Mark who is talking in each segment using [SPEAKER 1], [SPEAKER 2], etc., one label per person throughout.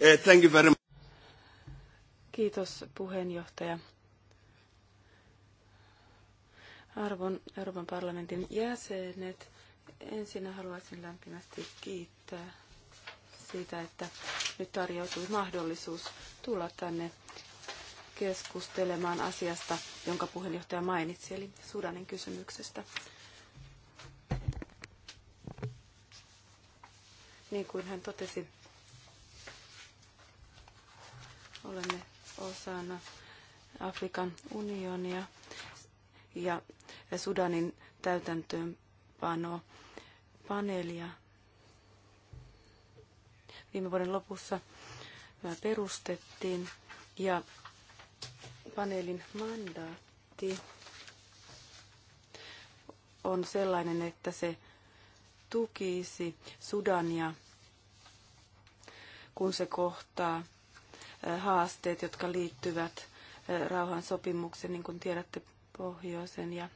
[SPEAKER 1] Eh, thank you very much. Kiitos puheenjohtaja. Arvon Euroopan parlamentin jäsenet, ensin haluaisin lämpimästi kiittää siitä, että nyt tarjoutui mahdollisuus tulla tänne keskustelemaan asiasta, jonka puheenjohtaja mainitsi, eli Sudanin kysymyksestä. Niin kuin hän totesi, olemme osana Afrikan unionia ja Sudanin täytäntöönpano paneelia viime vuoden lopussa perustettiin ja paneelin mandaatti on sellainen, että se tukisi Sudania, kun se kohtaa eh, haasteet, jotka liittyvät eh, rauhan sopimukseen, niin kuin tiedätte, pohjoisen ja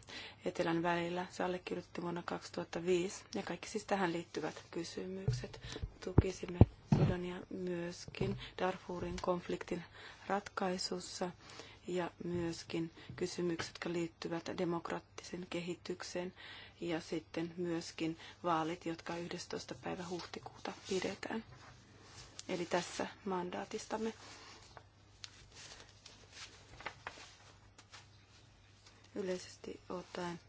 [SPEAKER 1] etelän välillä. Se allekirjoitti vuonna 2005 ja kaikki siis tähän liittyvät kysymykset. Tukisimme Sudania myöskin Darfurin konfliktin ratkaisussa ja myöskin kysymykset, jotka liittyvät demokraattisen kehitykseen ja sitten myöskin vaalit, jotka 11. päivä huhtikuuta pidetään. Eli tässä mandaatistamme. Yleisesti ottaen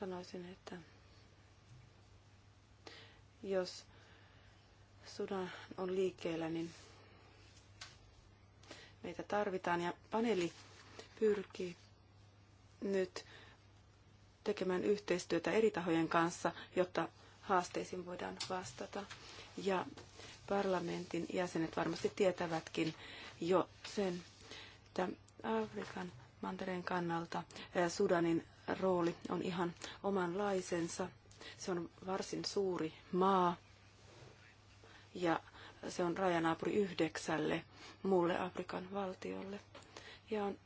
[SPEAKER 1] sanoisin, että jos sudan on liikkeellä, niin meitä tarvitaan ja paneeli pyrkii nyt tekemään yhteistyötä eri tahojen kanssa, jotta haasteisiin voidaan vastata. Ja parlamentin jäsenet varmasti tietävätkin jo sen, että Afrikan mantereen kannalta Sudanin rooli on ihan omanlaisensa. Se on varsin suuri maa ja se on rajanaapuri yhdeksälle muulle Afrikan valtiolle. Ja on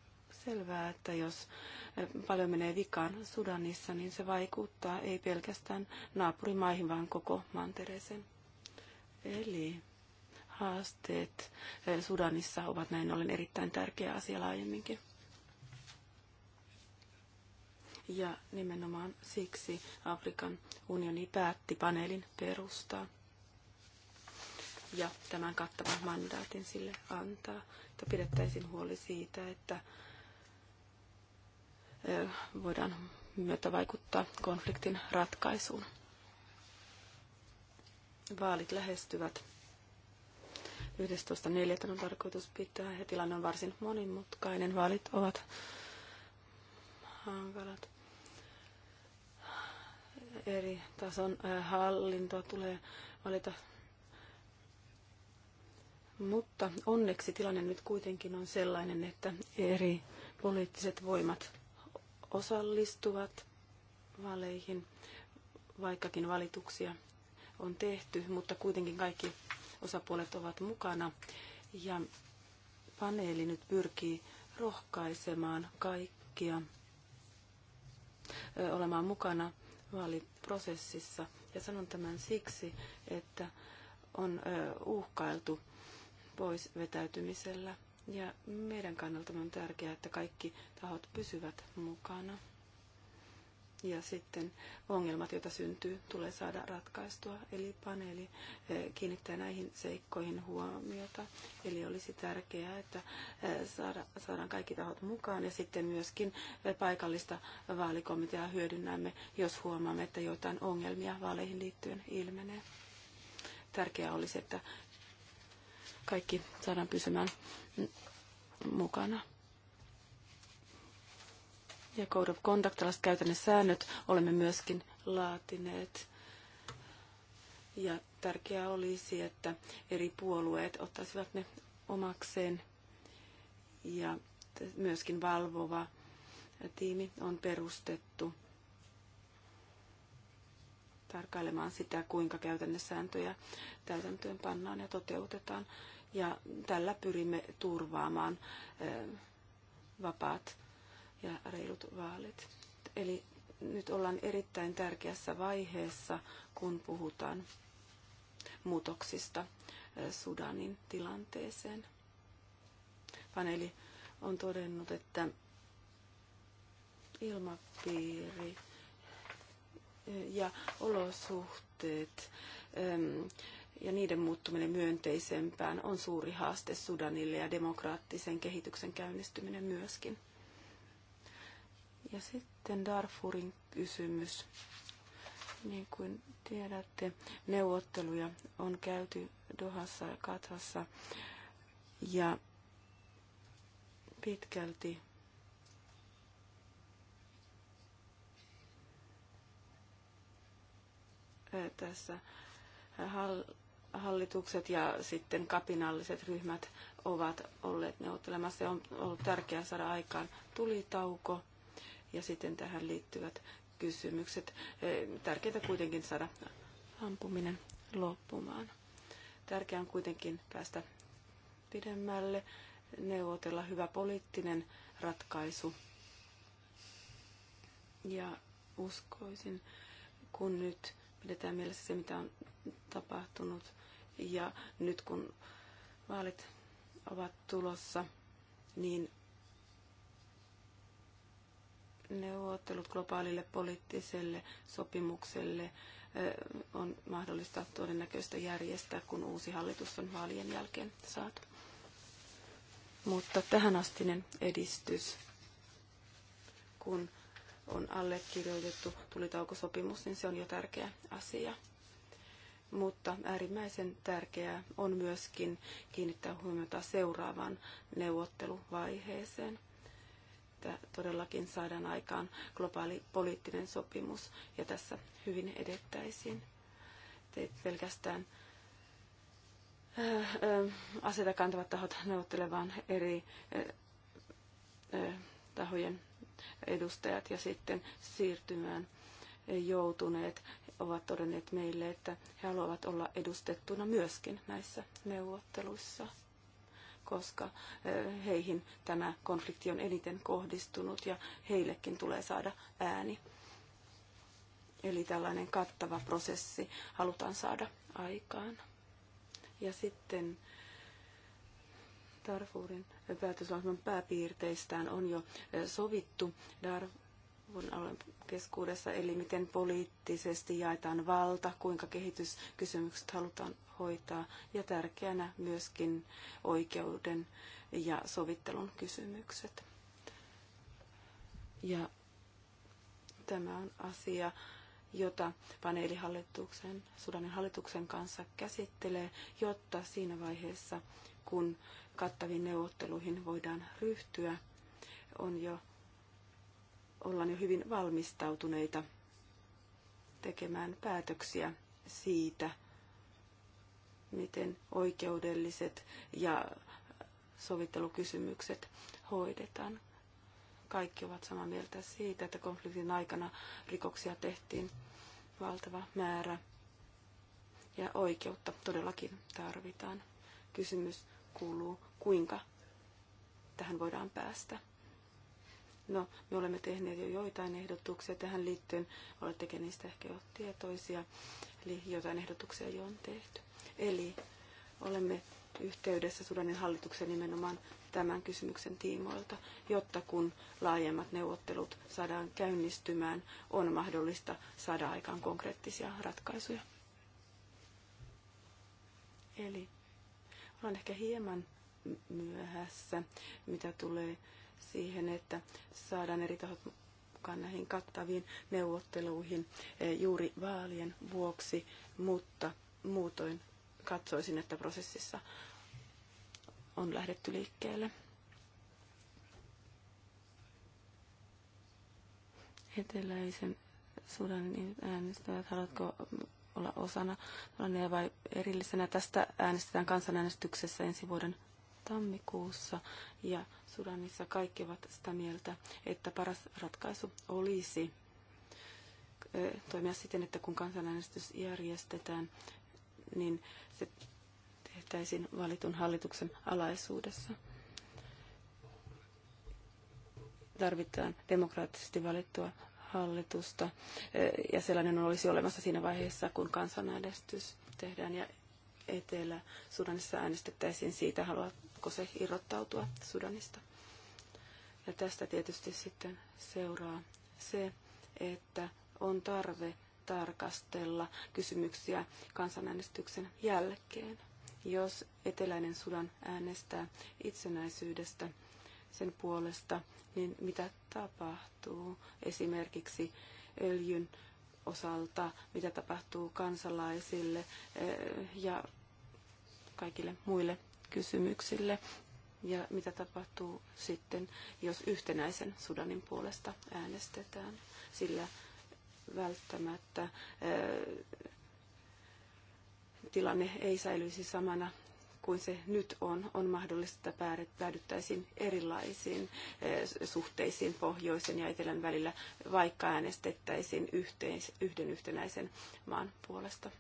[SPEAKER 1] selvää, että jos eh, paljon menee vikaan Sudanissa, niin se vaikuttaa ei pelkästään naapurimaihin, vaan koko mantereeseen. Eli haasteet eh, Sudanissa ovat näin ollen erittäin tärkeä asia laajemminkin. Ja nimenomaan siksi Afrikan unioni päätti paneelin perustaa ja tämän kattavan mandaatin sille antaa, että pidettäisiin huoli siitä, että voidaan myötä vaikuttaa konfliktin ratkaisuun. Vaalit lähestyvät. 11.4. on tarkoitus pitää ja tilanne on varsin monimutkainen. Vaalit ovat hankalat. Eri tason hallintoa tulee valita. Mutta onneksi tilanne nyt kuitenkin on sellainen, että eri poliittiset voimat osallistuvat valeihin, vaikkakin valituksia on tehty, mutta kuitenkin kaikki osapuolet ovat mukana. Ja paneeli nyt pyrkii rohkaisemaan kaikkia olemaan mukana vaaliprosessissa. Ja sanon tämän siksi, että on uhkailtu pois vetäytymisellä. Ja meidän kannalta on tärkeää, että kaikki tahot pysyvät mukana. Ja sitten ongelmat, joita syntyy, tulee saada ratkaistua. Eli paneeli eh, kiinnittää näihin seikkoihin huomiota. Eli olisi tärkeää, että eh, saada, saadaan kaikki tahot mukaan ja sitten myöskin eh, paikallista vaalikomiteaa hyödynnämme, jos huomaamme, että joitain ongelmia vaaleihin liittyen ilmenee. Tärkeää olisi, että kaikki saadaan pysymään mukana. Ja Code of Conduct, tällaiset käytännön säännöt, olemme myöskin laatineet. Ja tärkeää olisi, että eri puolueet ottaisivat ne omakseen. Ja myöskin valvova tiimi on perustettu tarkkailemaan sitä, kuinka käytännössääntöjä täytäntöön pannaan ja toteutetaan. Ja tällä pyrimme turvaamaan vapaat ja reilut vaalit. Eli nyt ollaan erittäin tärkeässä vaiheessa, kun puhutaan muutoksista Sudanin tilanteeseen. Paneeli on todennut, että ilmapiiri ja olosuhteet ähm, ja niiden muuttuminen myönteisempään on suuri haaste Sudanille ja demokraattisen kehityksen käynnistyminen myöskin. Ja sitten Darfurin kysymys. Niin kuin tiedätte, neuvotteluja on käyty Dohassa ja Katassa ja pitkälti tässä hallitukset ja sitten kapinalliset ryhmät ovat olleet neuvottelemassa on ollut tärkeää saada aikaan tulitauko ja sitten tähän liittyvät kysymykset. E, tärkeää kuitenkin saada ampuminen loppumaan. Tärkeää on kuitenkin päästä pidemmälle, neuvotella hyvä poliittinen ratkaisu. Ja uskoisin, kun nyt pidetään mielessä se, mitä on tapahtunut. Ja nyt kun vaalit ovat tulossa, niin neuvottelut globaalille poliittiselle sopimukselle on mahdollista todennäköistä järjestää, kun uusi hallitus on vaalien jälkeen saatu. Mutta tähänastinen edistys, kun on allekirjoitettu tulitaukosopimus, niin se on jo tärkeä asia. Mutta äärimmäisen tärkeää on myöskin kiinnittää huomiota seuraavaan neuvotteluvaiheeseen. Että todellakin saadaan aikaan globaali poliittinen sopimus ja tässä hyvin edettäisiin. Teit pelkästään äh, äh, aseita kantavat tahot neuvottelevan eri äh, tahojen edustajat ja sitten siirtymään joutuneet ovat todenneet meille, että he haluavat olla edustettuna myöskin näissä neuvotteluissa, koska eh, heihin tämä konflikti on eniten kohdistunut ja heillekin tulee saada ääni. Eli tällainen kattava prosessi halutaan saada aikaan. Ja sitten Darfurin päätöslauselman pääpiirteistään on jo eh, sovittu Darwin alueen keskuudessa, eli miten poliittisesti jaetaan valta, kuinka kehityskysymykset halutaan hoitaa, ja tärkeänä myöskin oikeuden ja sovittelun kysymykset. Ja tämä on asia, jota paneelihallituksen, Sudanin hallituksen kanssa käsittelee, jotta siinä vaiheessa, kun kattaviin neuvotteluihin voidaan ryhtyä. On jo, ollaan jo hyvin valmistautuneita tekemään päätöksiä siitä, miten oikeudelliset ja sovittelukysymykset hoidetaan. Kaikki ovat samaa mieltä siitä, että konfliktin aikana rikoksia tehtiin valtava määrä ja oikeutta todellakin tarvitaan. Kysymys kuuluu, kuinka tähän voidaan päästä. No, me olemme tehneet jo joitain ehdotuksia tähän liittyen. Olettekin niistä ehkä jo tietoisia. Eli jotain ehdotuksia jo on tehty. Eli olemme yhteydessä Sudanin hallituksen nimenomaan tämän kysymyksen tiimoilta, jotta kun laajemmat neuvottelut saadaan käynnistymään, on mahdollista saada aikaan konkreettisia ratkaisuja. Eli oon ehkä hieman myöhässä, mitä tulee siihen, että saadaan eri tahot mukaan näihin kattaviin neuvotteluihin e, juuri vaalien vuoksi, mutta muutoin katsoisin, että prosessissa on lähdetty liikkeelle. Eteläisen Sudanin äänestäjät, haluatko olla osana vai erillisenä. Tästä äänestetään kansanäänestyksessä ensi vuoden tammikuussa ja Sudanissa kaikki ovat sitä mieltä, että paras ratkaisu olisi toimia siten, että kun kansanäänestys järjestetään, niin se tehtäisiin valitun hallituksen alaisuudessa. Tarvitaan demokraattisesti valittua hallitusta, eh, ja sellainen olisi olemassa siinä vaiheessa, kun kansanäänestys tehdään, ja Etelä-Sudanissa äänestettäisiin siitä, haluatko se irrottautua Sudanista. Ja tästä tietysti sitten seuraa se, että on tarve tarkastella kysymyksiä kansanäänestyksen jälkeen. Jos eteläinen Sudan äänestää itsenäisyydestä, sen puolesta, niin mitä tapahtuu esimerkiksi öljyn osalta, mitä tapahtuu kansalaisille eh, ja kaikille muille kysymyksille ja mitä tapahtuu sitten, jos yhtenäisen Sudanin puolesta äänestetään, sillä välttämättä eh, tilanne ei säilyisi samana kuin se nyt on, on mahdollista, että päädyttäisiin erilaisiin eh, suhteisiin pohjoisen ja etelän välillä, vaikka äänestettäisiin yhteis, yhden yhtenäisen maan puolesta.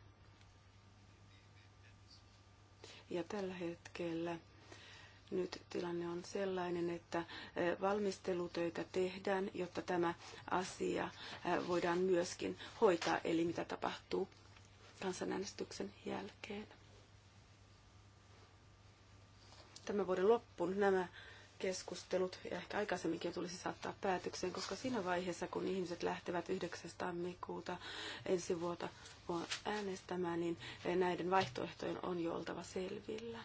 [SPEAKER 1] Ja tällä hetkellä nyt tilanne on sellainen, että eh, valmistelutöitä tehdään, jotta tämä asia eh, voidaan myöskin hoitaa, eli mitä tapahtuu kansanäänestyksen jälkeen. tämän vuoden loppuun nämä keskustelut ja ehkä aikaisemminkin tulisi saattaa päätökseen, koska siinä vaiheessa, kun ihmiset lähtevät 9. tammikuuta ensi vuotta äänestämään, niin näiden vaihtoehtojen on jo oltava selvillä.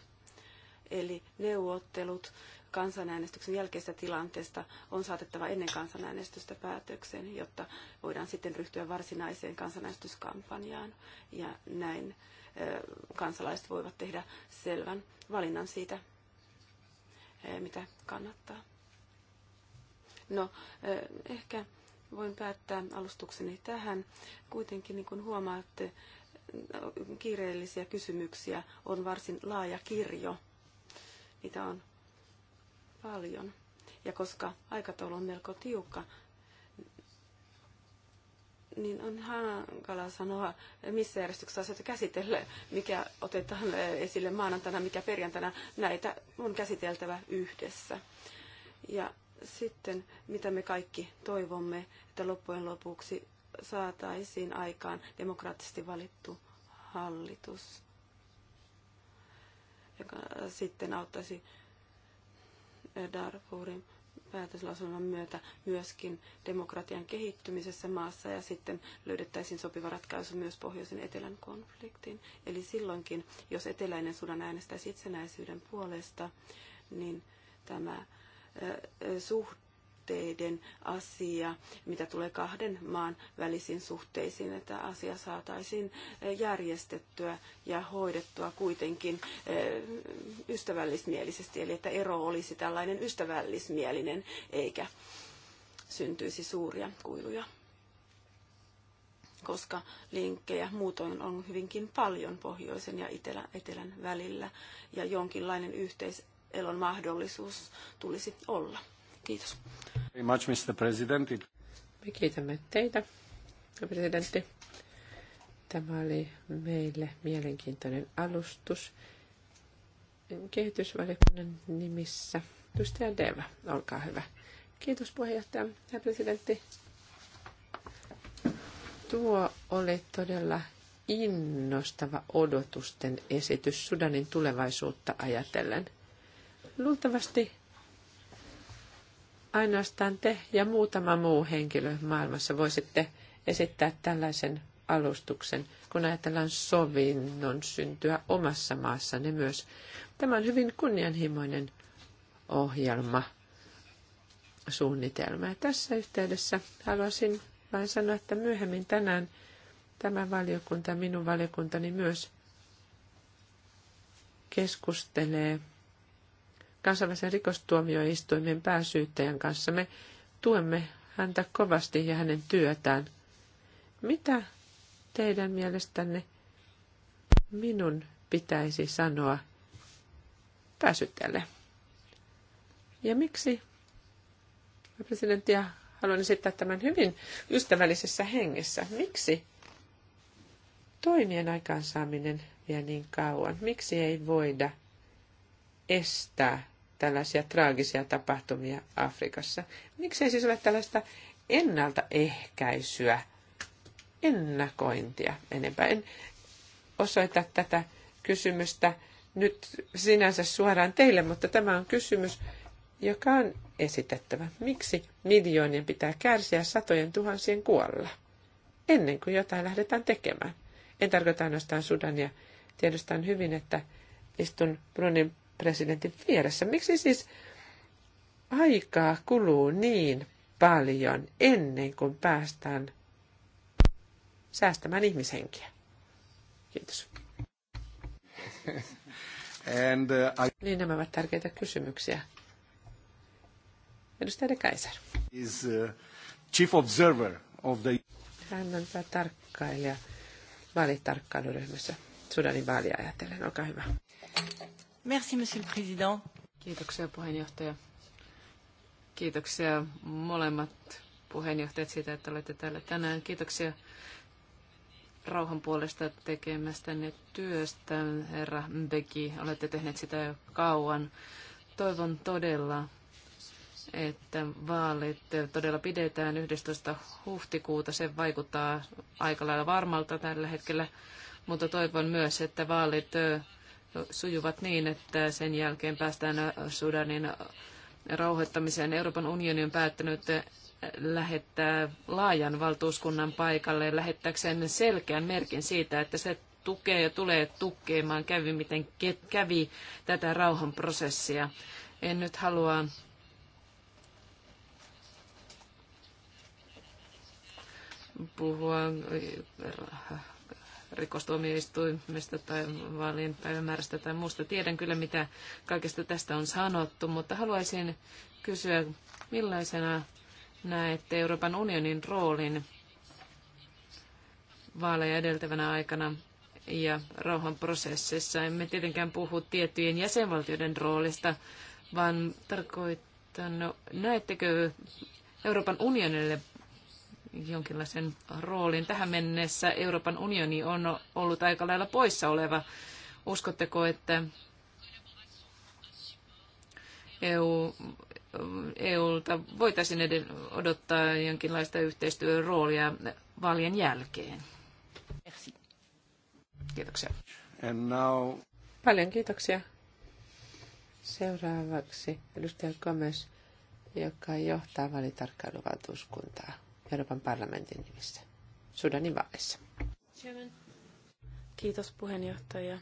[SPEAKER 1] Eli neuvottelut kansanäänestyksen jälkeisestä tilanteesta on saatettava ennen kansanäänestystä päätökseen, jotta voidaan sitten ryhtyä varsinaiseen kansanäänestyskampanjaan. Ja näin kansalaiset voivat tehdä selvän valinnan siitä, Eh, mitä kannattaa. No, eh, ehkä voin päättää alustukseni tähän. Kuitenkin, niin kuin huomaatte, kiireellisiä kysymyksiä on varsin laaja kirjo. Niitä on paljon. Ja koska aikataulu on melko tiukka, niin on hankala sanoa, missä järjestyksessä asioita käsitellä mikä otetaan eh, esille maanantaina, mikä perjantaina. Näitä on käsiteltävä yhdessä. Ja sitten, mitä me kaikki toivomme, että loppujen lopuksi saataisiin aikaan demokraattisesti valittu hallitus, joka sitten auttaisi Darfurin päätöslauselman myötä myöskin demokratian kehittymisessä maassa ja sitten löydettäisiin sopiva ratkaisu myös pohjoisen etelän konfliktiin. Eli silloinkin, jos eteläinen Sudan äänestäisi itsenäisyyden puolesta, niin tämä suhde suhteiden asia, mitä tulee kahden maan välisiin suhteisiin, että asia saataisiin eh, järjestettyä ja hoidettua kuitenkin eh, ystävällismielisesti, eli että ero olisi tällainen ystävällismielinen eikä syntyisi suuria kuiluja koska linkkejä muutoin on hyvinkin paljon pohjoisen ja etelän, etelän välillä ja jonkinlainen yhteiselon mahdollisuus tulisi olla. Kiitos. Much, Mr. President.
[SPEAKER 2] Me kiitämme teitä, presidentti. Tämä oli meille mielenkiintoinen alustus kehitysvaliokunnan nimissä. Edustaja Deva, olkaa hyvä. Kiitos puheenjohtaja ja presidentti. Tuo oli todella innostava odotusten esitys Sudanin tulevaisuutta ajatellen. Luultavasti Ainoastaan te ja muutama muu henkilö maailmassa voisitte esittää tällaisen alustuksen, kun ajatellaan sovinnon syntyä omassa maassanne myös. Tämä on hyvin kunnianhimoinen ohjelma, suunnitelma. Ja tässä yhteydessä haluaisin vain sanoa, että myöhemmin tänään tämä valiokunta, minun valiokuntani myös keskustelee kansainvälisen rikostuomioistuimen pääsyyttäjän kanssa. Me tuemme häntä kovasti ja hänen työtään. Mitä teidän mielestänne minun pitäisi sanoa pääsyttäjälle? Ja miksi presidenttiä haluan esittää tämän hyvin ystävällisessä hengessä? Miksi toimien aikaansaaminen vie niin kauan? Miksi ei voida estää tällaisia traagisia tapahtumia Afrikassa. Miksei siis ole tällaista ennaltaehkäisyä, ennakointia enempää? En osoita tätä kysymystä nyt sinänsä suoraan teille, mutta tämä on kysymys, joka on esitettävä. Miksi miljoonien pitää kärsiä satojen tuhansien kuolla ennen kuin jotain lähdetään tekemään? En tarkoita ainoastaan Sudania. Tiedostan hyvin, että istun Brunin presidentin vieressä. Miksi siis aikaa kuluu niin paljon ennen kuin päästään säästämään ihmishenkiä? Kiitos. And, uh, I... Niin nämä ovat tärkeitä kysymyksiä. Edustaja De Kaiser.
[SPEAKER 1] Is, uh, chief observer of the...
[SPEAKER 2] Hän on tarkkailija vaalitarkkailuryhmässä Sudanin vaalia ajatellen. Olkaa hyvä.
[SPEAKER 1] Merci, monsieur le
[SPEAKER 3] président. Kiitoksia puheenjohtaja. Kiitoksia molemmat puheenjohtajat siitä, että olette täällä tänään. Kiitoksia rauhan puolesta tekemästänne työstä, herra Mbeki. Olette tehneet sitä jo kauan. Toivon todella, että vaalit todella pidetään 11. huhtikuuta. Se vaikuttaa aika lailla varmalta tällä hetkellä, mutta toivon myös, että vaalit sujuvat niin, että sen jälkeen päästään Sudanin rauhoittamiseen. Euroopan unioni on päättänyt lähettää laajan valtuuskunnan paikalle lähettääkseen selkeän merkin siitä, että se tukee ja tulee tukemaan kävi, miten kävi tätä rauhanprosessia. En nyt halua puhua rikostuomioistuimesta tai vaalien päivämäärästä tai muusta. Tiedän kyllä, mitä kaikesta tästä on sanottu, mutta haluaisin kysyä, millaisena näette Euroopan unionin roolin vaaleja edeltävänä aikana ja rauhanprosessissa. Emme tietenkään puhu tiettyjen jäsenvaltioiden roolista, vaan tarkoitan, no, näettekö Euroopan unionille jonkinlaisen roolin. Tähän mennessä Euroopan unioni on ollut aika lailla poissa oleva. Uskotteko, että EU, EUlta voitaisiin odottaa jonkinlaista yhteistyöroolia vaalien jälkeen? Merci. Kiitoksia. And now... Paljon kiitoksia.
[SPEAKER 2] Seuraavaksi edustaja Gomes, joka johtaa valitarkkailuvaltuuskuntaa. Euroopan parlamentin nimissä Sudanin vaaleissa.
[SPEAKER 1] Kiitos puheenjohtaja.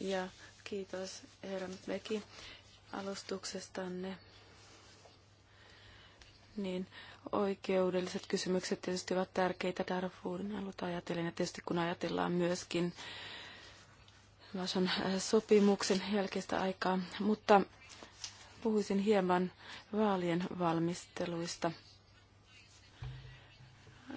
[SPEAKER 1] Ja kiitos herra Meki alustuksestanne. Niin, oikeudelliset kysymykset tietysti ovat tärkeitä Darfurin alueella ajatellen ja tietysti kun ajatellaan myöskin Lasan äh, sopimuksen jälkeistä aikaa, mutta puhuisin hieman vaalien valmisteluista.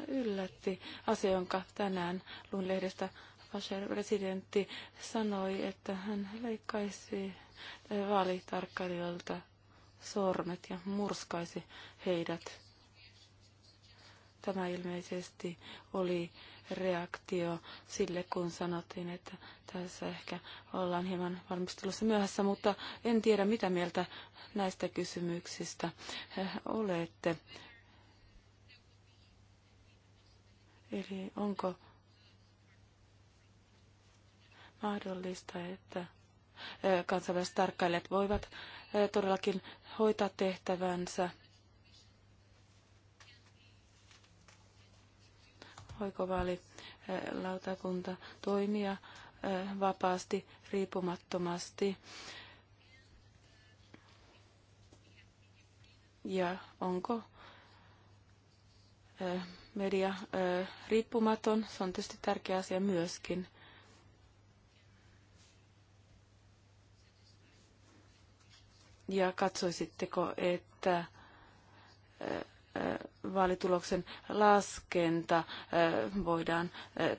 [SPEAKER 1] Yllätti asia, jonka tänään luin lehdestä Bashar presidentti sanoi, että hän leikkaisi äh, vaalitarkkailijoilta sormet ja murskaisi heidät. Tämä ilmeisesti oli reaktio sille, kun sanottiin, että tässä ehkä ollaan hieman valmistelussa myöhässä, mutta en tiedä, mitä mieltä näistä kysymyksistä eh, olette. Eli onko mahdollista, että eh, kansainväliset tarkkailijat voivat eh, todellakin hoitaa tehtävänsä – voiko vaalilautakunta eh, toimia eh, vapaasti, riippumattomasti. Ja onko eh, media riippumaton, se on tietysti tärkeä asia myöskin. Ja katsoisitteko, että vaalituloksen laskenta voidaan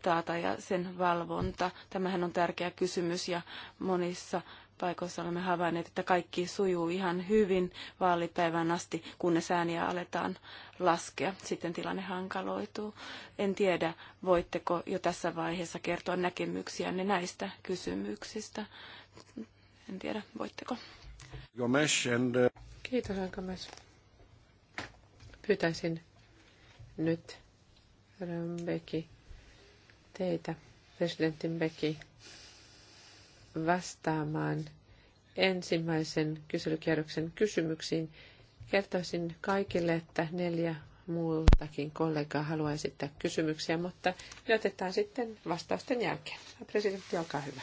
[SPEAKER 1] taata ja sen valvonta. Tämähän on tärkeä kysymys ja monissa paikoissa olemme havainneet, että kaikki sujuu ihan hyvin vaalipäivään asti, kunnes ääniä aletaan laskea. Sitten tilanne hankaloituu. En tiedä, voitteko jo tässä vaiheessa kertoa näkemyksiänne näistä kysymyksistä. En tiedä, voitteko.
[SPEAKER 3] Gomes and, uh,
[SPEAKER 2] Kiitos, Gomes. Pyytäisin nyt Beki, teitä, presidentin Beki, vastaamaan ensimmäisen kyselykierroksen kysymyksiin. Kertoisin kaikille, että neljä muultakin kollegaa haluaa esittää kysymyksiä, mutta ne otetaan sitten vastausten jälkeen. Presidentti, olkaa hyvä.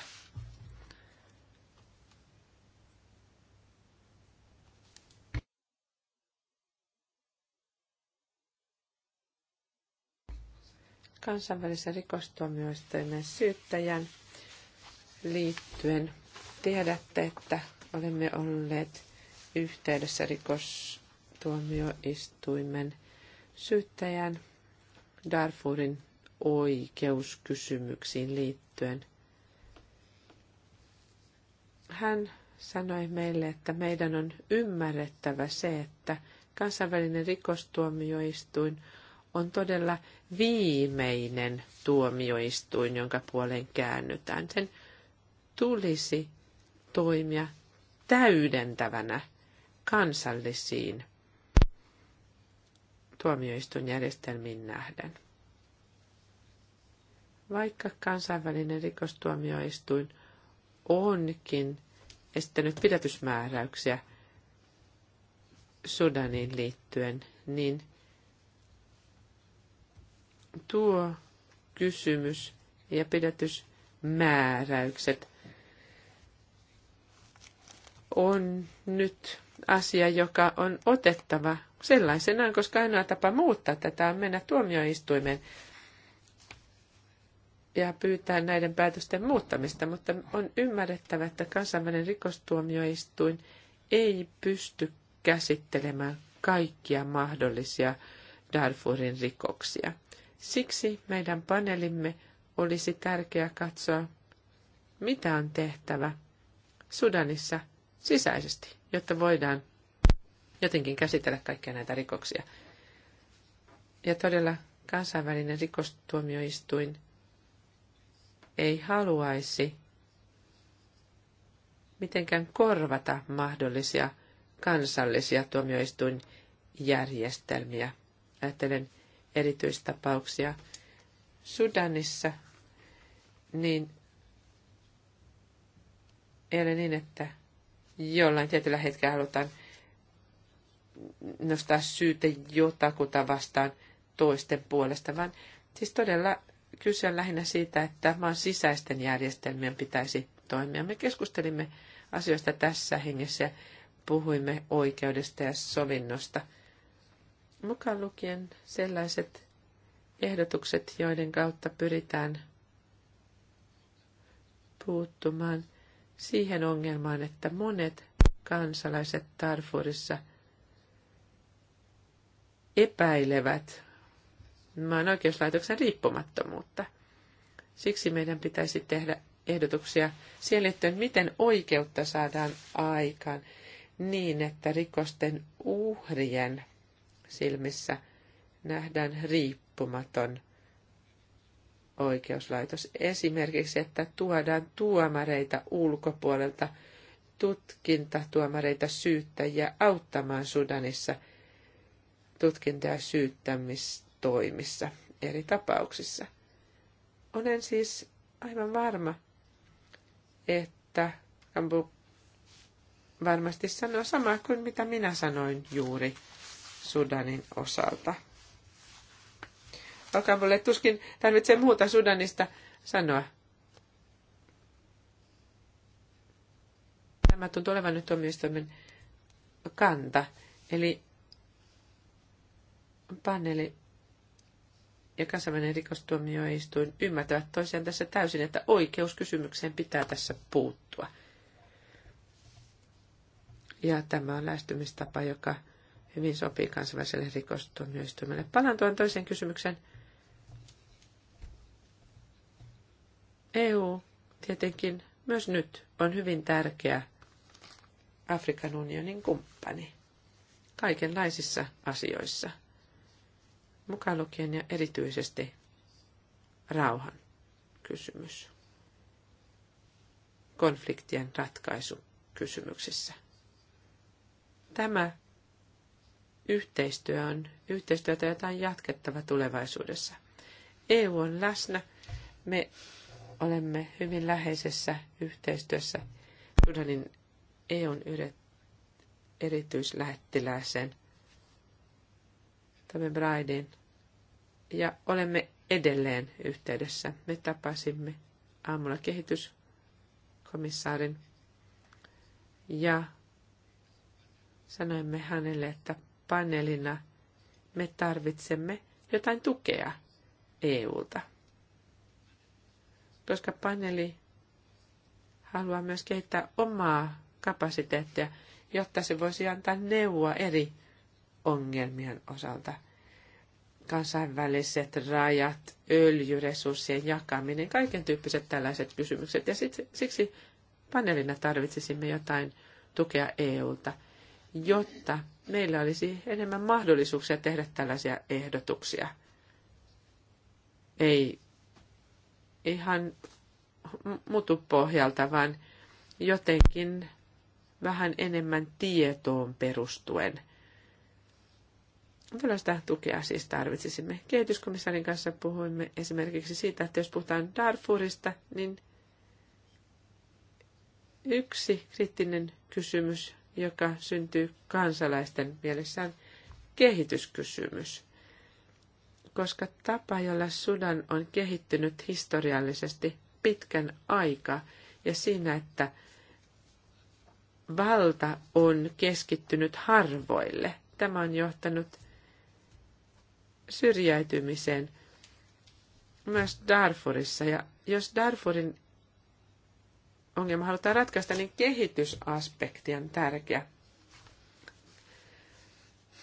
[SPEAKER 2] kansainvälisen rikostuomioistuimen syyttäjän liittyen. Tiedätte, että olemme olleet yhteydessä rikostuomioistuimen syyttäjän Darfurin oikeuskysymyksiin liittyen. Hän sanoi meille, että meidän on ymmärrettävä se, että kansainvälinen rikostuomioistuin – on todella viimeinen tuomioistuin, jonka puoleen käännytään. Sen tulisi toimia täydentävänä kansallisiin tuomioistuinjärjestelmiin nähden. Vaikka kansainvälinen rikostuomioistuin onkin estänyt pidätysmääräyksiä Sudaniin liittyen, niin – Tuo kysymys ja pidätysmääräykset on nyt asia, joka on otettava sellaisenaan, koska ainoa tapa muuttaa tätä on mennä tuomioistuimeen ja pyytää näiden päätösten muuttamista, mutta on ymmärrettävä, että kansainvälinen rikostuomioistuin ei pysty käsittelemään kaikkia mahdollisia Darfurin rikoksia. Siksi meidän panelimme olisi tärkeää katsoa, mitä on tehtävä Sudanissa sisäisesti, jotta voidaan jotenkin käsitellä kaikkia näitä rikoksia. Ja todella kansainvälinen rikostuomioistuin ei haluaisi mitenkään korvata mahdollisia kansallisia tuomioistuinjärjestelmiä. Ajattelen erityistapauksia Sudanissa, niin ei ole niin, että jollain tietyllä hetkellä halutaan nostaa syyte jotakuta vastaan toisten puolesta, vaan siis todella kyse on lähinnä siitä, että maan sisäisten järjestelmien pitäisi toimia. Me keskustelimme asioista tässä hengessä ja puhuimme oikeudesta ja sovinnosta – mukaan lukien sellaiset ehdotukset, joiden kautta pyritään puuttumaan siihen ongelmaan, että monet kansalaiset Tarfurissa epäilevät maan oikeuslaitoksen riippumattomuutta. Siksi meidän pitäisi tehdä ehdotuksia siihen liittyen, miten oikeutta saadaan aikaan niin, että rikosten uhrien silmissä nähdään riippumaton oikeuslaitos. Esimerkiksi, että tuodaan tuomareita ulkopuolelta, tutkintatuomareita, syyttäjiä auttamaan Sudanissa tutkinta- ja syyttämistoimissa eri tapauksissa. Olen siis aivan varma, että Kambu varmasti sanoo samaa kuin mitä minä sanoin juuri Sudanin osalta. mulle tuskin tarvitsee muuta Sudanista sanoa. Tämä tuntuu olevan nyt tuomioistuimen kanta. Eli paneeli ja kansainvälinen rikostuomioistuin ymmärtävät toisiaan tässä täysin, että oikeuskysymykseen pitää tässä puuttua. Ja tämä on lähestymistapa, joka hyvin sopii kansainväliselle rikostuomioistuimelle. Palaan tuon toiseen kysymykseen. EU tietenkin myös nyt on hyvin tärkeä Afrikan unionin kumppani kaikenlaisissa asioissa, mukaan lukien ja erityisesti rauhan kysymys, konfliktien ratkaisu kysymyksissä. Tämä yhteistyö on yhteistyötä, jota on jatkettava tulevaisuudessa. EU on läsnä. Me olemme hyvin läheisessä yhteistyössä Sudanin EUn erityislähettiläisen Tame Braidin ja olemme edelleen yhteydessä. Me tapasimme aamulla kehityskomissaarin ja sanoimme hänelle, että paneelina me tarvitsemme jotain tukea EUlta, koska paneeli haluaa myös kehittää omaa kapasiteettia, jotta se voisi antaa neuvoa eri ongelmien osalta. Kansainväliset rajat, öljyresurssien jakaminen, kaiken tyyppiset tällaiset kysymykset. Ja sit, siksi paneelina tarvitsisimme jotain tukea EUlta – jotta meillä olisi enemmän mahdollisuuksia tehdä tällaisia ehdotuksia. Ei ihan pohjalta, vaan jotenkin vähän enemmän tietoon perustuen. Tällaista tukea siis tarvitsisimme. Kehityskomissarin kanssa puhuimme esimerkiksi siitä, että jos puhutaan Darfurista, niin yksi kriittinen kysymys joka syntyy kansalaisten mielessään kehityskysymys. Koska tapa, jolla Sudan on kehittynyt historiallisesti pitkän aikaa, ja siinä, että valta on keskittynyt harvoille, tämä on johtanut syrjäytymiseen myös Darfurissa. Ja jos Darfurin ongelma halutaan ratkaista, niin kehitysaspekti on tärkeä.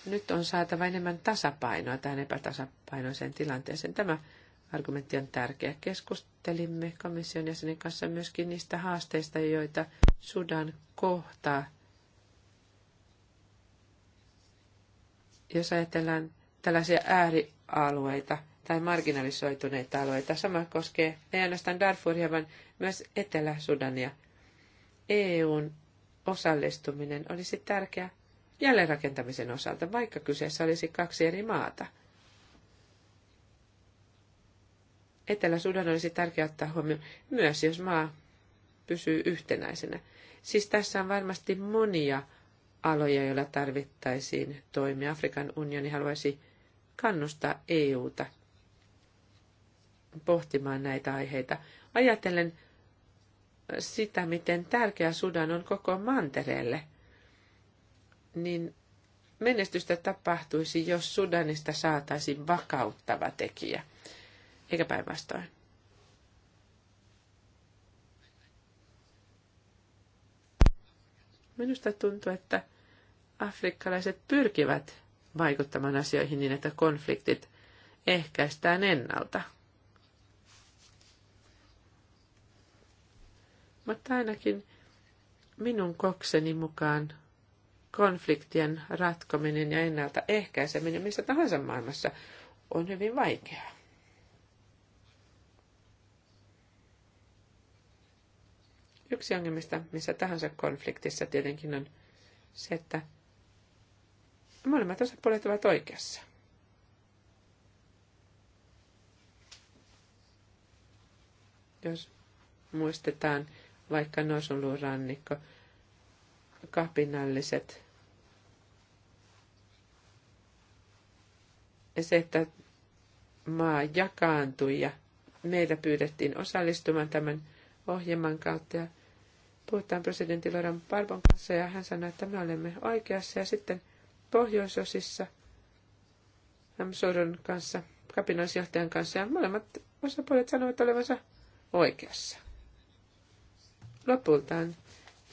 [SPEAKER 2] Nyt on saatava enemmän tasapainoa tähän epätasapainoiseen tilanteeseen. Tämä argumentti on tärkeä. Keskustelimme komission jäsenen kanssa myöskin niistä haasteista, joita Sudan kohtaa. Jos ajatellaan tällaisia äärialueita – tai marginalisoituneita alueita. Sama koskee ei ainoastaan Darfuria, vaan myös Etelä-Sudania. EUn osallistuminen olisi tärkeä jälleenrakentamisen osalta, vaikka kyseessä olisi kaksi eri maata. Etelä-Sudan olisi tärkeää ottaa huomioon myös, jos maa pysyy yhtenäisenä. Siis tässä on varmasti monia aloja, joilla tarvittaisiin toimia. Afrikan unioni haluaisi kannustaa EUta pohtimaan näitä aiheita. Ajatellen sitä, miten tärkeä Sudan on koko mantereelle, niin menestystä tapahtuisi, jos Sudanista saataisiin vakauttava tekijä, eikä päinvastoin. Minusta tuntuu, että afrikkalaiset pyrkivät vaikuttamaan asioihin niin, että konfliktit ehkäistään ennalta. Mutta ainakin minun kokseni mukaan konfliktien ratkominen ja ennaltaehkäiseminen missä tahansa maailmassa on hyvin vaikeaa. Yksi ongelmista missä tahansa konfliktissa tietenkin on se, että molemmat osapuolet ovat oikeassa. Jos muistetaan vaikka rannikko, kapinalliset. Ja se, että maa jakaantui ja meitä pyydettiin osallistumaan tämän ohjelman kautta ja puhutaan presidentti Loran Barbon kanssa ja hän sanoi, että me olemme oikeassa ja sitten pohjoisosissa Hamsoron kanssa, kapinallisjohtajan kanssa ja molemmat osapuolet sanoivat olevansa oikeassa lopultaan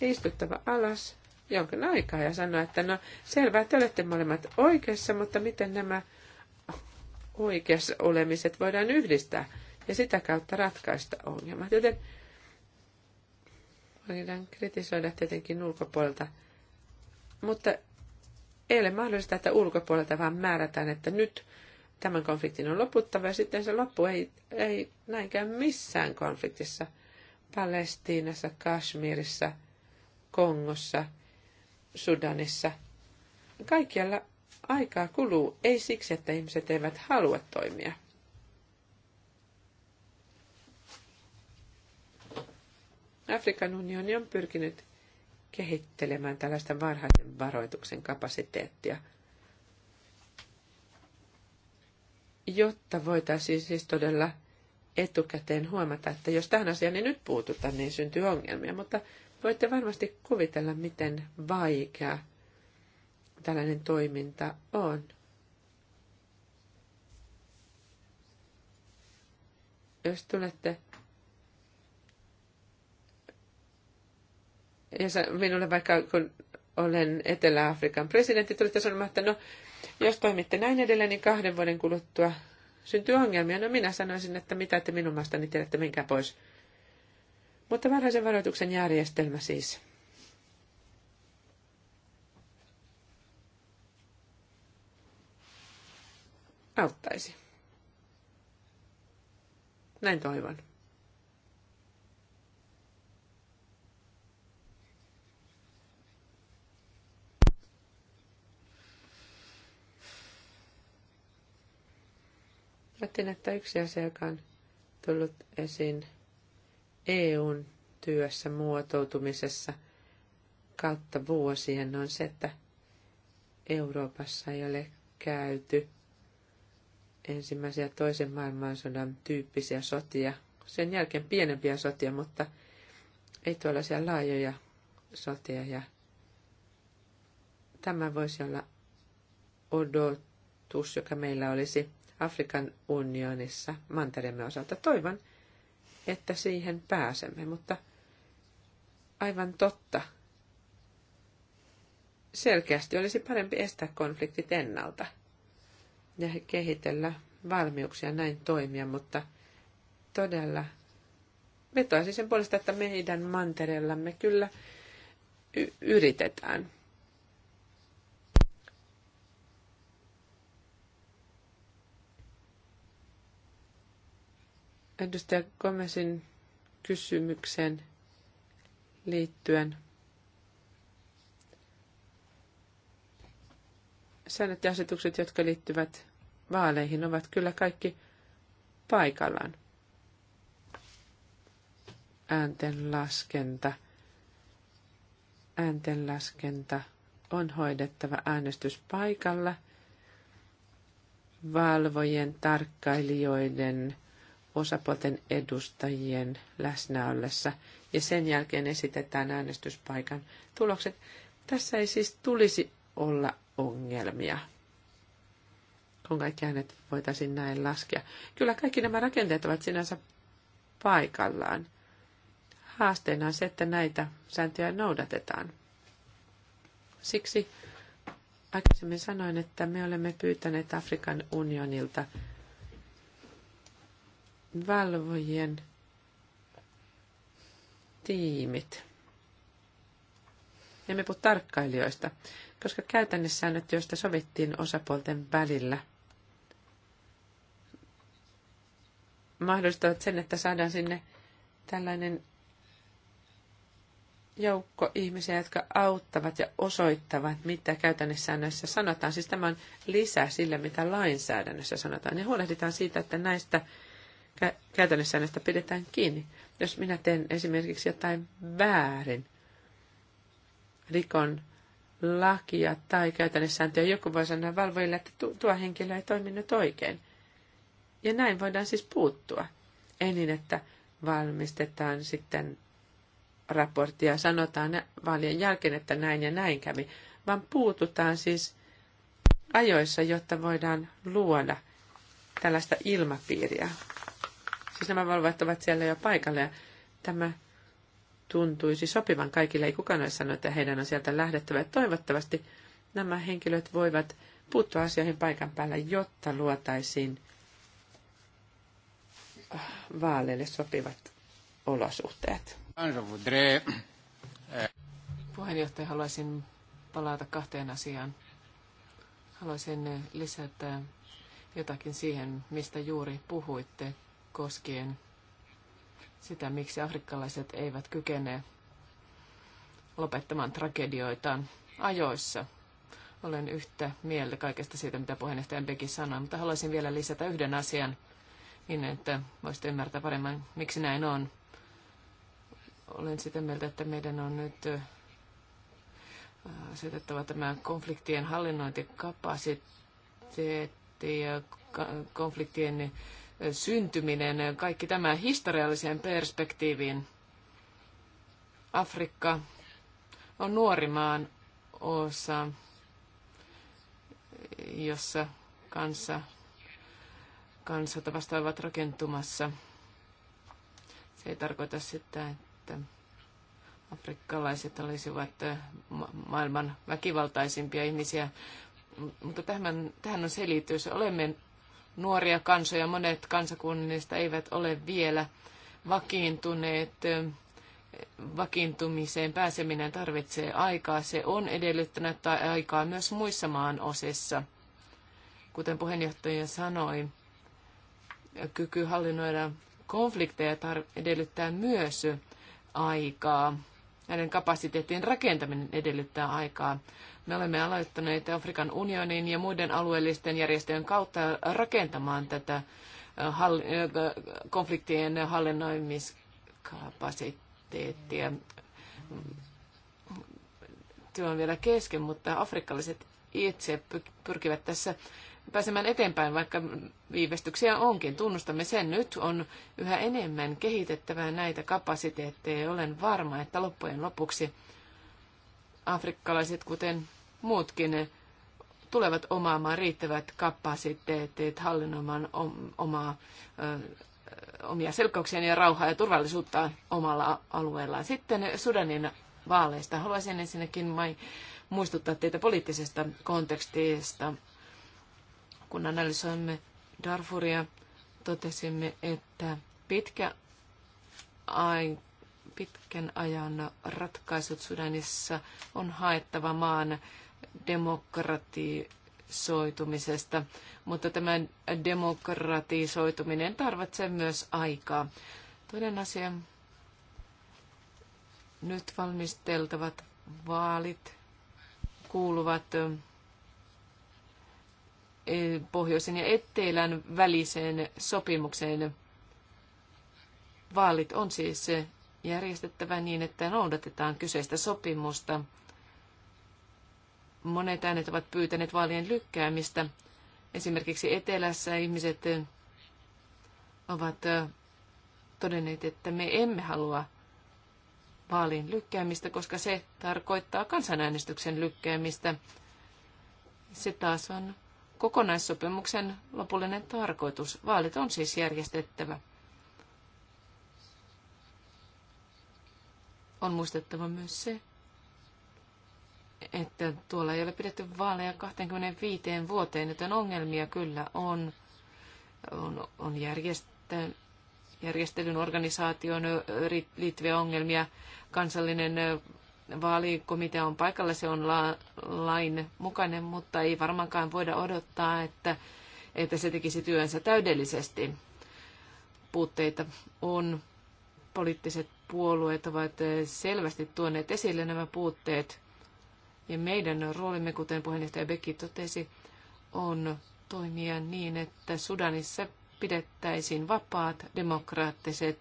[SPEAKER 2] istuttava alas jonkin aikaa ja sanoa, että no selvää, te olette molemmat oikeassa, mutta miten nämä oikeassa olemiset voidaan yhdistää ja sitä kautta ratkaista ongelmat. Joten voidaan kritisoida tietenkin ulkopuolelta, mutta ei ole mahdollista, että ulkopuolelta vaan määrätään, että nyt tämän konfliktin on loputtava ja sitten se loppu ei, ei näinkään missään konfliktissa – Palestiinassa, Kashmirissa, Kongossa, Sudanissa. Kaikkialla aikaa kuluu, ei siksi, että ihmiset eivät halua toimia. Afrikan unioni on pyrkinyt kehittelemään tällaista varhaisen varoituksen kapasiteettia, jotta voitaisiin siis todella – etukäteen huomata, että jos tähän asiaan ei nyt puututa, niin syntyy ongelmia. Mutta voitte varmasti kuvitella, miten vaikea tällainen toiminta on. Jos tulette ja minulle vaikka kun olen Etelä-Afrikan presidentti, tulitte sanomaan, että no, jos toimitte näin edelleen, niin kahden vuoden kuluttua syntyy ongelmia, no minä sanoisin, että mitä te minun maastani tiedätte, minkä pois. Mutta varhaisen varoituksen järjestelmä siis. Auttaisi. Näin toivon. Ajattelin, että yksi asia, joka on tullut esiin EUn työssä muotoutumisessa kautta vuosien, on se, että Euroopassa ei ole käyty ensimmäisen ja toisen maailmansodan tyyppisiä sotia. Sen jälkeen pienempiä sotia, mutta ei tuollaisia laajoja sotia. Ja tämä voisi olla odotus, joka meillä olisi Afrikan unionissa mantereemme osalta. Toivon, että siihen pääsemme, mutta aivan totta. Selkeästi olisi parempi estää konfliktit ennalta ja kehitellä valmiuksia näin toimia, mutta todella vetoaisin sen puolesta, että meidän mantereellamme kyllä yritetään. edustaja Gomesin kysymykseen liittyen. Säännöt ja asetukset, jotka liittyvät vaaleihin, ovat kyllä kaikki paikallaan. Äänten laskenta. Äänten laskenta on hoidettava äänestyspaikalla valvojien tarkkailijoiden osapuolten edustajien läsnä ollessa ja sen jälkeen esitetään äänestyspaikan tulokset. Tässä ei siis tulisi olla ongelmia, kun kaikki äänet voitaisiin näin laskea. Kyllä kaikki nämä rakenteet ovat sinänsä paikallaan. Haasteena on se, että näitä sääntöjä noudatetaan. Siksi aikaisemmin sanoin, että me olemme pyytäneet Afrikan unionilta valvojien tiimit. Emme puhu tarkkailijoista, koska käytännössäännöt, joista sovittiin osapuolten välillä, mahdollistavat sen, että saadaan sinne tällainen joukko ihmisiä, jotka auttavat ja osoittavat, mitä näissä sanotaan. Siis tämä on lisä sille, mitä lainsäädännössä sanotaan. Ja huolehditaan siitä, että näistä käytännössä näistä pidetään kiinni. Jos minä teen esimerkiksi jotain väärin, rikon lakia tai käytännössääntöjä, joku voi sanoa valvojille, että tuo henkilö ei toiminut oikein. Ja näin voidaan siis puuttua. Ei niin, että valmistetaan sitten raporttia, sanotaan vaalien jälkeen, että näin ja näin kävi, vaan puututaan siis ajoissa, jotta voidaan luoda tällaista ilmapiiriä, Siis nämä valvojat ovat siellä jo paikalla ja tämä tuntuisi sopivan kaikille. Ei kukaan ole sanonut, että heidän on sieltä lähdettävä. Toivottavasti nämä henkilöt voivat puuttua asioihin paikan päällä, jotta luotaisiin vaaleille sopivat olosuhteet.
[SPEAKER 3] Puheenjohtaja, haluaisin palata kahteen asiaan. Haluaisin lisätä jotakin siihen, mistä juuri puhuitte koskien sitä, miksi afrikkalaiset eivät kykene lopettamaan tragedioitaan ajoissa. Olen yhtä mieltä kaikesta siitä, mitä puheenjohtaja Beki sanoi, mutta haluaisin vielä lisätä yhden asian niin, että voisit ymmärtää paremmin, miksi näin on. Olen sitä mieltä, että meidän on nyt asetettava tämä konfliktien hallinnointikapasiteetti ja konfliktien syntyminen, kaikki tämä historialliseen perspektiiviin. Afrikka on nuorimaan osa, jossa kansa, kansat vastaavat rakentumassa. Se ei tarkoita sitä, että afrikkalaiset olisivat maailman väkivaltaisimpia ihmisiä, mutta tähän, tähän on selitys. Olemme nuoria kansoja. Monet kansakunnista eivät ole vielä vakiintuneet. Vakiintumiseen pääseminen tarvitsee aikaa. Se on edellyttänyt aikaa myös muissa maan osissa. Kuten puheenjohtaja sanoi, kyky hallinnoida konflikteja edellyttää myös aikaa. Näiden kapasiteettien rakentaminen edellyttää aikaa. Me olemme aloittaneet Afrikan unionin ja muiden alueellisten järjestöjen kautta rakentamaan tätä äh, äh, konfliktien hallinnoimiskapasiteettia. Työ on vielä kesken, mutta afrikkalaiset itse pyrkivät tässä pääsemään eteenpäin, vaikka viivästyksiä onkin. Tunnustamme sen nyt, on yhä enemmän kehitettävää näitä kapasiteetteja. Olen varma, että loppujen lopuksi afrikkalaiset, kuten muutkin tulevat omaamaan riittävät kapasiteetit hallinnoimaan omaa, omia selkauksia ja rauhaa ja turvallisuutta omalla alueellaan. Sitten Sudanin vaaleista. Haluaisin ensinnäkin muistuttaa teitä poliittisesta kontekstista. Kun analysoimme Darfuria, totesimme, että pitkä ai, pitkän ajan ratkaisut Sudanissa on haettava maan demokratisoitumisesta, mutta tämä demokratisoituminen tarvitsee myös aikaa. Toinen asia, nyt valmisteltavat vaalit kuuluvat eh, pohjoisen ja etelän väliseen sopimukseen. Vaalit on siis järjestettävä niin, että noudatetaan kyseistä sopimusta. Monet äänet ovat pyytäneet vaalien lykkäämistä. Esimerkiksi etelässä ihmiset eh, ovat eh, todenneet, että me emme halua vaalin lykkäämistä, koska se tarkoittaa kansanäänestyksen lykkäämistä. Se taas on kokonaissopimuksen lopullinen tarkoitus. Vaalit on siis järjestettävä. On muistettava myös se, että tuolla ei ole pidetty vaaleja 25 vuoteen, joten ongelmia kyllä on. On, on järjestelyn organisaation liittyviä ongelmia. Kansallinen vaalikomitea on paikalla, se on la, lain mukainen, mutta ei varmaankaan voida odottaa, että, että se tekisi työnsä täydellisesti. Puutteita on. Poliittiset puolueet ovat selvästi tuoneet esille nämä puutteet ja meidän roolimme, kuten puheenjohtaja Bekki totesi, on toimia niin, että Sudanissa pidettäisiin vapaat, demokraattiset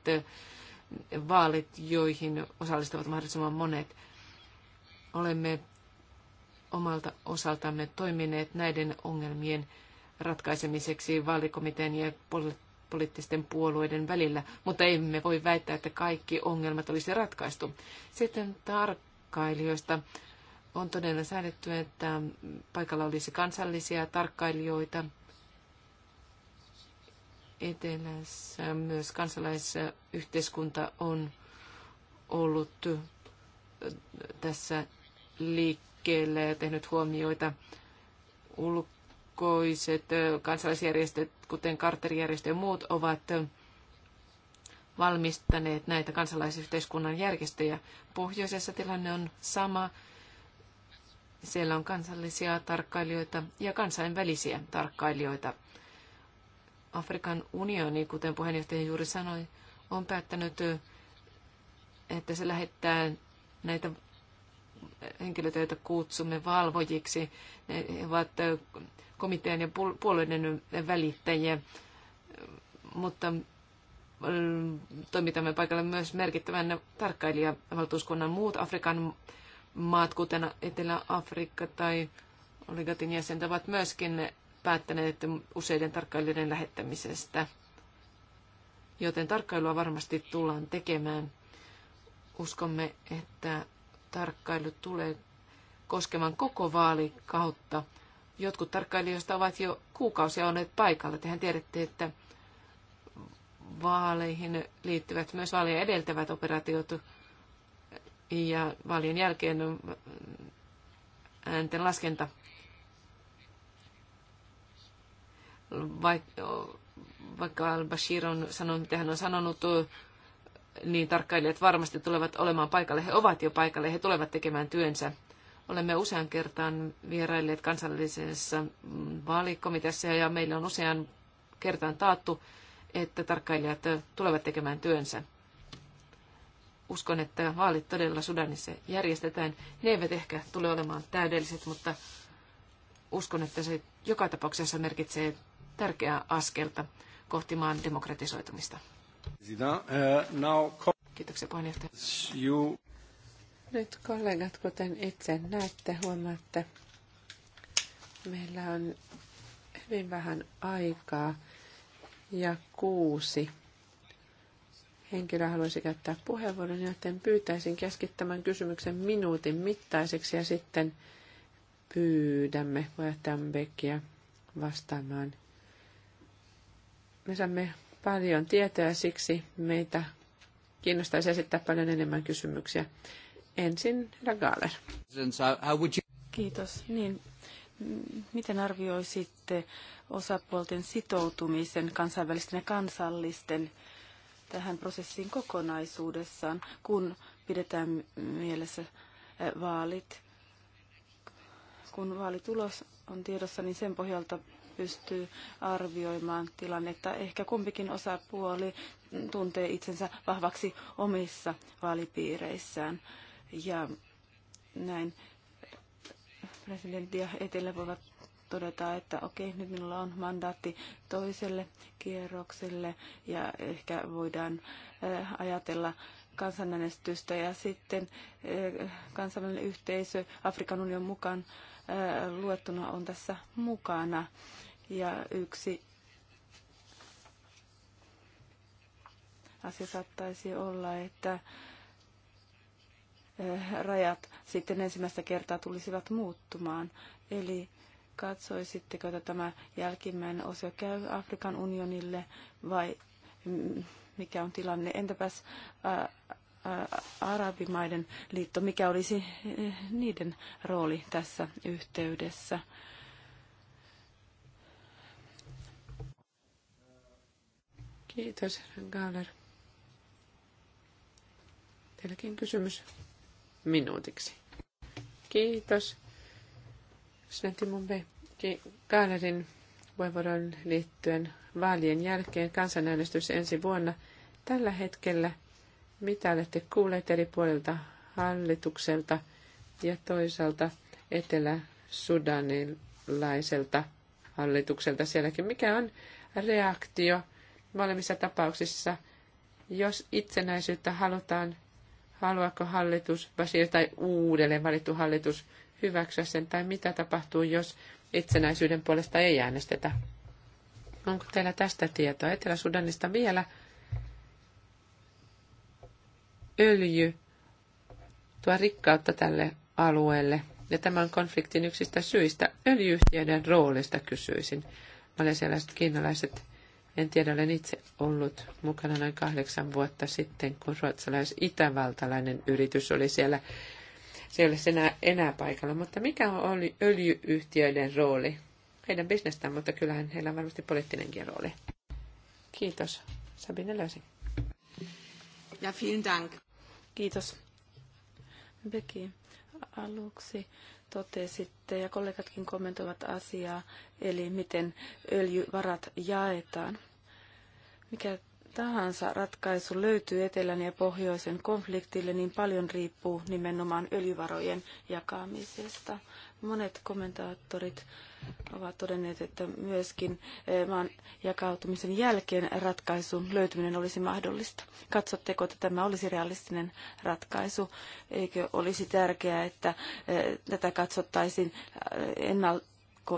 [SPEAKER 3] vaalit, joihin osallistuvat mahdollisimman monet. Olemme omalta osaltamme toimineet näiden ongelmien ratkaisemiseksi vaalikomiteen ja poliittisten puolueiden välillä, mutta emme voi väittää, että kaikki ongelmat olisi ratkaistu. Sitten tarkkailijoista on todella säädetty, että paikalla olisi kansallisia tarkkailijoita. Etelässä myös kansalaisyhteiskunta on ollut tässä liikkeellä ja tehnyt huomioita ulkoiset kansalaisjärjestöt, kuten karterijärjestö ja muut, ovat valmistaneet näitä kansalaisyhteiskunnan järjestöjä. Pohjoisessa tilanne on sama. Siellä on kansallisia tarkkailijoita ja kansainvälisiä tarkkailijoita. Afrikan unioni, kuten puheenjohtaja juuri sanoi, on päättänyt, että se lähettää näitä henkilöitä, joita kutsumme valvojiksi. Ne ovat komitean ja puolueiden välittäjiä, mutta mm, toimitamme paikalle myös merkittävän tarkkailijavaltuuskunnan muut Afrikan maat, kuten Etelä-Afrikka tai oligatin jäsenet, ovat myöskin päättäneet useiden tarkkailijoiden lähettämisestä. Joten tarkkailua varmasti tullaan tekemään. Uskomme, että tarkkailu tulee koskemaan koko vaalikautta. Jotkut tarkkailijoista ovat jo kuukausia olleet paikalla. Tehän tiedätte, että vaaleihin liittyvät myös vaaleja edeltävät operaatiot ja vaalien jälkeen mm, äänten laskenta. Vaikka al-Bashir on sanonut, mitä hän on sanonut, niin tarkkailijat varmasti tulevat olemaan paikalle. He ovat jo paikalle, he tulevat tekemään työnsä. Olemme usean kertaan vierailleet kansallisessa mm, vaalikomiteassa ja meillä on usean kertaan taattu, että tarkkailijat tulevat tekemään työnsä uskon, että vaalit todella Sudanissa järjestetään. Ne eivät ehkä tule olemaan täydelliset, mutta uskon, että se joka tapauksessa merkitsee tärkeää askelta kohti maan demokratisoitumista. Kiitoksia puheenjohtaja. Nyt
[SPEAKER 2] kollegat, kuten itse näette, huomaatte, meillä on hyvin vähän aikaa ja kuusi henkilö haluaisi käyttää puheenvuoron, joten pyytäisin keskittämään kysymyksen minuutin mittaiseksi ja sitten pyydämme puheenjohtajan Beckia vastaamaan. Me saamme paljon tietoa ja siksi meitä kiinnostaisi esittää paljon enemmän kysymyksiä. Ensin Ragaler.
[SPEAKER 1] Kiitos. Niin, miten arvioisitte osapuolten sitoutumisen kansainvälisten ja kansallisten tähän prosessiin kokonaisuudessaan, kun pidetään mielessä vaalit. Kun vaalitulos on tiedossa, niin sen pohjalta pystyy arvioimaan tilannetta. Ehkä kumpikin osapuoli tuntee itsensä vahvaksi omissa vaalipiireissään. Ja näin presidentti ja etelä voivat todetaan, että okei, nyt minulla on mandaatti toiselle kierrokselle ja ehkä voidaan eh, ajatella kansanäänestystä ja sitten eh, kansainvälinen yhteisö Afrikan union mukaan eh, luettuna on tässä mukana. Ja yksi asia saattaisi olla, että rajat sitten ensimmäistä kertaa tulisivat muuttumaan. Eli katsoisitteko, että tämä jälkimmäinen osio käy Afrikan unionille vai mikä on tilanne? Entäpäs ää, Arabimaiden liitto, mikä olisi eh, niiden rooli tässä yhteydessä? Kiitos, Gaaler.
[SPEAKER 2] Teilläkin kysymys minuutiksi. Kiitos. Snetimon Kaalerin puheenvuoron liittyen vaalien jälkeen kansanäänestys ensi vuonna. Tällä hetkellä, mitä olette kuulleet eri puolilta hallitukselta ja toisaalta etelä-sudanilaiselta hallitukselta sielläkin. Mikä on reaktio molemmissa tapauksissa, jos itsenäisyyttä halutaan, haluaako hallitus Bashir tai uudelleen valittu hallitus hyväksyä sen, tai mitä tapahtuu, jos itsenäisyyden puolesta ei äänestetä. Onko teillä tästä tietoa Etelä-Sudanista vielä? Öljy tuo rikkautta tälle alueelle, ja tämän konfliktin yksistä syistä öljyyhtiöiden roolista kysyisin. Malesialaiset, kiinalaiset, en tiedä, olen itse ollut mukana noin kahdeksan vuotta sitten, kun ruotsalais-itävaltalainen yritys oli siellä se ei ole enää, enää paikalla, mutta mikä oli öljyyhtiöiden rooli? Heidän bisnestään, mutta kyllähän heillä on varmasti poliittinenkin rooli. Kiitos. Sabine Lösi.
[SPEAKER 1] Ja vielen dank. Kiitos. Becky, aluksi totesitte ja kollegatkin kommentoivat asiaa, eli miten öljyvarat jaetaan. Mikä tahansa ratkaisu löytyy etelän ja pohjoisen konfliktille, niin paljon riippuu nimenomaan öljyvarojen jakamisesta. Monet kommentaattorit ovat todenneet, että myöskin eh, maan jakautumisen jälkeen ratkaisun löytyminen olisi mahdollista. Katsotteko, että tämä olisi realistinen ratkaisu? Eikö olisi tärkeää, että eh, tätä katsottaisiin eh, ennalta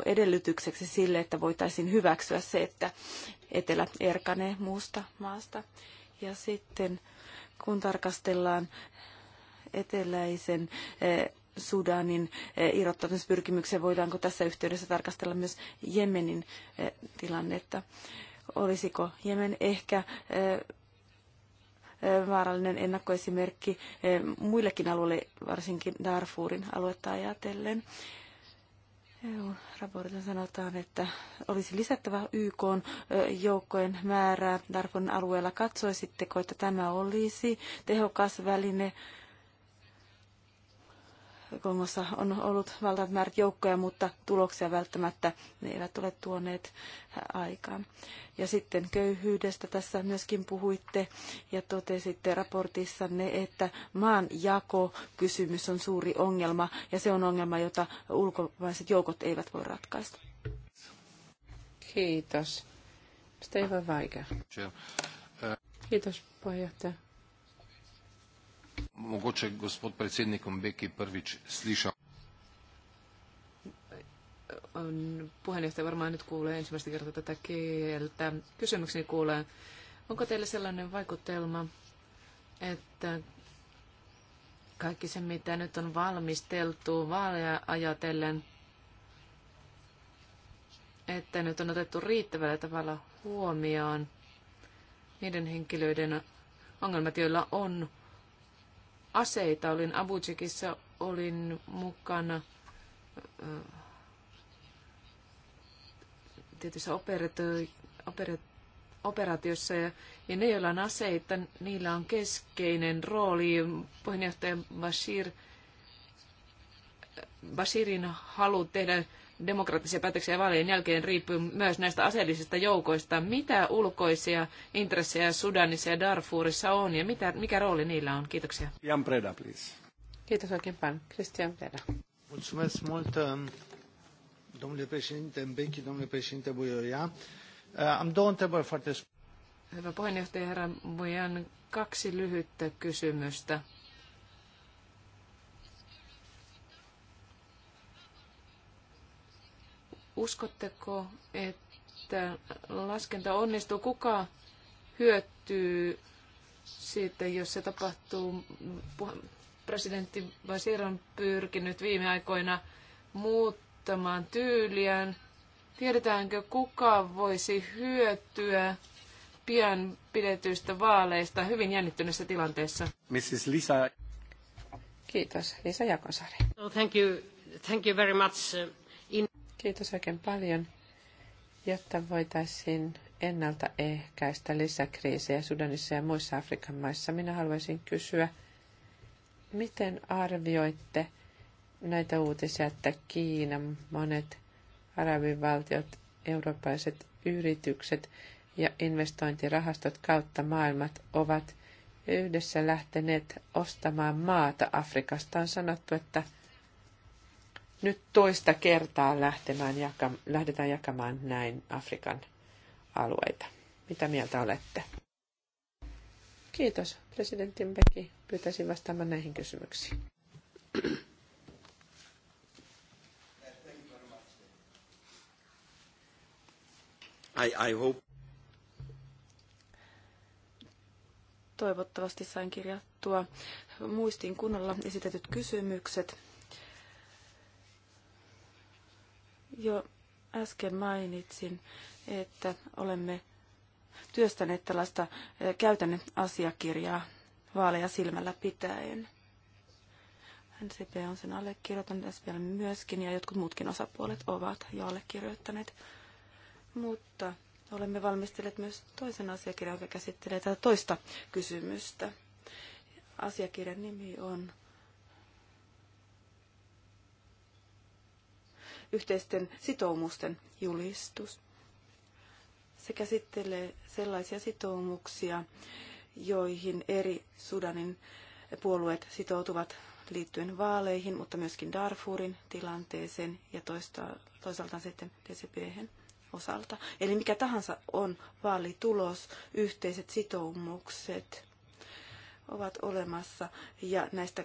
[SPEAKER 1] edellytykseksi sille, että voitaisiin hyväksyä se, että etelä erkanee muusta maasta. Ja sitten kun tarkastellaan eteläisen eh, Sudanin eh, irrottamispyrkimyksiä, voidaanko tässä yhteydessä tarkastella myös Jemenin eh, tilannetta. Olisiko Jemen ehkä vaarallinen ennakkoesimerkki muillekin alueille, varsinkin Darfurin aluetta ajatellen. EU-raportissa sanotaan, että olisi lisättävä YK joukkojen määrää Darfurin alueella. Katsoisitteko, että tämä olisi tehokas väline Kongossa on ollut valtavat määrät joukkoja, mutta tuloksia välttämättä ne eivät ole tuoneet aikaan. Ja sitten köyhyydestä tässä myöskin puhuitte ja totesitte raportissanne, että maanjako kysymys on suuri ongelma ja se on ongelma, jota ulkomaiset joukot eivät voi ratkaista. Kiitos. Steiva Vaika. Kiitos puheenjohtaja mogoče gospod predsednikom Beki prvič slišal.
[SPEAKER 3] On, puheenjohtaja varmaan nyt kuulee ensimmäistä kertaa tätä kieltä. Kysymykseni kuulee, onko teille sellainen vaikutelma, että kaikki se, mitä nyt on valmisteltu vaaleja ajatellen, että nyt on otettu riittävällä tavalla huomioon niiden henkilöiden ongelmat, joilla on aseita. Olin Abujakissa, olin mukana tietyissä operaatioissa ja, ja ne, joilla on aseita, niillä on keskeinen rooli. Puheenjohtaja Bashir, Bashirin halu tehdä demokraattisia päätöksiä vaalien jälkeen riippuu myös näistä aseellisista joukoista. Mitä ulkoisia intressejä Sudanissa ja Darfurissa on ja mitä, mikä rooli niillä on? Kiitoksia.
[SPEAKER 1] Jan Preda, please.
[SPEAKER 2] Kiitos oikein paljon. Christian Preda.
[SPEAKER 1] Mulțumesc mult, um, domnule președinte Mbeki, domnule președinte Buioia.
[SPEAKER 3] Uh, am două întrebări foarte Hyvä puheenjohtaja, herra Bujan. Kaksi lyhyttä kysymystä. Uskotteko, että laskenta onnistuu? Kuka hyötyy siitä, jos se tapahtuu? Presidentti Basir on pyrkinyt viime aikoina muuttamaan tyyliään. Tiedetäänkö, kuka voisi hyötyä pian pidetyistä vaaleista hyvin jännittyneessä tilanteessa?
[SPEAKER 2] Mrs. Lisa. Kiitos. Lisa Jakosari.
[SPEAKER 3] thank you. Thank you very much. Uh,
[SPEAKER 2] Kiitos oikein paljon, jotta voitaisiin ennaltaehkäistä lisäkriisejä Sudanissa ja muissa Afrikan maissa. Minä haluaisin kysyä, miten arvioitte näitä uutisia, että Kiinan monet arabivaltiot, eurooppalaiset yritykset ja investointirahastot kautta maailmat ovat yhdessä lähteneet ostamaan maata Afrikasta. On sanottu, että – nyt toista kertaa lähtemään jaka, lähdetään jakamaan näin Afrikan alueita. Mitä mieltä olette? Kiitos. Presidentti Mbeki pyytäisin vastaamaan näihin kysymyksiin.
[SPEAKER 1] I, I hope. Toivottavasti sain kirjattua muistiin kunnolla esitetyt kysymykset. jo äsken mainitsin, että olemme työstäneet tällaista eh, käytännön asiakirjaa vaaleja silmällä pitäen. NCP on sen allekirjoittanut, vielä myöskin ja jotkut muutkin osapuolet ovat jo allekirjoittaneet. Mutta olemme valmistelleet myös toisen asiakirjan, joka käsittelee tätä toista kysymystä. Asiakirjan nimi on yhteisten sitoumusten julistus. Se käsittelee sellaisia sitoumuksia, joihin eri Sudanin puolueet sitoutuvat liittyen vaaleihin, mutta myöskin Darfurin tilanteeseen ja toista, toisaalta sitten DCPhen osalta. Eli mikä tahansa on vaalitulos, yhteiset sitoumukset ovat olemassa ja näistä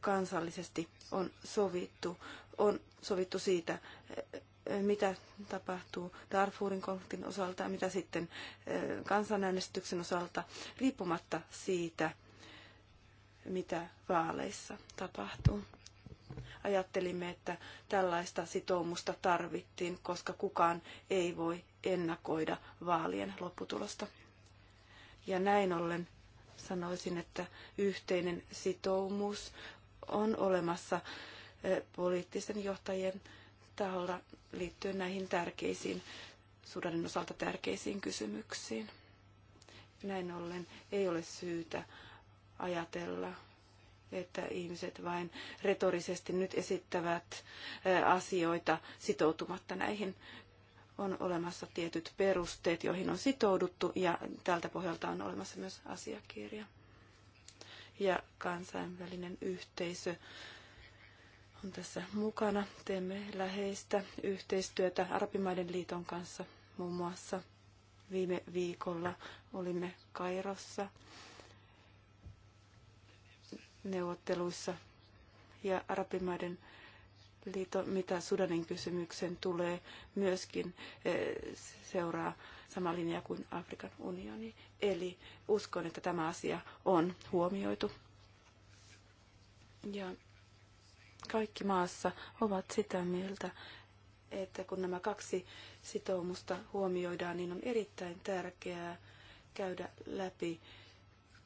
[SPEAKER 1] kansallisesti on sovittu. On sovittu siitä, mitä tapahtuu Darfurin konfliktin osalta ja mitä sitten eh, kansanäänestyksen osalta, riippumatta siitä, mitä vaaleissa tapahtuu. Ajattelimme, että tällaista sitoumusta tarvittiin, koska kukaan ei voi ennakoida vaalien lopputulosta. Ja näin ollen sanoisin, että yhteinen sitoumus on olemassa poliittisten johtajien taholla liittyen näihin tärkeisiin, Sudanin osalta tärkeisiin kysymyksiin. Näin ollen ei ole syytä ajatella, että ihmiset vain retorisesti nyt esittävät asioita sitoutumatta näihin on olemassa tietyt perusteet, joihin on sitouduttu ja tältä pohjalta on olemassa myös asiakirja. Ja kansainvälinen yhteisö on tässä mukana. Teemme läheistä yhteistyötä Arabimaiden liiton kanssa muun muassa. Viime viikolla olimme Kairossa neuvotteluissa ja Arabimaiden liitto, mitä Sudanin kysymyksen tulee, myöskin eh, seuraa sama linja kuin Afrikan unioni. Eli uskon, että tämä asia on huomioitu. Ja kaikki maassa ovat sitä mieltä, että kun nämä kaksi sitoumusta huomioidaan, niin on erittäin tärkeää käydä läpi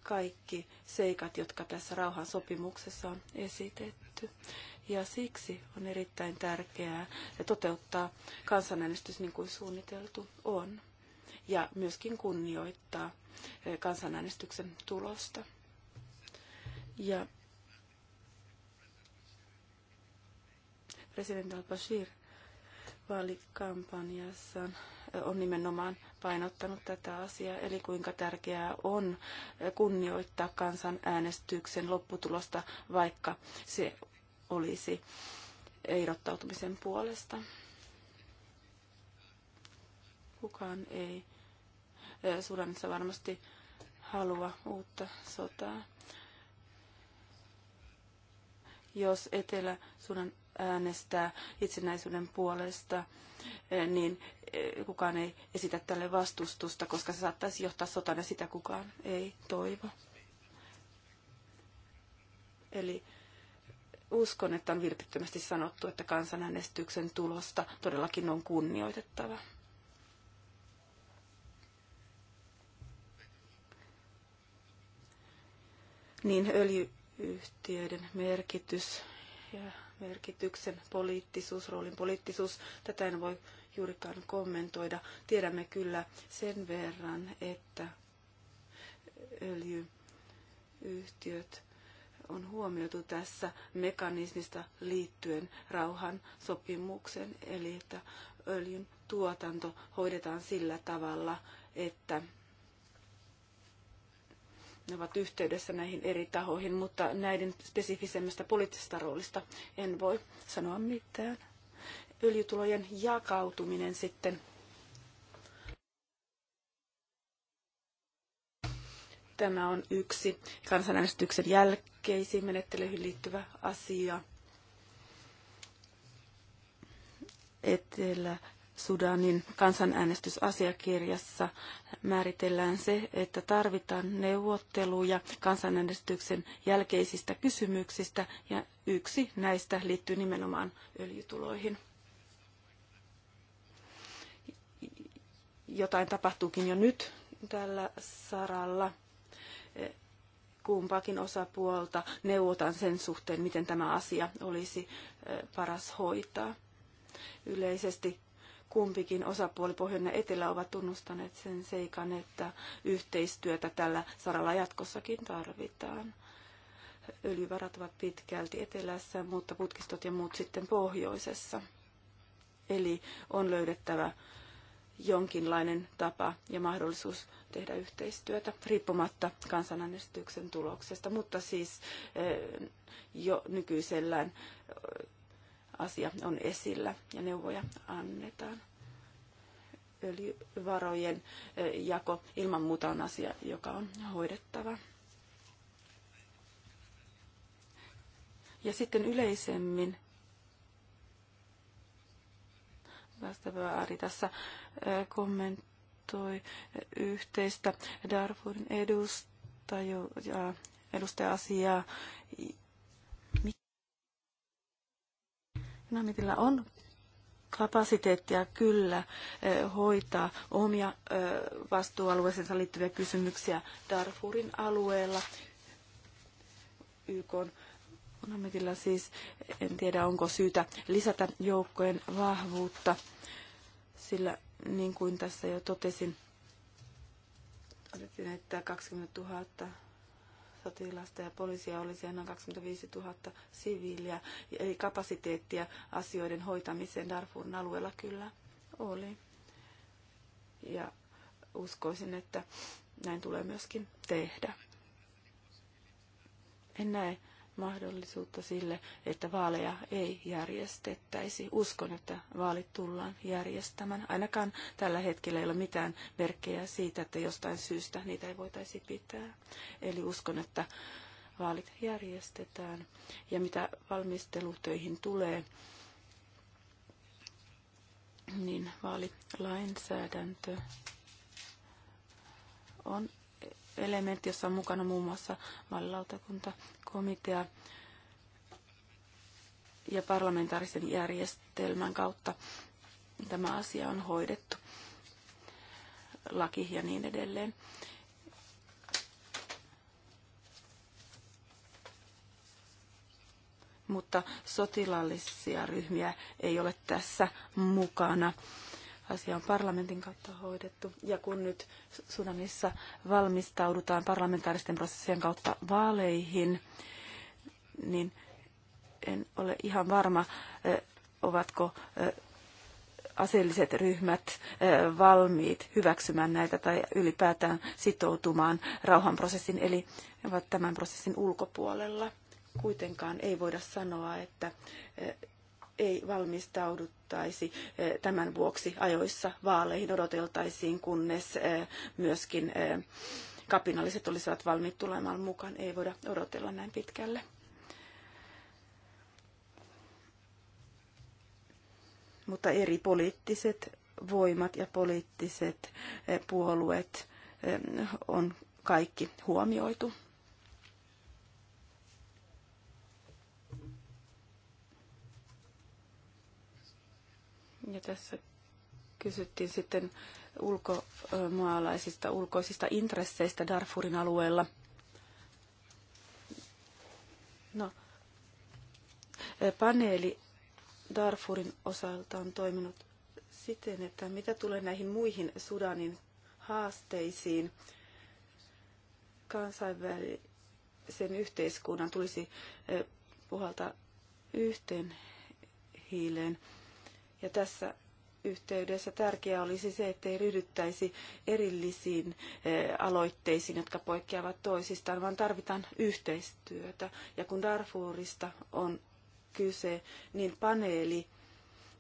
[SPEAKER 1] kaikki seikat, jotka tässä rauhan sopimuksessa on esitetty. Ja siksi on erittäin tärkeää toteuttaa kansanäänestys niin kuin suunniteltu on. Ja myöskin kunnioittaa eh, kansanäänestyksen tulosta. Ja presidentti al-Bashir vaalikampanjassaan on nimenomaan painottanut tätä asiaa, eli kuinka tärkeää on kunnioittaa kansan äänestyksen lopputulosta, vaikka se olisi irrottautumisen puolesta. Kukaan ei Sudanissa varmasti halua uutta sotaa. Jos Etelä-Sudan äänestää itsenäisyyden puolesta, eh, niin eh, kukaan ei esitä tälle vastustusta, koska se saattaisi johtaa sotaan ja sitä kukaan ei toivo. Eli uskon, että on vilpittömästi sanottu, että kansanäänestyksen tulosta todellakin on kunnioitettava. Niin öljyyhtiöiden merkitys ja merkityksen poliittisuus, roolin poliittisuus, tätä en voi juurikaan kommentoida. Tiedämme kyllä sen verran, että öljyyhtiöt on huomioitu tässä mekanismista liittyen rauhan sopimukseen, eli että öljyn tuotanto hoidetaan sillä tavalla, että ne ovat yhteydessä näihin eri tahoihin, mutta näiden spesifisemmästä poliittisesta roolista en voi sanoa mitään. Öljytulojen jakautuminen sitten. Tämä on yksi kansanäänestyksen jälkeisiin menettelyihin liittyvä asia. Etelä- Sudanin kansanäänestysasiakirjassa määritellään se, että tarvitaan neuvotteluja kansanäänestyksen jälkeisistä kysymyksistä ja yksi näistä liittyy nimenomaan öljytuloihin. Jotain tapahtuukin jo nyt tällä saralla. Kumpaakin osapuolta neuvotaan sen suhteen, miten tämä asia olisi eh, paras hoitaa. Yleisesti kumpikin osapuoli, pohjoinen ja etelä, ovat tunnustaneet sen seikan, että yhteistyötä tällä saralla jatkossakin tarvitaan. Öljyvarat ovat pitkälti etelässä, mutta putkistot ja muut sitten pohjoisessa. Eli on löydettävä jonkinlainen tapa ja mahdollisuus tehdä yhteistyötä riippumatta kansanäänestyksen tuloksesta, mutta siis eh, jo nykyisellään eh, asia on esillä ja neuvoja annetaan. Öljyvarojen jako ilman muuta on asia, joka on hoidettava. Ja sitten yleisemmin Ari tässä kommentoi yhteistä Darfurin edustajaa, edustaja-asiaa Dynamitilla on kapasiteettia kyllä hoitaa omia vastuualueeseensa liittyviä kysymyksiä Darfurin alueella. YK on Dynamitilla siis, en tiedä onko syytä lisätä joukkojen vahvuutta, sillä niin kuin tässä jo totesin, että 20 000 sotilasta ja poliisia olisi noin 25 000 siviiliä, eli kapasiteettia asioiden hoitamiseen Darfurin alueella kyllä oli. Ja uskoisin, että näin tulee myöskin tehdä. En näe mahdollisuutta sille, että vaaleja ei järjestettäisi. Uskon, että vaalit tullaan järjestämään. Ainakaan tällä hetkellä ei ole mitään merkkejä siitä, että jostain syystä niitä ei voitaisi pitää. Eli uskon, että vaalit järjestetään. Ja mitä valmistelutöihin tulee, niin vaalilainsäädäntö on elementti, jossa on mukana muun muassa vallautakunta, komitea ja parlamentaarisen järjestelmän kautta tämä asia on hoidettu, laki ja niin edelleen. Mutta sotilaallisia ryhmiä ei ole tässä mukana asia on parlamentin kautta hoidettu. Ja kun nyt Sudanissa valmistaudutaan parlamentaaristen prosessien kautta vaaleihin, niin en ole ihan varma, ovatko aseelliset ryhmät valmiit hyväksymään näitä tai ylipäätään sitoutumaan rauhanprosessin, eli ovat tämän prosessin ulkopuolella. Kuitenkaan ei voida sanoa, että ei valmistauduttaisi eh, tämän vuoksi ajoissa vaaleihin, odoteltaisiin kunnes eh, myöskin eh, kapinalliset olisivat valmiit tulemaan mukaan. Ei voida odotella näin pitkälle. Mutta eri poliittiset voimat ja poliittiset puolueet on kaikki huomioitu. Ja tässä kysyttiin sitten ulkomaalaisista ulkoisista intresseistä Darfurin alueella. No, eh, paneeli Darfurin osalta on toiminut siten, että mitä tulee näihin muihin Sudanin haasteisiin, kansainvälisen yhteiskunnan tulisi eh, puhalta yhteen hiileen ja tässä yhteydessä tärkeää olisi se, ettei ryhdyttäisi erillisiin eh, aloitteisiin, jotka poikkeavat toisistaan, vaan tarvitaan yhteistyötä. Ja kun Darfurista on kyse, niin paneeli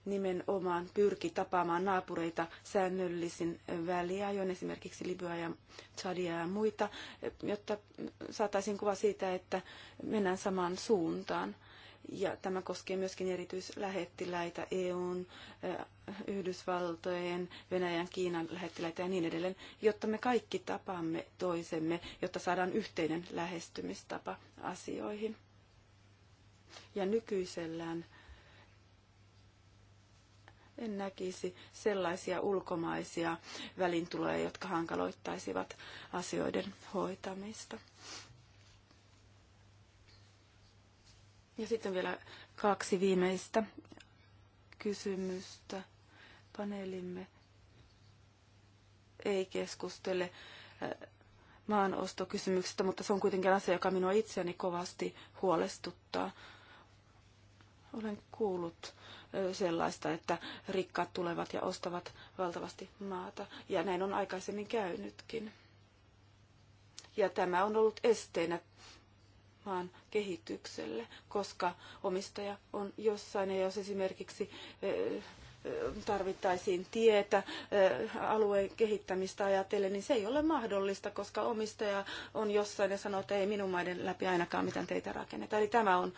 [SPEAKER 1] nimenomaan pyrki tapaamaan naapureita säännöllisin väliajoin, esimerkiksi Libya ja Chadia ja muita, eh, jotta saataisiin kuva siitä, että mennään samaan suuntaan. Ja tämä koskee myöskin erityislähettiläitä EUn, Yhdysvaltojen, Venäjän, Kiinan lähettiläitä ja niin edelleen, jotta me kaikki tapaamme toisemme, jotta saadaan yhteinen lähestymistapa asioihin. Ja nykyisellään en näkisi sellaisia ulkomaisia välintuloja, jotka hankaloittaisivat asioiden hoitamista. Ja sitten vielä kaksi viimeistä kysymystä. Paneelimme ei keskustele äh, maanostokysymyksestä, mutta se on kuitenkin asia, joka minua itseäni kovasti huolestuttaa. Olen kuullut äh, sellaista, että rikkaat tulevat ja ostavat valtavasti maata, ja näin on aikaisemmin käynytkin. Ja tämä on ollut esteenä vaan kehitykselle, koska omistaja on jossain ja jos esimerkiksi eh, eh, tarvittaisiin tietä eh, alueen kehittämistä ajatellen, niin se ei ole mahdollista, koska omistaja on jossain ja sanoo, että ei minun maiden läpi ainakaan mitään teitä rakenneta. Eli tämä on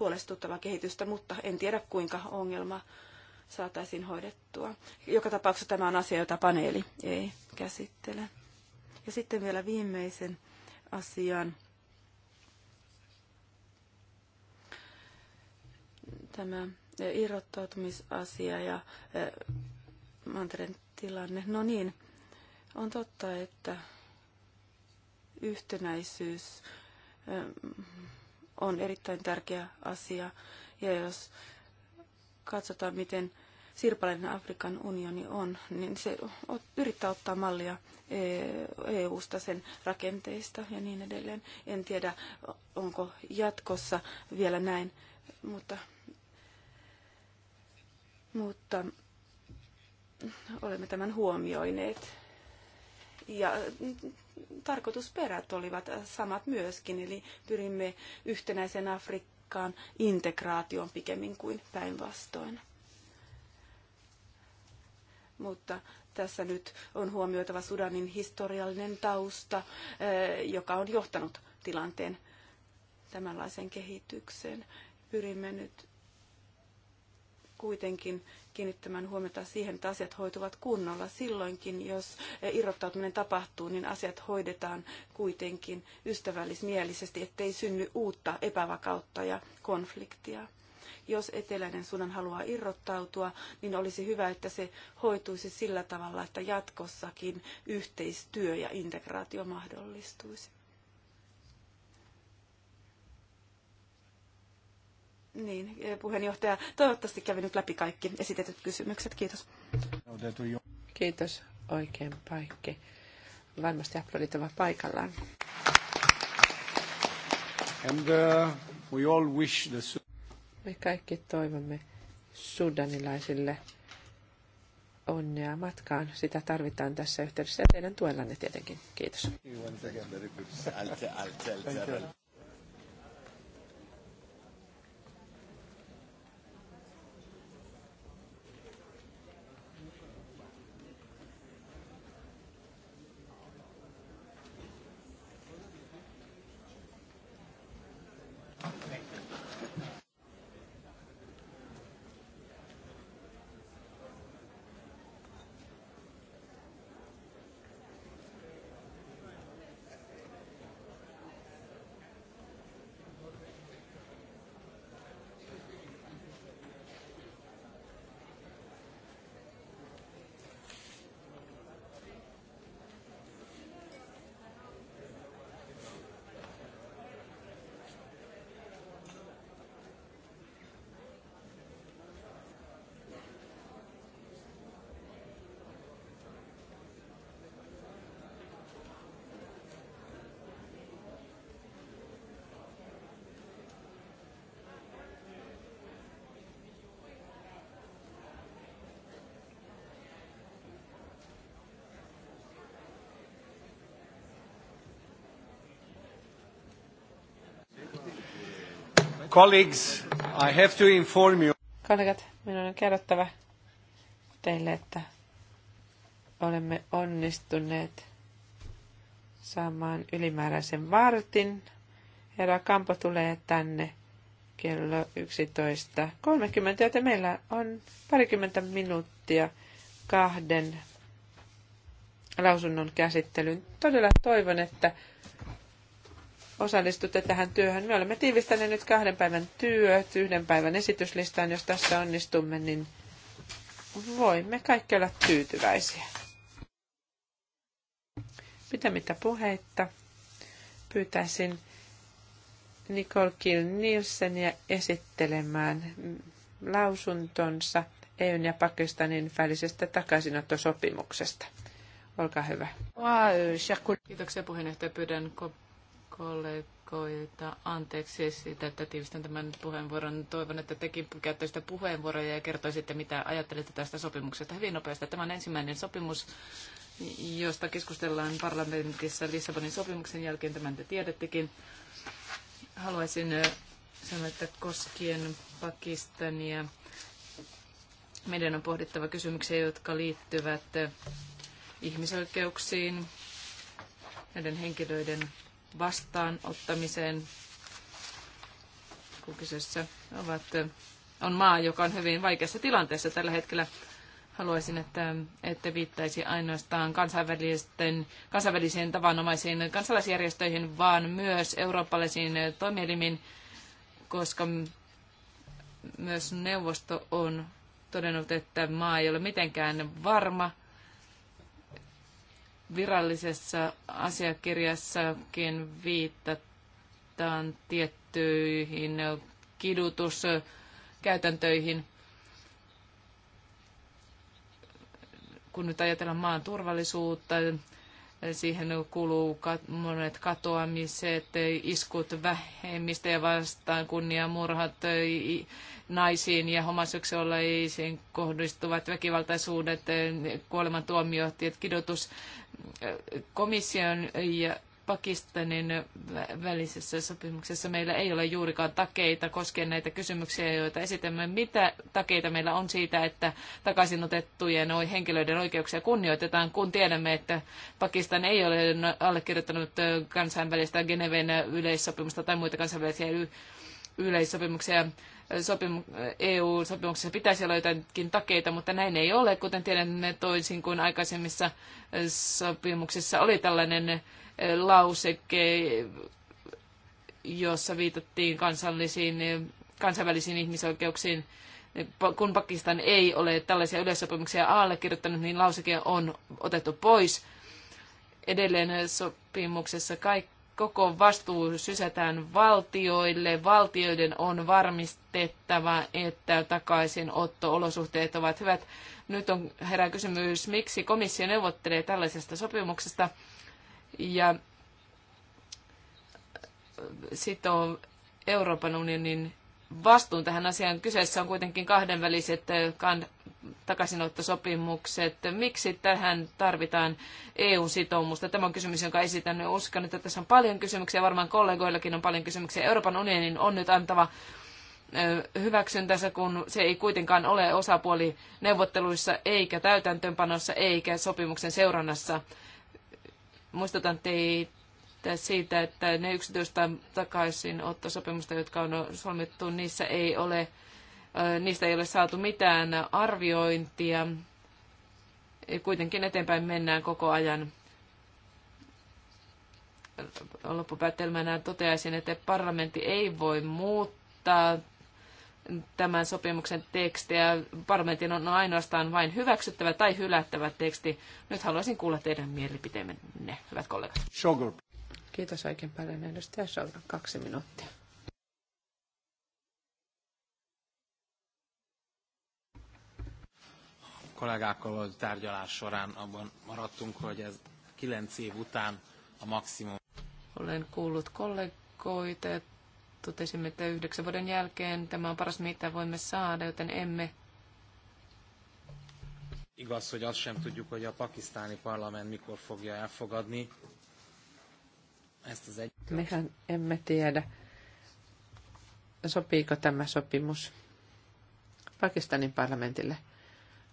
[SPEAKER 1] huolestuttava kehitystä, mutta en tiedä kuinka ongelma saataisiin hoidettua. Joka tapauksessa tämä on asia, jota paneeli ei käsittele. Ja sitten vielä viimeisen asian tämä eh, irrottautumisasia ja eh, mantereen tilanne. No niin, on totta, että yhtenäisyys eh, on erittäin tärkeä asia. Ja jos katsotaan, miten sirpaleinen Afrikan unioni on, niin se yrittää ottaa mallia EU-sta, e sen rakenteista ja niin edelleen. En tiedä, onko jatkossa vielä näin, mutta mutta olemme tämän huomioineet. Ja tarkoitusperät olivat samat myöskin, eli pyrimme yhtenäisen Afrikkaan integraation pikemmin kuin päinvastoin. Mutta tässä nyt on huomioitava Sudanin historiallinen tausta, eh, joka on johtanut tilanteen tämänlaiseen kehitykseen. Pyrimme nyt kuitenkin kiinnittämään huomiota siihen, että asiat hoituvat kunnolla. Silloinkin, jos irrottautuminen tapahtuu, niin asiat hoidetaan kuitenkin ystävällismielisesti, ettei synny uutta epävakautta ja konfliktia. Jos eteläinen sunan haluaa irrottautua, niin olisi hyvä, että se hoituisi sillä tavalla, että jatkossakin yhteistyö ja integraatio mahdollistuisi. Niin, eh, puheenjohtaja, toivottavasti kävi nyt läpi kaikki esitetyt kysymykset. Kiitos. Kiitos
[SPEAKER 2] oikein kaikki. Varmasti aplodit ovat paikallaan.
[SPEAKER 1] And, uh, we, all wish the...
[SPEAKER 2] me kaikki toivomme sudanilaisille onnea matkaan. Sitä tarvitaan tässä yhteydessä ja teidän tuellanne tietenkin. Kiitos.
[SPEAKER 1] Colleagues, I have to inform you.
[SPEAKER 2] Kollegat, minun on kerrottava teille, että olemme onnistuneet saamaan ylimääräisen vartin. Herra Kampo tulee tänne kello 11.30, joten meillä on parikymmentä minuuttia kahden lausunnon käsittelyyn. Todella toivon, että osallistutte tähän työhön. Me olemme tiivistäneet nyt kahden päivän työt, yhden päivän esityslistaan. Jos tässä onnistumme, niin voimme kaikki olla tyytyväisiä. Pitämättä puheitta pyytäisin Nicole Kill Nielseniä esittelemään lausuntonsa EUn ja Pakistanin välisestä takaisinottosopimuksesta. Olkaa hyvä.
[SPEAKER 3] Kiitoksia puheenjohtaja. Pyydän kollegoita. Anteeksi siitä, että tiivistän tämän puheenvuoron. Toivon, että tekin käyttäisitte puheenvuoroja ja kertoisitte, mitä ajattelette tästä sopimuksesta hyvin nopeasti. Tämä on ensimmäinen sopimus, josta keskustellaan parlamentissa Lissabonin sopimuksen jälkeen. Tämän te tiedättekin. Haluaisin sanoa, että koskien Pakistania meidän on pohdittava kysymyksiä, jotka liittyvät ihmisoikeuksiin, näiden henkilöiden vastaanottamiseen, Kukisessa ovat, on maa, joka on hyvin vaikeassa tilanteessa tällä hetkellä. Haluaisin, että, että viittaisi ainoastaan kansainvälisten, kansainvälisiin tavanomaisiin kansalaisjärjestöihin, vaan myös eurooppalaisiin toimielimiin, koska myös neuvosto on todennut, että maa ei ole mitenkään varma virallisessa asiakirjassakin viitataan tiettyihin kidutuskäytäntöihin. Kun nyt ajatellaan maan turvallisuutta, Siihen kuuluu monet katoamiset, iskut vähemmistöjä vastaan, kunniamurhat, naisiin ja homoseksuaalisiin kohdistuvat väkivaltaisuudet, kuolemantuomiot ja kidutus. Komission ja Pakistanin välisessä sopimuksessa meillä ei ole juurikaan takeita koskien näitä kysymyksiä, joita esitämme. Mitä takeita meillä on siitä, että takaisinotettujen henkilöiden oikeuksia kunnioitetaan, kun tiedämme, että Pakistan ei ole allekirjoittanut kansainvälistä Geneven yleissopimusta tai muita kansainvälisiä yleissopimuksia. Sopimu- EU-sopimuksessa pitäisi olla jotakin takeita, mutta näin ei ole, kuten tiedämme toisin kuin aikaisemmissa sopimuksissa oli tällainen lauseke, jossa viitattiin kansallisiin, kansainvälisiin ihmisoikeuksiin. Kun Pakistan ei ole tällaisia yleissopimuksia allekirjoittanut, niin lauseke on otettu pois. Edelleen sopimuksessa kaikki koko vastuu sysätään valtioille. Valtioiden on varmistettava, että takaisinotto-olosuhteet ovat hyvät. Nyt on herää kysymys, miksi komissio neuvottelee tällaisesta sopimuksesta – ja on Euroopan unionin vastuun tähän asiaan. Kyseessä on kuitenkin kahdenväliset eh, takaisinottosopimukset. Miksi tähän tarvitaan EU-sitoumusta? Tämä on kysymys, jonka esitän. Uskon, että tässä on paljon kysymyksiä. Varmaan kollegoillakin on paljon kysymyksiä. Euroopan unionin on nyt antava eh, hyväksyntänsä, kun se ei kuitenkaan ole osapuoli neuvotteluissa eikä täytäntöönpanossa eikä sopimuksen seurannassa. Muistutan teitä siitä, että ne 11 ottosopimusta, jotka on solmittu, niissä ei ole, niistä ei ole saatu mitään arviointia. Kuitenkin eteenpäin mennään koko ajan loppupäätelmänä toteaisin, että parlamentti ei voi muuttaa tämän sopimuksen tekstiä. Parlamentin on ainoastaan vain hyväksyttävä tai hylättävä teksti. Nyt haluaisin kuulla teidän mielipiteenne, hyvät kollegat.
[SPEAKER 2] Sugar. Kiitos oikein paljon edustaja Sogra. Kaksi minuuttia.
[SPEAKER 1] kollégákkal való tárgyalás során abban maradtunk, hogy ez kilenc év után a maximum.
[SPEAKER 3] Olen kuullut kollegoita, totesimme, että yhdeksän vuoden jälkeen tämä on paras, mitä voimme saada, joten emme
[SPEAKER 1] Igaz, hogy azt sem tudjuk, hogy a pakisztáni parlament mikor fogja elfogadni ezt az egy...
[SPEAKER 3] Mehän
[SPEAKER 2] emme tiedä, sopiiko tämä sopimus Pakistanin parlamentille.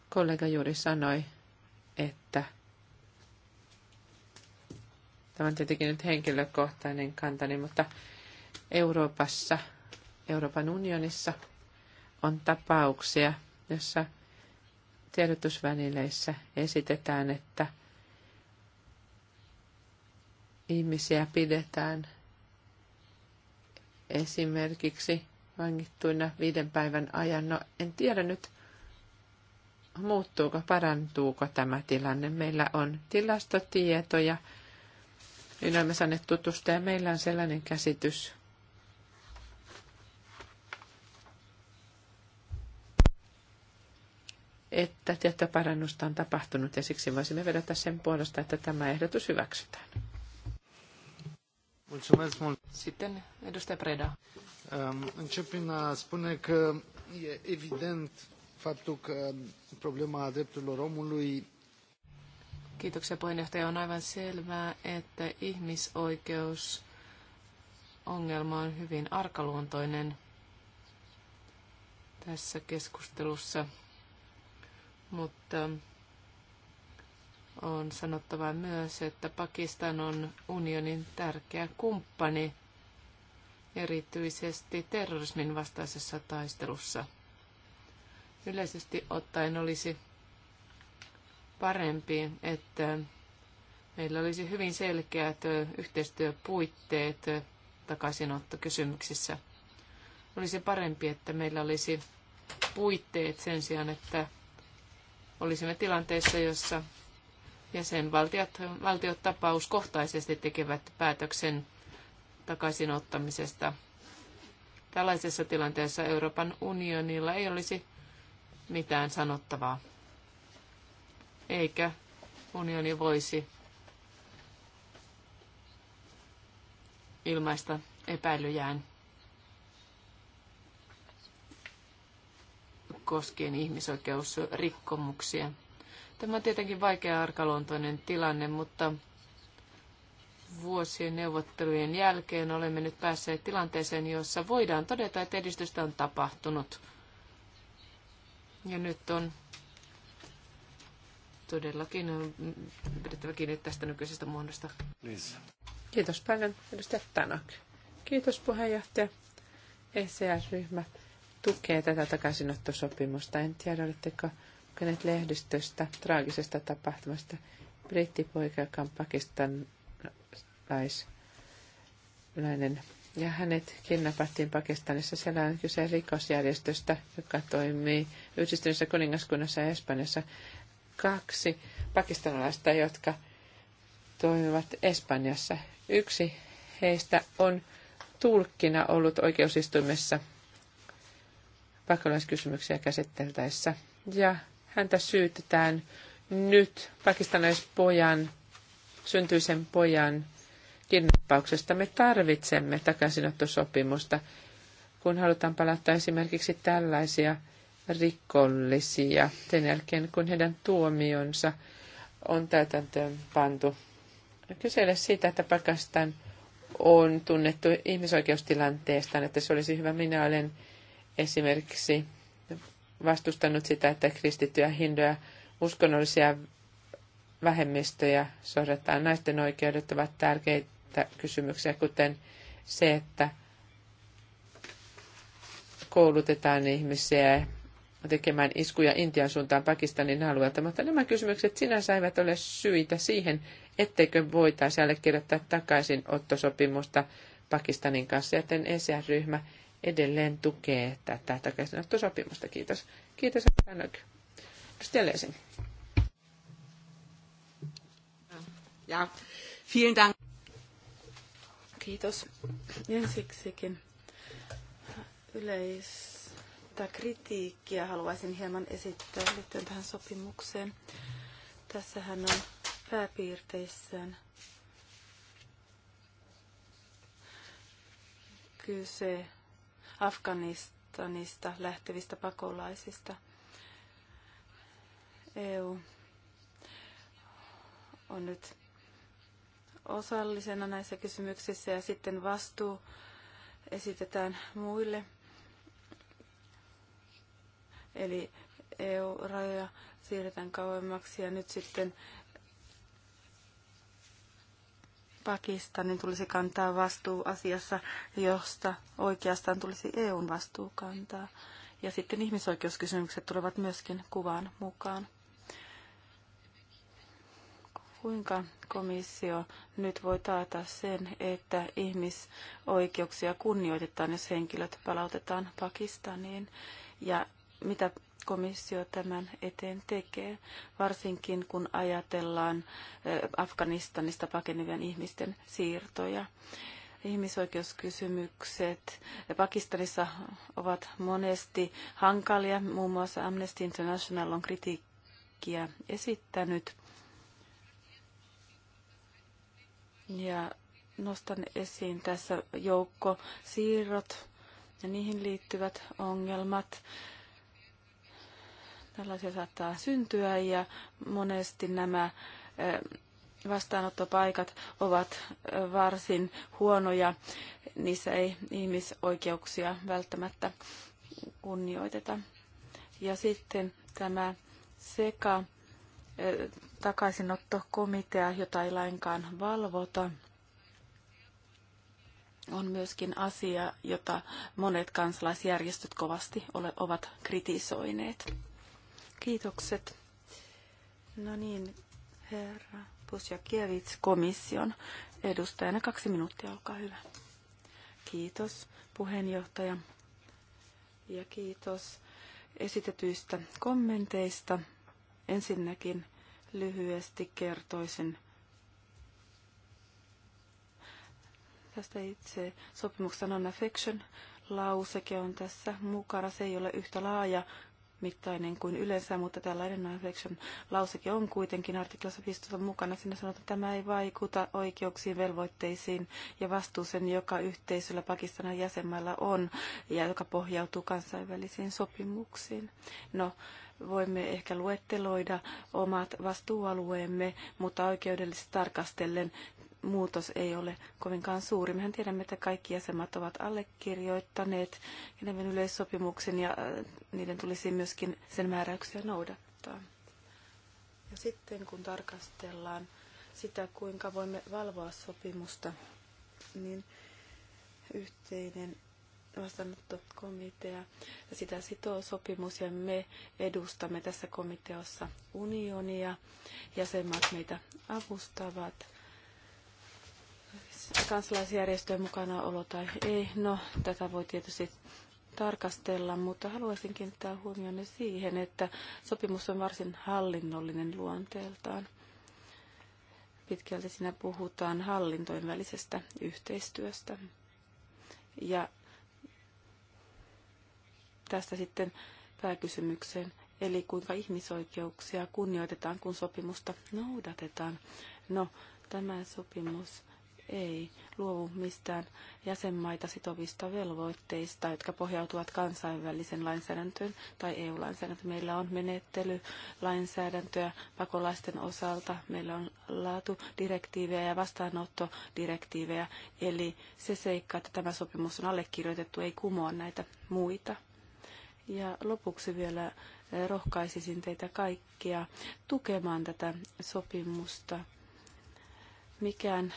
[SPEAKER 2] Kollega juuri sanoi, että tämä on tietenkin nyt henkilökohtainen kantani, mutta Euroopassa, Euroopan unionissa on tapauksia, jossa tiedotusvälineissä esitetään, että ihmisiä pidetään esimerkiksi vangittuina viiden päivän ajan. No en tiedä nyt, muuttuuko, parantuuko tämä tilanne. Meillä on tilastotietoja, ylämme sanne saaneet ja meillä on sellainen käsitys, että tiettyä parannusta on tapahtunut ja siksi voisimme vedota sen puolesta, että tämä ehdotus hyväksytään. Sitten edustaja Preda. Încep a spune că e evident faptul că problema drepturilor omului
[SPEAKER 3] Kiitoksia puheenjohtaja. On aivan selvää, että ihmisoikeus ongelma on hyvin arkaluontoinen tässä keskustelussa mutta on sanottava myös, että Pakistan on unionin tärkeä kumppani erityisesti terrorismin vastaisessa taistelussa. Yleisesti ottaen olisi parempi, että meillä olisi hyvin selkeät yhteistyöpuitteet takaisinottokysymyksissä. Olisi parempi, että meillä olisi puitteet sen sijaan, että olisimme tilanteessa, jossa jäsenvaltiot valtiot tapauskohtaisesti tekevät päätöksen takaisinottamisesta. Tällaisessa tilanteessa Euroopan unionilla ei olisi mitään sanottavaa, eikä unioni voisi ilmaista epäilyjään koskien ihmisoikeusrikkomuksia. Tämä on tietenkin vaikea arkaluontoinen tilanne, mutta vuosien neuvottelujen jälkeen olemme nyt päässeet tilanteeseen, jossa voidaan todeta, että edistystä on tapahtunut. Ja nyt on todellakin on pidettävä kiinni tästä nykyisestä muodosta. Kiitos paljon, edustaja Tanak.
[SPEAKER 2] Kiitos puheenjohtaja. ecr ryhmät tukee tätä takaisinottosopimusta. En tiedä, oletteko lukeneet lehdistöstä traagisesta tapahtumasta. Brittipoika, joka on pakistanlainen. ja hänet kidnappattiin Pakistanissa. Siellä on kyse rikosjärjestöstä, joka toimii yhdistyneessä kuningaskunnassa ja Espanjassa. Kaksi pakistanilaista, jotka toimivat Espanjassa. Yksi heistä on tulkkina ollut oikeusistuimessa pakolaiskysymyksiä käsiteltäessä Ja häntä syytetään nyt pakistanaispojan, syntyisen pojan kidnappauksesta. Me tarvitsemme takaisinottosopimusta, kun halutaan palauttaa esimerkiksi tällaisia rikollisia sen jälkeen, kun heidän tuomionsa on täytäntöön pantu. Kysele siitä, että Pakistan on tunnettu ihmisoikeustilanteestaan, että se olisi hyvä. Minä olen esimerkiksi vastustanut sitä, että kristittyjä, hinduja, uskonnollisia vähemmistöjä sohdataan. Naisten oikeudet ovat tärkeitä kysymyksiä, kuten se, että koulutetaan ihmisiä tekemään iskuja Intian suuntaan Pakistanin alueelta, mutta nämä kysymykset sinänsä eivät ole syitä siihen, etteikö voitaisi allekirjoittaa takaisin ottosopimusta Pakistanin kanssa, joten ECR-ryhmä edelleen tukee tätä takaisinottosopimusta. Kiitos. Kiitos, että Edustaja
[SPEAKER 1] Ja, vielen dank. Kiitos. Ensiksikin yleistä kritiikkiä haluaisin hieman esittää liittyen tähän sopimukseen. Tässähän on pääpiirteissään kyse Afganistanista lähtevistä pakolaisista. EU on nyt osallisena näissä kysymyksissä ja sitten vastuu esitetään muille. Eli EU-rajoja siirretään kauemmaksi ja nyt sitten Pakistanin tulisi kantaa vastuu asiassa, josta oikeastaan tulisi EUn vastuu kantaa. Ja sitten ihmisoikeuskysymykset tulevat myöskin kuvaan mukaan. Kuinka komissio nyt voi taata sen, että ihmisoikeuksia kunnioitetaan, jos henkilöt palautetaan Pakistaniin? Ja mitä komissio tämän eteen tekee, varsinkin kun ajatellaan Afganistanista pakenevien ihmisten siirtoja. Ihmisoikeuskysymykset Pakistanissa ovat monesti hankalia. Muun muassa Amnesty International on kritiikkiä esittänyt. Ja nostan esiin tässä joukko siirrot ja niihin liittyvät ongelmat. Tällaisia saattaa syntyä ja monesti nämä vastaanottopaikat ovat varsin huonoja. Niissä ei ihmisoikeuksia välttämättä kunnioiteta. Ja sitten tämä seka takaisinottokomitea, jota ei lainkaan valvota, on myöskin asia, jota monet kansalaisjärjestöt kovasti ovat kritisoineet. Kiitokset. No niin, herra Pusjakiewicz komission edustajana. Kaksi minuuttia, olkaa hyvä. Kiitos puheenjohtaja ja kiitos esitetyistä kommenteista. Ensinnäkin lyhyesti kertoisin tästä itse sopimuksesta non-affection no, lauseke on tässä mukana. Se ei ole yhtä laaja mittainen kuin yleensä, mutta tällainen non no lauseke on kuitenkin artiklassa 15 mukana. Siinä sanotaan, että tämä ei vaikuta oikeuksiin, velvoitteisiin ja vastuuseen, joka yhteisöllä Pakistanin jäsenmailla on ja joka pohjautuu kansainvälisiin sopimuksiin. No, voimme ehkä luetteloida omat vastuualueemme, mutta oikeudellisesti tarkastellen muutos ei ole kovinkaan suuri. Mehän tiedämme, että kaikki jäsenmaat ovat allekirjoittaneet Geneven yleissopimuksen ja äh, niiden tulisi myöskin sen määräyksiä noudattaa. Ja sitten kun tarkastellaan sitä, kuinka voimme valvoa sopimusta, niin yhteinen vastaanottokomitea. Ja sitä sitoo sopimus ja me edustamme tässä komiteassa unionia. Jäsenmaat meitä avustavat kansalaisjärjestöjen mukanaolo tai ei. No, tätä voi tietysti tarkastella, mutta haluaisin kiinnittää huomioon siihen, että sopimus on varsin hallinnollinen luonteeltaan. Pitkälti siinä puhutaan hallintojen välisestä yhteistyöstä. Ja tästä sitten pääkysymykseen, eli kuinka ihmisoikeuksia kunnioitetaan, kun sopimusta noudatetaan. No, tämä sopimus ei luovu mistään jäsenmaita sitovista velvoitteista, jotka pohjautuvat kansainvälisen lainsäädäntöön tai EU-lainsäädäntöön. Meillä on menettely lainsäädäntöä pakolaisten osalta, meillä on laatudirektiivejä ja vastaanottodirektiivejä, eli se seikka, että tämä sopimus on allekirjoitettu, ei kumoa näitä muita. Ja lopuksi vielä rohkaisisin teitä kaikkia tukemaan tätä sopimusta. Mikään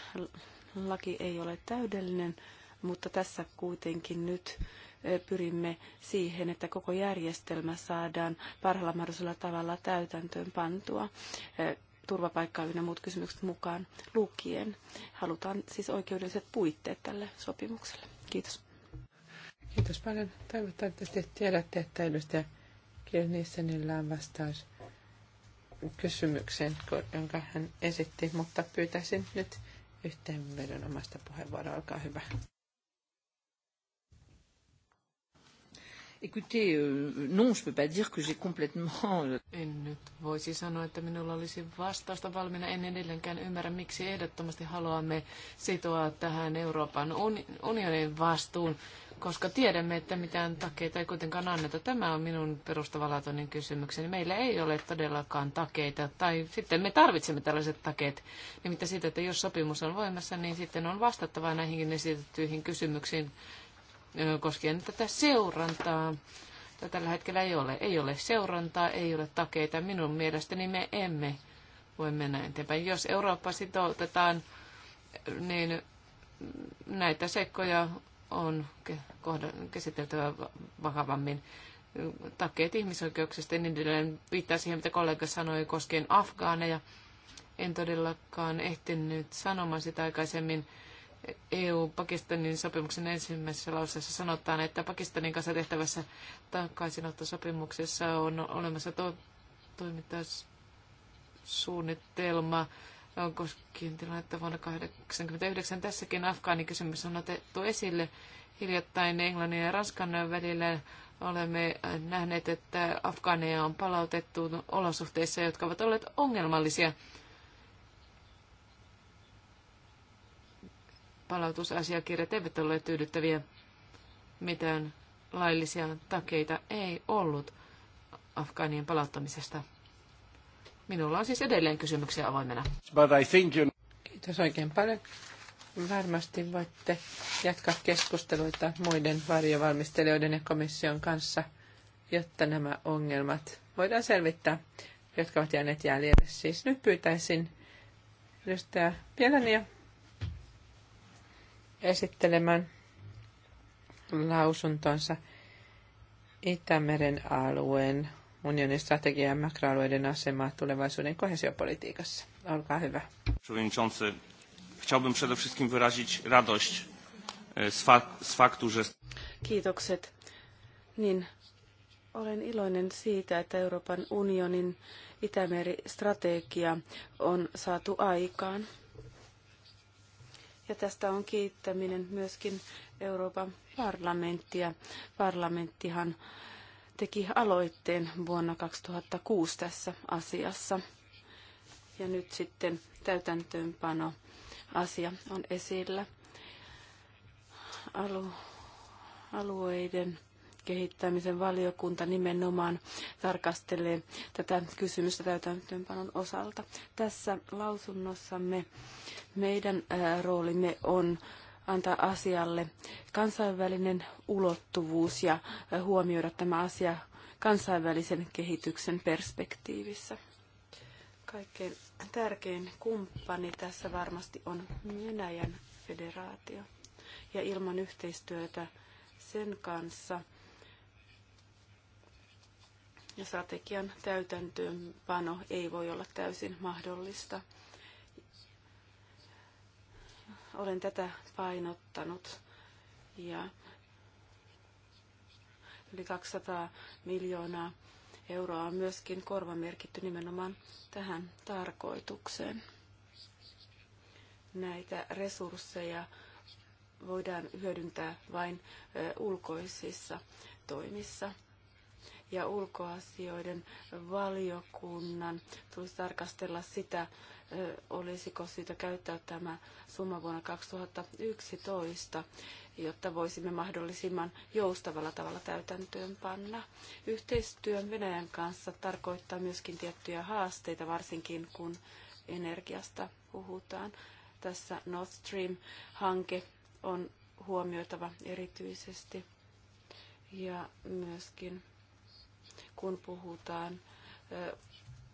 [SPEAKER 1] laki ei ole täydellinen, mutta tässä kuitenkin nyt eh, pyrimme siihen, että koko järjestelmä saadaan parhaalla mahdollisella tavalla täytäntöön pantua eh, turvapaikkaa ynnä muut kysymykset mukaan lukien. Halutaan siis oikeudelliset puitteet tälle sopimukselle.
[SPEAKER 2] Kiitos. Kiitos paljon. Toivottavasti tiedätte, että edustaja Kirnissenillä on vastaus kysymykseen, jonka hän esitti, mutta pyytäisin nyt yhteenvedon omasta puheenvuoroa. Olkaa hyvä.
[SPEAKER 3] Écoutez, euh, non, je peux pas dire que j'ai complètement... Euh, en nyt voisi sanoa, että minulla olisi vastausta valmiina. En edelleenkään ymmärrä, miksi ehdottomasti haluamme sitoa tähän Euroopan unionin vastuun koska tiedämme, että mitään takeita ei kuitenkaan anneta. Tämä on minun perustavalatoinen kysymykseni. Meillä ei ole todellakaan takeita, tai sitten me tarvitsemme tällaiset takeet. Nimittäin siitä, että jos sopimus on voimassa, niin sitten on vastattava näihin esitettyihin kysymyksiin koskien tätä seurantaa. tällä hetkellä ei ole. Ei ole seurantaa, ei ole takeita. Minun mielestäni me emme voi mennä eteenpäin. Jos Eurooppa sitoutetaan, niin näitä sekkoja on käsiteltävä vakavammin. Takkeet ihmisoikeuksista ja niin edelleen viittaa siihen, mitä kollega sanoi koskien afgaaneja. En todellakaan ehtinyt sanomaan sitä aikaisemmin. EU-Pakistanin sopimuksen ensimmäisessä lauseessa sanotaan, että Pakistanin kanssa tehtävässä takaisinottosopimuksessa on olemassa to- toimintasuunnitelma koskien tilannetta vuonna 1989. Tässäkin afgaanikysymys on otettu esille hiljattain Englannin ja Ranskan välillä olemme nähneet, että afgaaneja on palautettu olosuhteissa, jotka ovat olleet ongelmallisia. Palautusasiakirjat eivät ole tyydyttäviä. Mitään laillisia takeita ei ollut afgaanien palauttamisesta. Minulla on siis edelleen kysymyksiä avoimena.
[SPEAKER 1] But I think you...
[SPEAKER 3] Kiitos oikein paljon. Varmasti voitte jatkaa
[SPEAKER 2] keskusteluita muiden varjovalmistelijoiden ja komission kanssa, jotta nämä ongelmat voidaan selvittää, jotka ovat jääneet jäljelle. Siis nyt pyytäisin edustaja Pielania esittelemään lausuntonsa Itämeren alueen unionin ja makroalueiden asemaa tulevaisuuden kohesiopolitiikassa. Olkaa hyvä.
[SPEAKER 1] Przewodniczący, chciałbym przede wszystkim wyrazić radość e, z, faktu, że... Kiitokset. Niin, olen iloinen siitä, että Euroopan unionin Itämeri-strategia on saatu aikaan. Ja tästä on kiittäminen myöskin Euroopan parlamenttia. Parlamenttihan teki aloitteen vuonna 2006 tässä asiassa. Ja nyt sitten täytäntöönpano asia on esillä. Alu, alueiden kehittämisen valiokunta nimenomaan tarkastelee tätä kysymystä täytäntöönpanon osalta. Tässä lausunnossamme meidän roolimme on antaa asialle kansainvälinen ulottuvuus ja huomioida tämä asia kansainvälisen kehityksen perspektiivissä. Kaikkein tärkein kumppani tässä varmasti on Venäjän federaatio. Ja ilman yhteistyötä sen kanssa ja strategian täytäntöönpano ei voi olla täysin mahdollista olen tätä painottanut ja yli 200 miljoonaa euroa on myöskin korvamerkitty nimenomaan tähän tarkoitukseen. Näitä resursseja voidaan hyödyntää vain ulkoisissa toimissa ja ulkoasioiden valiokunnan tulisi tarkastella sitä, olisiko syytä käyttää tämä summa vuonna 2011, jotta voisimme mahdollisimman joustavalla tavalla täytäntöön panna. Yhteistyö Venäjän kanssa tarkoittaa myöskin tiettyjä haasteita, varsinkin kun energiasta puhutaan. Tässä Nord Stream-hanke on huomioitava erityisesti ja myöskin kun puhutaan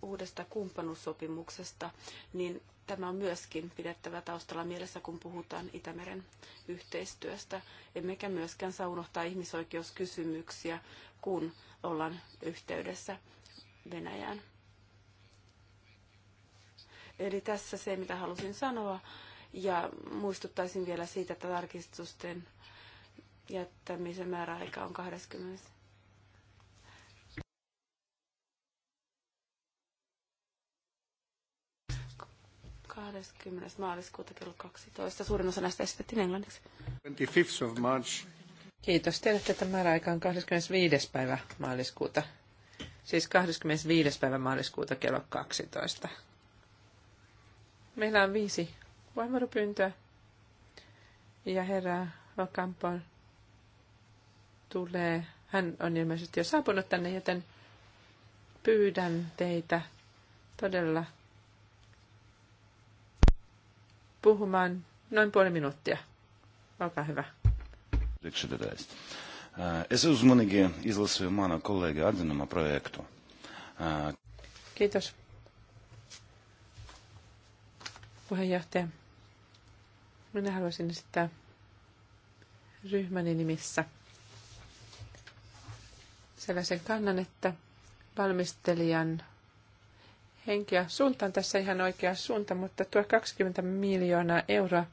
[SPEAKER 1] uudesta kumppanuussopimuksesta, niin tämä on myöskin pidettävä taustalla mielessä, kun puhutaan Itämeren yhteistyöstä. Emmekä myöskään saa unohtaa ihmisoikeuskysymyksiä, kun ollaan yhteydessä Venäjään. Eli tässä se, mitä halusin sanoa. Ja muistuttaisin vielä siitä, että tarkistusten jättämisen määräaika on 20. 20. maaliskuuta kello 12. Suurin osa näistä esitettiin englanniksi. 25th of
[SPEAKER 2] March. Kiitos teille, että tämä määräaika on 25. päivä maaliskuuta. Siis 25. päivä maaliskuuta kello 12. Meillä on viisi voimaropyyntöä. Ja herra Okampo tulee. Hän on ilmeisesti jo saapunut tänne, joten pyydän teitä todella puhumaan noin puoli minuuttia. Olkaa hyvä.
[SPEAKER 1] Äh, es äh,
[SPEAKER 2] Kiitos. Puheenjohtaja, minä haluaisin esittää ryhmäni nimissä sellaisen kannan, että valmistelijan henkeä. Suunta on tässä ihan oikea suunta, mutta tuo 20 miljoonaa euroa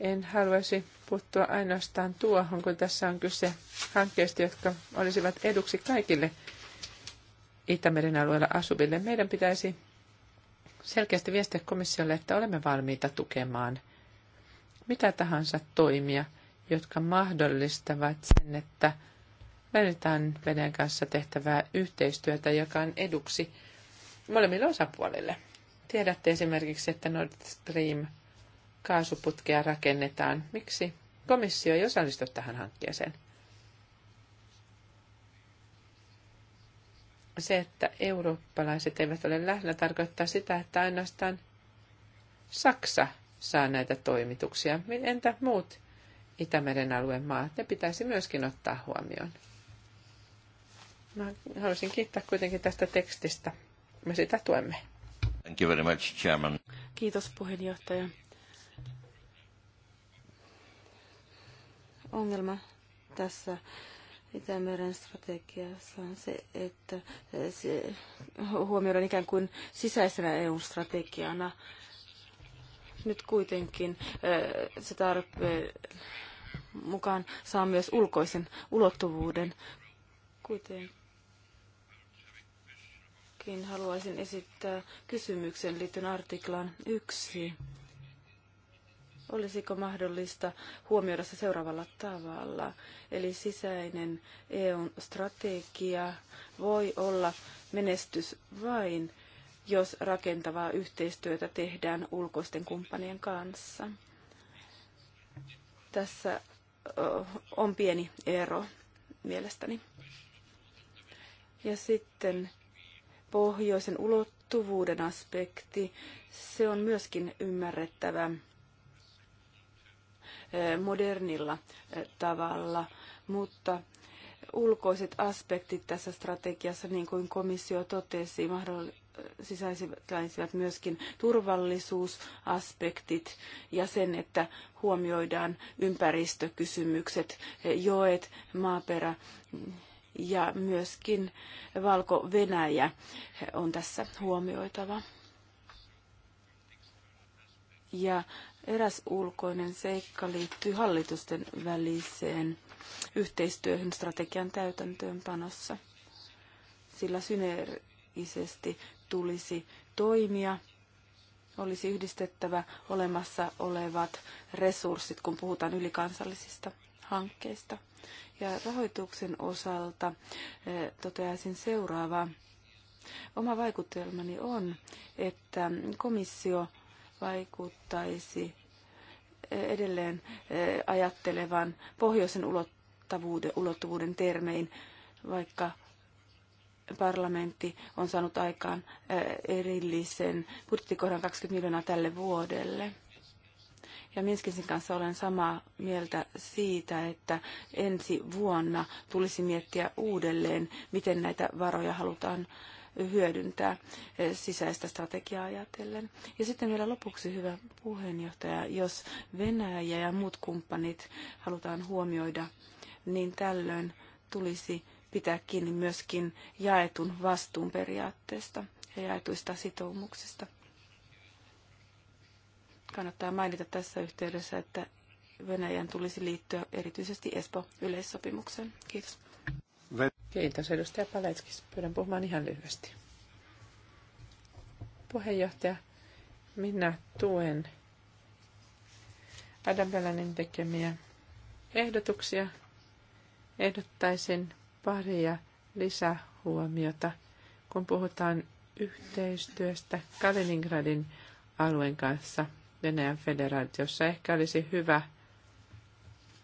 [SPEAKER 2] en haluaisi puuttua ainoastaan tuohon, kun tässä on kyse hankkeista, jotka olisivat eduksi kaikille Itämeren alueella asuville. Meidän pitäisi selkeästi viestiä komissiolle, että olemme valmiita tukemaan mitä tahansa toimia, jotka mahdollistavat sen, että Välitään Venäjän kanssa tehtävää yhteistyötä, joka on eduksi molemmille osapuolille. Tiedätte esimerkiksi, että Nord Stream kaasuputkea rakennetaan. Miksi komissio ei osallistu tähän hankkeeseen? Se, että eurooppalaiset eivät ole lähellä, tarkoittaa sitä, että ainoastaan Saksa saa näitä toimituksia. Entä muut Itämeren alueen maat? Ne pitäisi myöskin ottaa huomioon. No, haluaisin kiittää kuitenkin tästä tekstistä. Me sitä tuemme.
[SPEAKER 3] Thank you very much, Chairman.
[SPEAKER 1] Kiitos puheenjohtaja. Ongelma tässä Itämeren strategiassa on se, että se huomioidaan ikään kuin sisäisenä EU-strategiana. Nyt kuitenkin eh, se tarpeen mukaan saa myös ulkoisen ulottuvuuden kuitenkin Minäkin haluaisin esittää kysymyksen liittyen artiklaan yksi. Olisiko mahdollista huomioida se seuraavalla tavalla? Eli sisäinen eu strategia voi olla menestys vain, jos rakentavaa yhteistyötä tehdään ulkoisten kumppanien kanssa. Tässä on pieni ero mielestäni. Ja sitten pohjoisen ulottuvuuden aspekti, se on myöskin ymmärrettävä eh, modernilla eh, tavalla, mutta ulkoiset aspektit tässä strategiassa, niin kuin komissio totesi, sisäisivät myöskin turvallisuusaspektit ja sen, että huomioidaan ympäristökysymykset, eh, joet, maaperä ja myöskin Valko-Venäjä on tässä huomioitava. Ja eräs ulkoinen seikka liittyy hallitusten väliseen yhteistyöhön strategian täytäntöönpanossa, sillä synergisesti tulisi toimia olisi yhdistettävä olemassa olevat resurssit, kun puhutaan ylikansallisista hankkeista. Ja rahoituksen osalta eh, toteaisin seuraava: Oma vaikutelmani on, että komissio vaikuttaisi eh, edelleen eh, ajattelevan pohjoisen ulottuvuuden, ulottuvuuden termein, vaikka parlamentti on saanut aikaan erillisen budjettikohdan 20 miljoonaa tälle vuodelle ja Minskisin kanssa olen samaa mieltä siitä, että ensi vuonna tulisi miettiä uudelleen, miten näitä varoja halutaan hyödyntää eh, sisäistä strategiaa ajatellen. Ja sitten vielä lopuksi, hyvä puheenjohtaja, jos Venäjä ja muut kumppanit halutaan huomioida, niin tällöin tulisi pitää kiinni myöskin jaetun vastuun periaatteesta ja jaetuista sitoumuksista. Kannattaa mainita tässä yhteydessä, että Venäjän tulisi liittyä erityisesti Espo-yleissopimukseen. Kiitos. Kiitos edustaja
[SPEAKER 2] Paletskis. Pyydän puhumaan ihan lyhyesti. Puheenjohtaja, minä tuen Adam Bellanin tekemiä ehdotuksia. Ehdottaisin paria lisähuomiota, kun puhutaan yhteistyöstä Kaliningradin alueen kanssa Venäjän federaatiossa. Ehkä olisi hyvä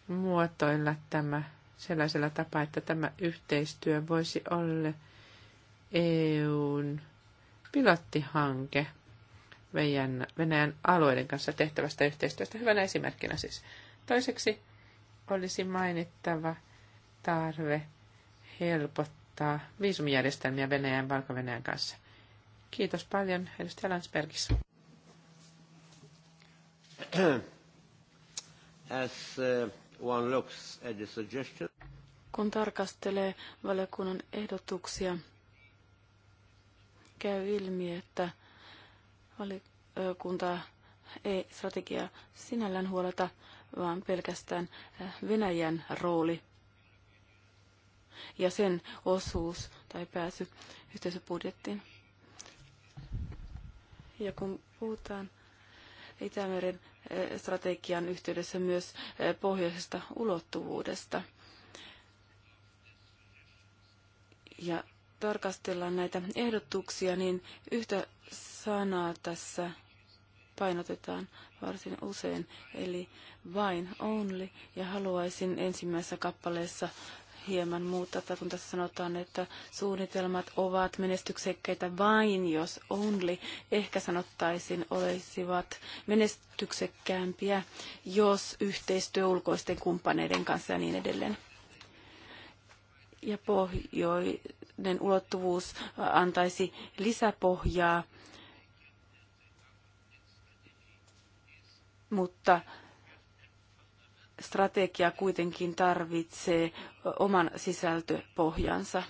[SPEAKER 2] muotoilla tämä sellaisella tapaa, että tämä yhteistyö voisi olla EUn pilottihanke Venäjän, Venäjän alueiden kanssa tehtävästä yhteistyöstä. Hyvänä esimerkkinä siis. Toiseksi olisi mainittava tarve helpottaa viisumijärjestelmiä Venäjän ja valko -Venäjän kanssa. Kiitos paljon, edustaja Landsbergissa.
[SPEAKER 1] As uh, one looks at the suggestion. Kun tarkastelee valiokunnan ehdotuksia, käy ilmi, että valiokunta ei strategia sinällään huoleta, vaan pelkästään äh, Venäjän rooli ja sen osuus tai pääsy yhteisöbudjettiin. Ja kun puhutaan Itämeren strategian yhteydessä myös pohjoisesta ulottuvuudesta. Ja tarkastellaan näitä ehdotuksia, niin yhtä sanaa tässä painotetaan varsin usein, eli vain only. Ja haluaisin ensimmäisessä kappaleessa hieman muuttaa, kun tässä sanotaan, että suunnitelmat ovat menestyksekkäitä vain, jos only, ehkä sanottaisin, olisivat menestyksekkäämpiä, jos yhteistyö ulkoisten kumppaneiden kanssa ja niin edelleen. Ja pohjoinen ulottuvuus antaisi lisäpohjaa, mutta strategia kuitenkin tarvitsee oman sisältöpohjansa.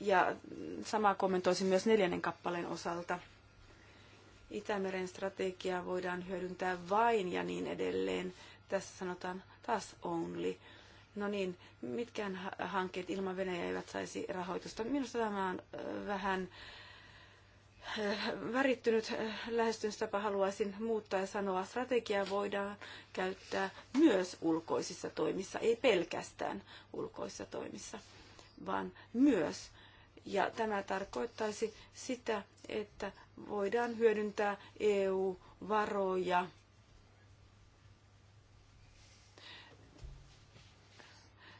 [SPEAKER 1] Ja sama kommentoisin myös neljännen kappaleen osalta. Itämeren strategiaa voidaan hyödyntää vain ja niin edelleen. Tässä sanotaan taas only. No niin, mitkään hankkeet ilman Venäjä eivät saisi rahoitusta. Minusta tämä on vähän äh, Äh, värittynyt äh, lähestymistapa haluaisin muuttaa ja sanoa, että strategiaa voidaan käyttää myös ulkoisissa toimissa, ei pelkästään ulkoisissa toimissa, vaan myös. Ja tämä tarkoittaisi sitä, että voidaan hyödyntää EU-varoja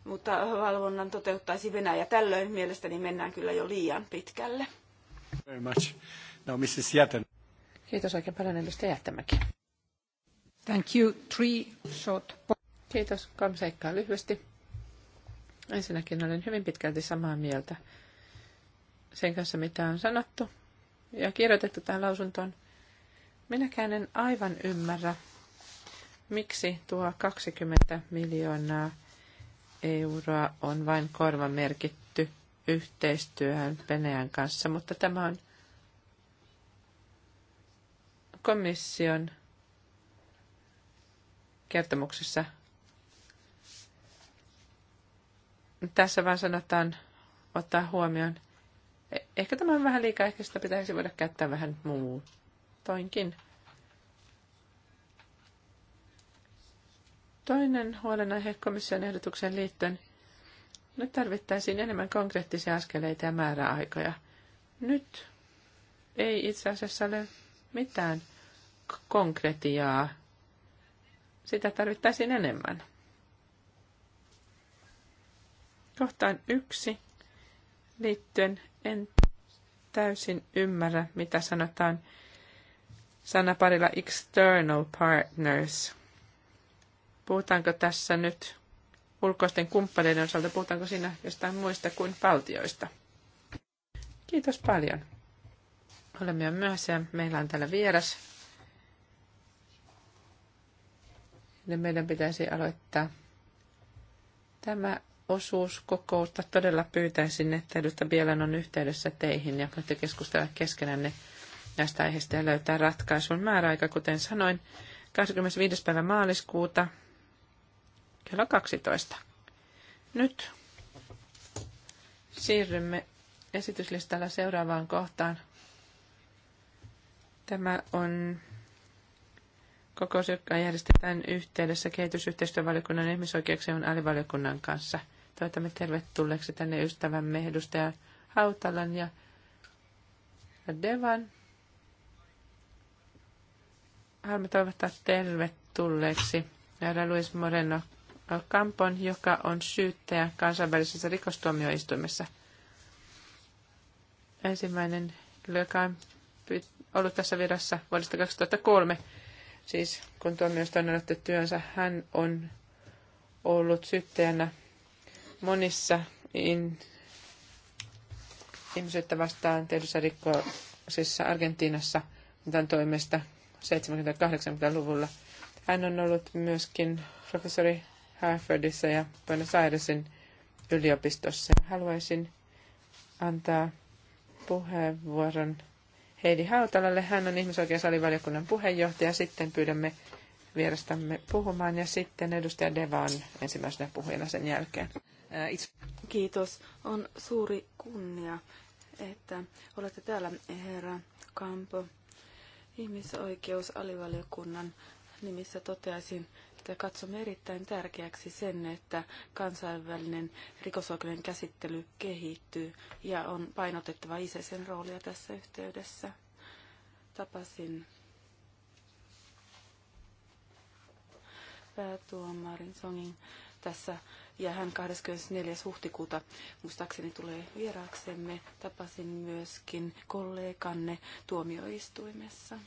[SPEAKER 1] mutta valvonnan toteuttaisi Venäjä. Tällöin mielestäni mennään kyllä jo liian pitkälle. Very much. No, Mrs. Jäten.
[SPEAKER 2] Kiitos oikein paljon, edustaja Jättämäki. Thank you. Three short Kiitos. Kolme seikkaa lyhyesti. Ensinnäkin olen hyvin pitkälti samaa mieltä sen kanssa, mitä on sanottu ja kirjoitettu tähän lausuntoon. Minäkään en aivan ymmärrä, miksi tuo 20 miljoonaa euroa on vain korvamerkitty yhteistyöhön Venäjän kanssa, mutta tämä on Komission kertomuksessa tässä vaan sanotaan ottaa huomioon. E- ehkä tämä on vähän liikaa, ehkä sitä pitäisi voida käyttää vähän muu toinkin. Toinen huolenaihe komission ehdotuksen liittyen. Nyt tarvittaisiin enemmän konkreettisia askeleita ja määräaikoja. Nyt ei itse asiassa ole mitään konkretiaa, sitä tarvittaisiin enemmän. Kohtaan yksi liittyen en täysin ymmärrä, mitä sanotaan sanaparilla external partners. Puhutaanko tässä nyt ulkoisten kumppaneiden osalta, puhutaanko siinä jostain muista kuin valtioista? Kiitos paljon. Olemme jo myöhässä ja meillä on täällä vieras. Eli niin meidän pitäisi aloittaa tämä osuus kokousta. Todella pyytäisin, että edustaja Bielan on yhteydessä teihin ja voitte keskustella keskenänne näistä aiheista ja löytää ratkaisun määräaika, kuten sanoin, 25. päivä maaliskuuta kello 12. Nyt siirrymme esityslistalla seuraavaan kohtaan. Tämä on kokous, joka järjestetään yhteydessä kehitysyhteistyövaliokunnan ihmisoikeuksien alivaliokunnan kanssa. Toivotamme tervetulleeksi tänne ystävämme edustaja Hautalan ja Devan. Haluamme toivottaa tervetulleeksi Jara Luis Moreno Campon, joka on syyttäjä kansainvälisessä rikostuomioistuimessa. Ensimmäinen, joka on ollut tässä virassa vuodesta 2003 Siis kun tuomioista on annettu työnsä, hän on ollut syyttäjänä monissa in, ihmisyyttä vastaan tehdyssä rikkoisissa Argentiinassa tämän toimesta 70-80-luvulla. Hän on ollut myöskin professori Harfordissa ja Buenos Airesin yliopistossa. Haluaisin antaa puheenvuoron Heidi Hautalalle. Hän on ihmisoikeusalivaliokunnan puheenjohtaja. Sitten pyydämme vierestämme puhumaan ja sitten edustaja Deva on ensimmäisenä puhujana sen jälkeen.
[SPEAKER 1] Äh, Kiitos. On suuri kunnia, että olette täällä, herra Kampo. Ihmisoikeusalivaliokunnan nimissä toteaisin, että katsomme erittäin tärkeäksi sen, että kansainvälinen rikosoikeuden käsittely kehittyy ja on painotettava ICCn roolia tässä yhteydessä. Tapasin päätuomarin Songin tässä ja hän 24. huhtikuuta muistaakseni tulee vieraaksemme. Tapasin myöskin kolleganne tuomioistuimessa.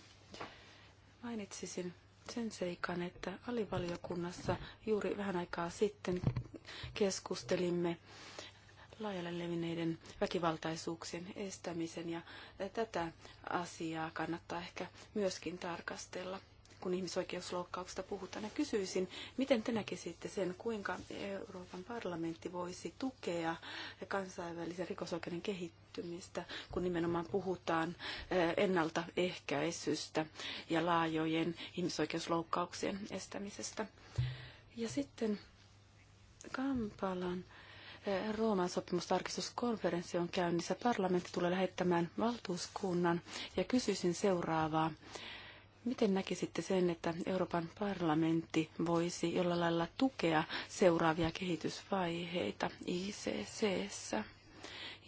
[SPEAKER 1] Mainitsisin sen seikan, että alivaliokunnassa juuri vähän aikaa sitten keskustelimme laajalle levinneiden väkivaltaisuuksien estämisen ja tätä asiaa kannattaa ehkä myöskin tarkastella kun ihmisoikeusloukkauksista puhutaan. Ja kysyisin, miten te näkisitte sen, kuinka Euroopan parlamentti voisi tukea kansainvälisen rikosoikeuden kehittämistä? kehittymistä, kun nimenomaan puhutaan eh, ennaltaehkäisystä ja laajojen ihmisoikeusloukkauksien estämisestä. Ja sitten Kampalan eh, Rooman sopimustarkistuskonferenssi on käynnissä. Parlamentti tulee lähettämään valtuuskunnan ja kysyisin seuraavaa. Miten näkisitte sen, että Euroopan parlamentti voisi jollain lailla tukea seuraavia kehitysvaiheita ICCssä?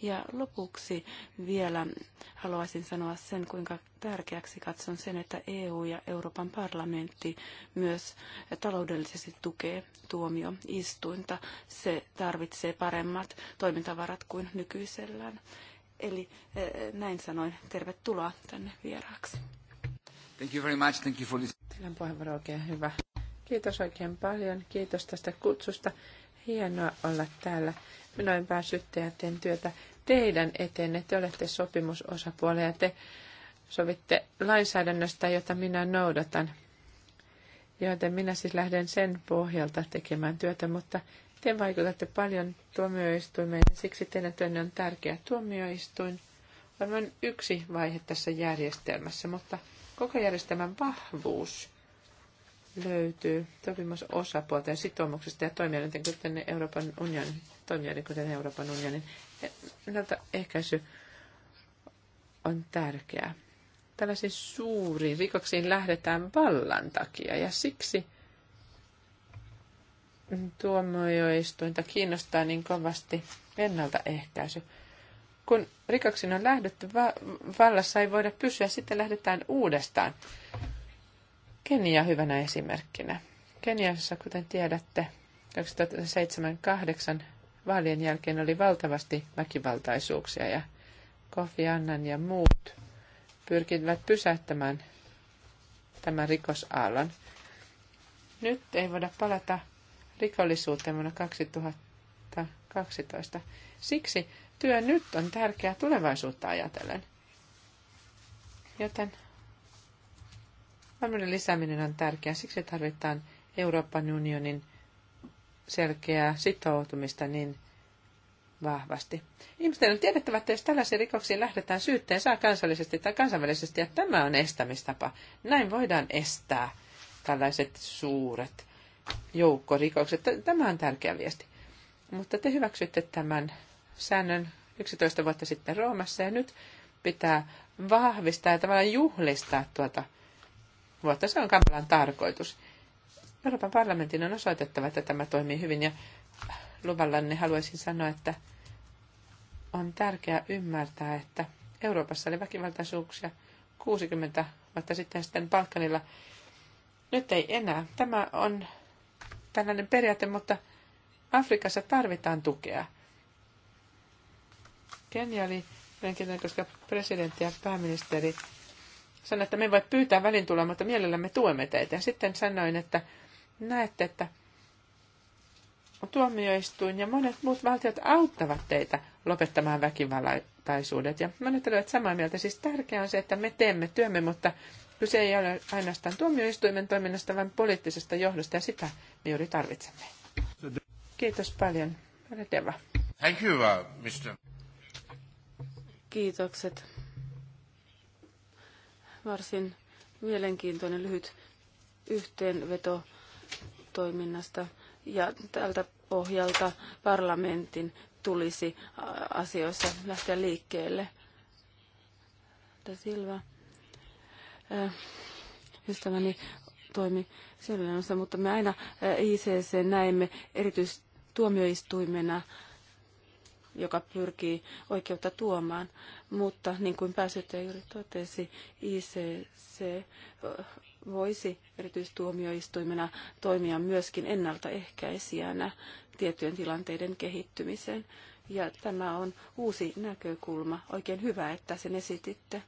[SPEAKER 1] Ja lopuksi vielä haluaisin sanoa sen, kuinka tärkeäksi katson sen, että EU ja Euroopan parlamentti myös taloudellisesti tukee tuomioistuinta. Se tarvitsee paremmat toimintavarat kuin nykyisellään. Eli eh, näin sanoin, tervetuloa tänne vieraaksi.
[SPEAKER 3] Thank you very much. Thank you for this.
[SPEAKER 2] Teidän puheenvuoro oikein hyvä. Kiitos oikein paljon. Kiitos tästä kutsusta. Hienoa olla täällä. Minä olen päässyt teidän työtä teidän eteenne. Te olette sopimusosapuolia ja te sovitte lainsäädännöstä, jota minä noudatan. Joten minä siis lähden sen pohjalta tekemään työtä, mutta te vaikutatte paljon tuomioistuimeen ja siksi teidän työnne on tärkeä. Tuomioistuin on yksi vaihe tässä järjestelmässä, mutta koko järjestelmän vahvuus löytyy sopimus osapuolten sitoumuksista ja toimijoiden, kuten Euroopan unionin, toimijoiden, kuten Euroopan unionin. ehkäisy on tärkeää. Tällaisiin suuriin rikoksiin lähdetään vallan takia ja siksi tuomioistuinta kiinnostaa niin kovasti ennaltaehkäisy. Kun rikoksiin on lähdetty, va- vallassa ei voida pysyä, sitten lähdetään uudestaan Kenia hyvänä esimerkkinä. Keniassa, kuten tiedätte, 2007-2008 vaalien jälkeen oli valtavasti väkivaltaisuuksia ja Kofi Annan ja muut pyrkivät pysäyttämään tämän rikosaallon. Nyt ei voida palata rikollisuuteen vuonna 2012. Siksi työ nyt on tärkeää tulevaisuutta ajatellen. Joten Varmuuden lisääminen on tärkeää, siksi tarvitaan Euroopan unionin selkeää sitoutumista niin vahvasti. Ihmisten on tiedettävä, että jos tällaisiin rikoksiin lähdetään syytteen, saa kansallisesti tai kansainvälisesti, ja tämä on estämistapa. Näin voidaan estää tällaiset suuret joukkorikokset. Tämä on tärkeä viesti. Mutta te hyväksytte tämän säännön 11 vuotta sitten Roomassa, ja nyt pitää vahvistaa ja tavallaan juhlistaa tuota vuotta. Se on Kampalan tarkoitus. Euroopan parlamentin on osoitettava, että tämä toimii hyvin ja luvallanne haluaisin sanoa, että on tärkeää ymmärtää, että Euroopassa oli väkivaltaisuuksia 60 vuotta sitten sitten Balkanilla. Nyt ei enää. Tämä on tällainen periaate, mutta Afrikassa tarvitaan tukea. Kenia oli koska presidentti ja pääministeri sanoin, että me voi pyytää välin tulla, mutta mielellämme tuemme teitä. Ja sitten sanoin, että näette, että tuomioistuin ja monet muut valtiot auttavat teitä lopettamaan väkivaltaisuudet. Ja monet olivat samaa mieltä. Siis tärkeää on se, että me teemme työmme, mutta kyse ei ole ainoastaan tuomioistuimen toiminnasta, vaan poliittisesta johdosta, ja sitä me juuri tarvitsemme. Kiitos paljon. Thank you, uh, Mr.
[SPEAKER 1] Kiitokset varsin mielenkiintoinen lyhyt yhteenveto toiminnasta ja tältä pohjalta parlamentin tulisi asioissa lähteä liikkeelle. Silva, äh, ystäväni toimi sellaisessa, mutta me aina äh, ICC näemme erityistuomioistuimena tuomioistuimena joka pyrkii oikeutta tuomaan. Mutta niin kuin pääsyttäjä juuri totesi, ICC voisi erityistuomioistuimena toimia myöskin ennaltaehkäisijänä tiettyjen tilanteiden kehittymiseen. Ja tämä on uusi näkökulma. Oikein hyvä, että sen esititte.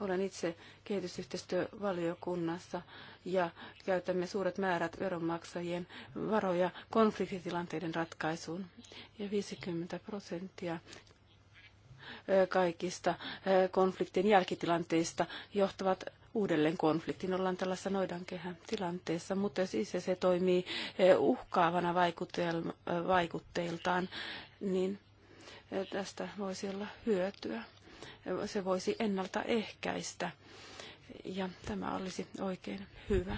[SPEAKER 1] Olen itse kehitysyhteistyövaliokunnassa ja käytämme suuret määrät veronmaksajien varoja konfliktitilanteiden ratkaisuun. Ja 50 prosenttia kaikista konfliktin jälkitilanteista johtavat uudelleen konfliktin Ollaan tällaisessa noidankehän tilanteessa, mutta jos siis se toimii uhkaavana vaikutteiltaan, niin tästä voisi olla hyötyä se voisi ennaltaehkäistä. Ja tämä olisi oikein hyvä.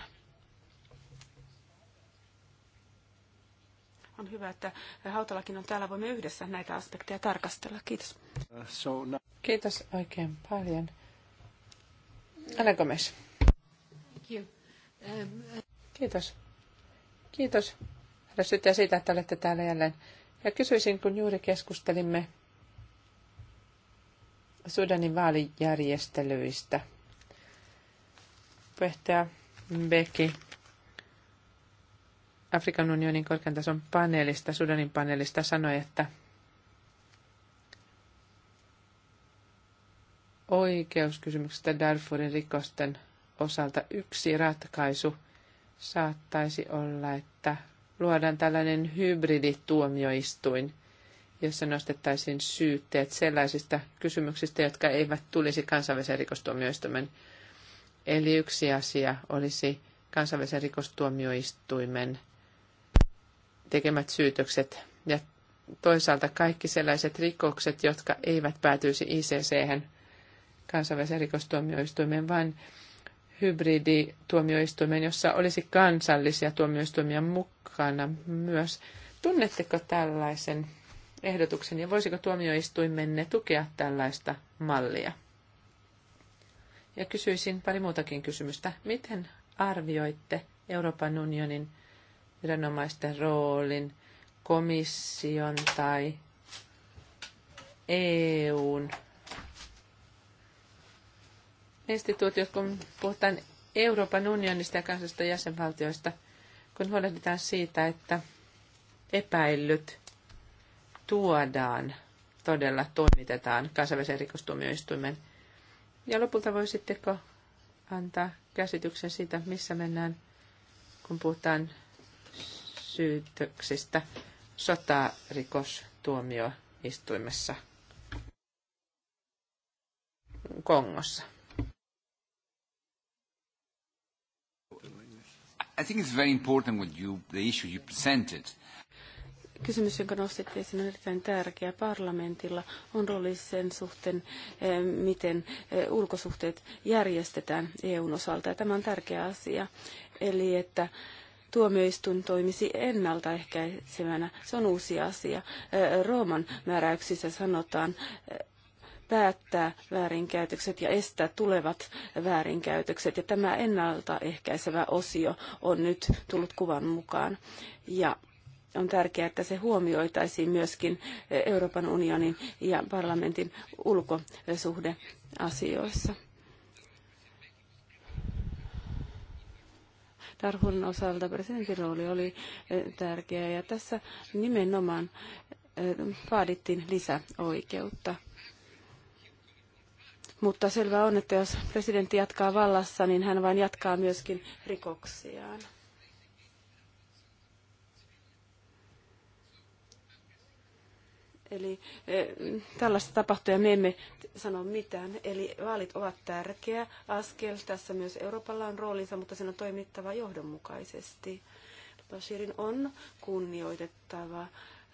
[SPEAKER 1] On hyvä, että Hautalakin on täällä. Voimme yhdessä näitä aspekteja tarkastella. Kiitos. Kiitos oikein paljon. Anna Gomes. Um, uh,
[SPEAKER 2] Kiitos. Kiitos. Herra siitä, että olette täällä jälleen. Ja kysyisin, kun juuri keskustelimme Sudanin vaalijärjestelyistä. Puheenjohtaja Beki Afrikan unionin korkean tason paneelista, Sudanin paneelista, sanoi, että oikeuskysymyksestä Darfurin rikosten osalta yksi ratkaisu saattaisi olla, että luodaan tällainen hybridituomioistuin – jossa nostettaisiin syytteet sellaisista kysymyksistä, jotka eivät tulisi kansainvälisen rikostuomioistuimen. Eli yksi asia olisi kansainvälisen rikostuomioistuimen tekemät syytökset ja toisaalta kaikki sellaiset rikokset, jotka eivät päätyisi icc kansainvälisen rikostuomioistuimen, vaan hybridituomioistuimen, jossa olisi kansallisia tuomioistuimia mukana myös. Tunnetteko tällaisen ehdotuksen ja voisiko tuomioistuimenne tukea tällaista mallia? Ja kysyisin pari muutakin kysymystä. Miten arvioitte Euroopan unionin viranomaisten roolin komission tai EUn instituutiot, kun puhutaan Euroopan unionista ja kansallisista jäsenvaltioista, kun huolehditaan siitä, että epäillyt tuodaan, todella toimitetaan kansainvälisen rikostuomioistuimen. Ja lopulta voisitteko antaa käsityksen siitä, missä mennään, kun puhutaan syytöksistä sotarikostuomioistuimessa Kongossa.
[SPEAKER 3] I think it's very important what you, the issue you presented.
[SPEAKER 1] Kysymys, jonka nostitte esiin, on erittäin tärkeä. Parlamentilla on rooli sen suhteen, eh, miten eh, ulkosuhteet järjestetään EUn osalta. Ja tämä on tärkeä asia. Eli että tuomioistuin toimisi ennaltaehkäisevänä. Se on uusi asia. Eh, Rooman määräyksissä sanotaan, päättää väärinkäytökset ja estää tulevat väärinkäytökset. Ja tämä ennaltaehkäisevä osio on nyt tullut kuvan mukaan. Ja on tärkeää, että se huomioitaisiin myöskin Euroopan unionin ja parlamentin ulkosuhdeasioissa. Darfurin osalta presidentin rooli oli eh, tärkeä ja tässä nimenomaan eh, vaadittiin lisäoikeutta. Mutta selvää on, että jos presidentti jatkaa vallassa, niin hän vain jatkaa myöskin rikoksiaan. Eli eh, tällaista tapahtuja me emme sano mitään. Eli vaalit ovat tärkeä askel. Tässä myös Euroopalla on roolinsa, mutta sen on toimittava johdonmukaisesti. Bashirin on kunnioitettava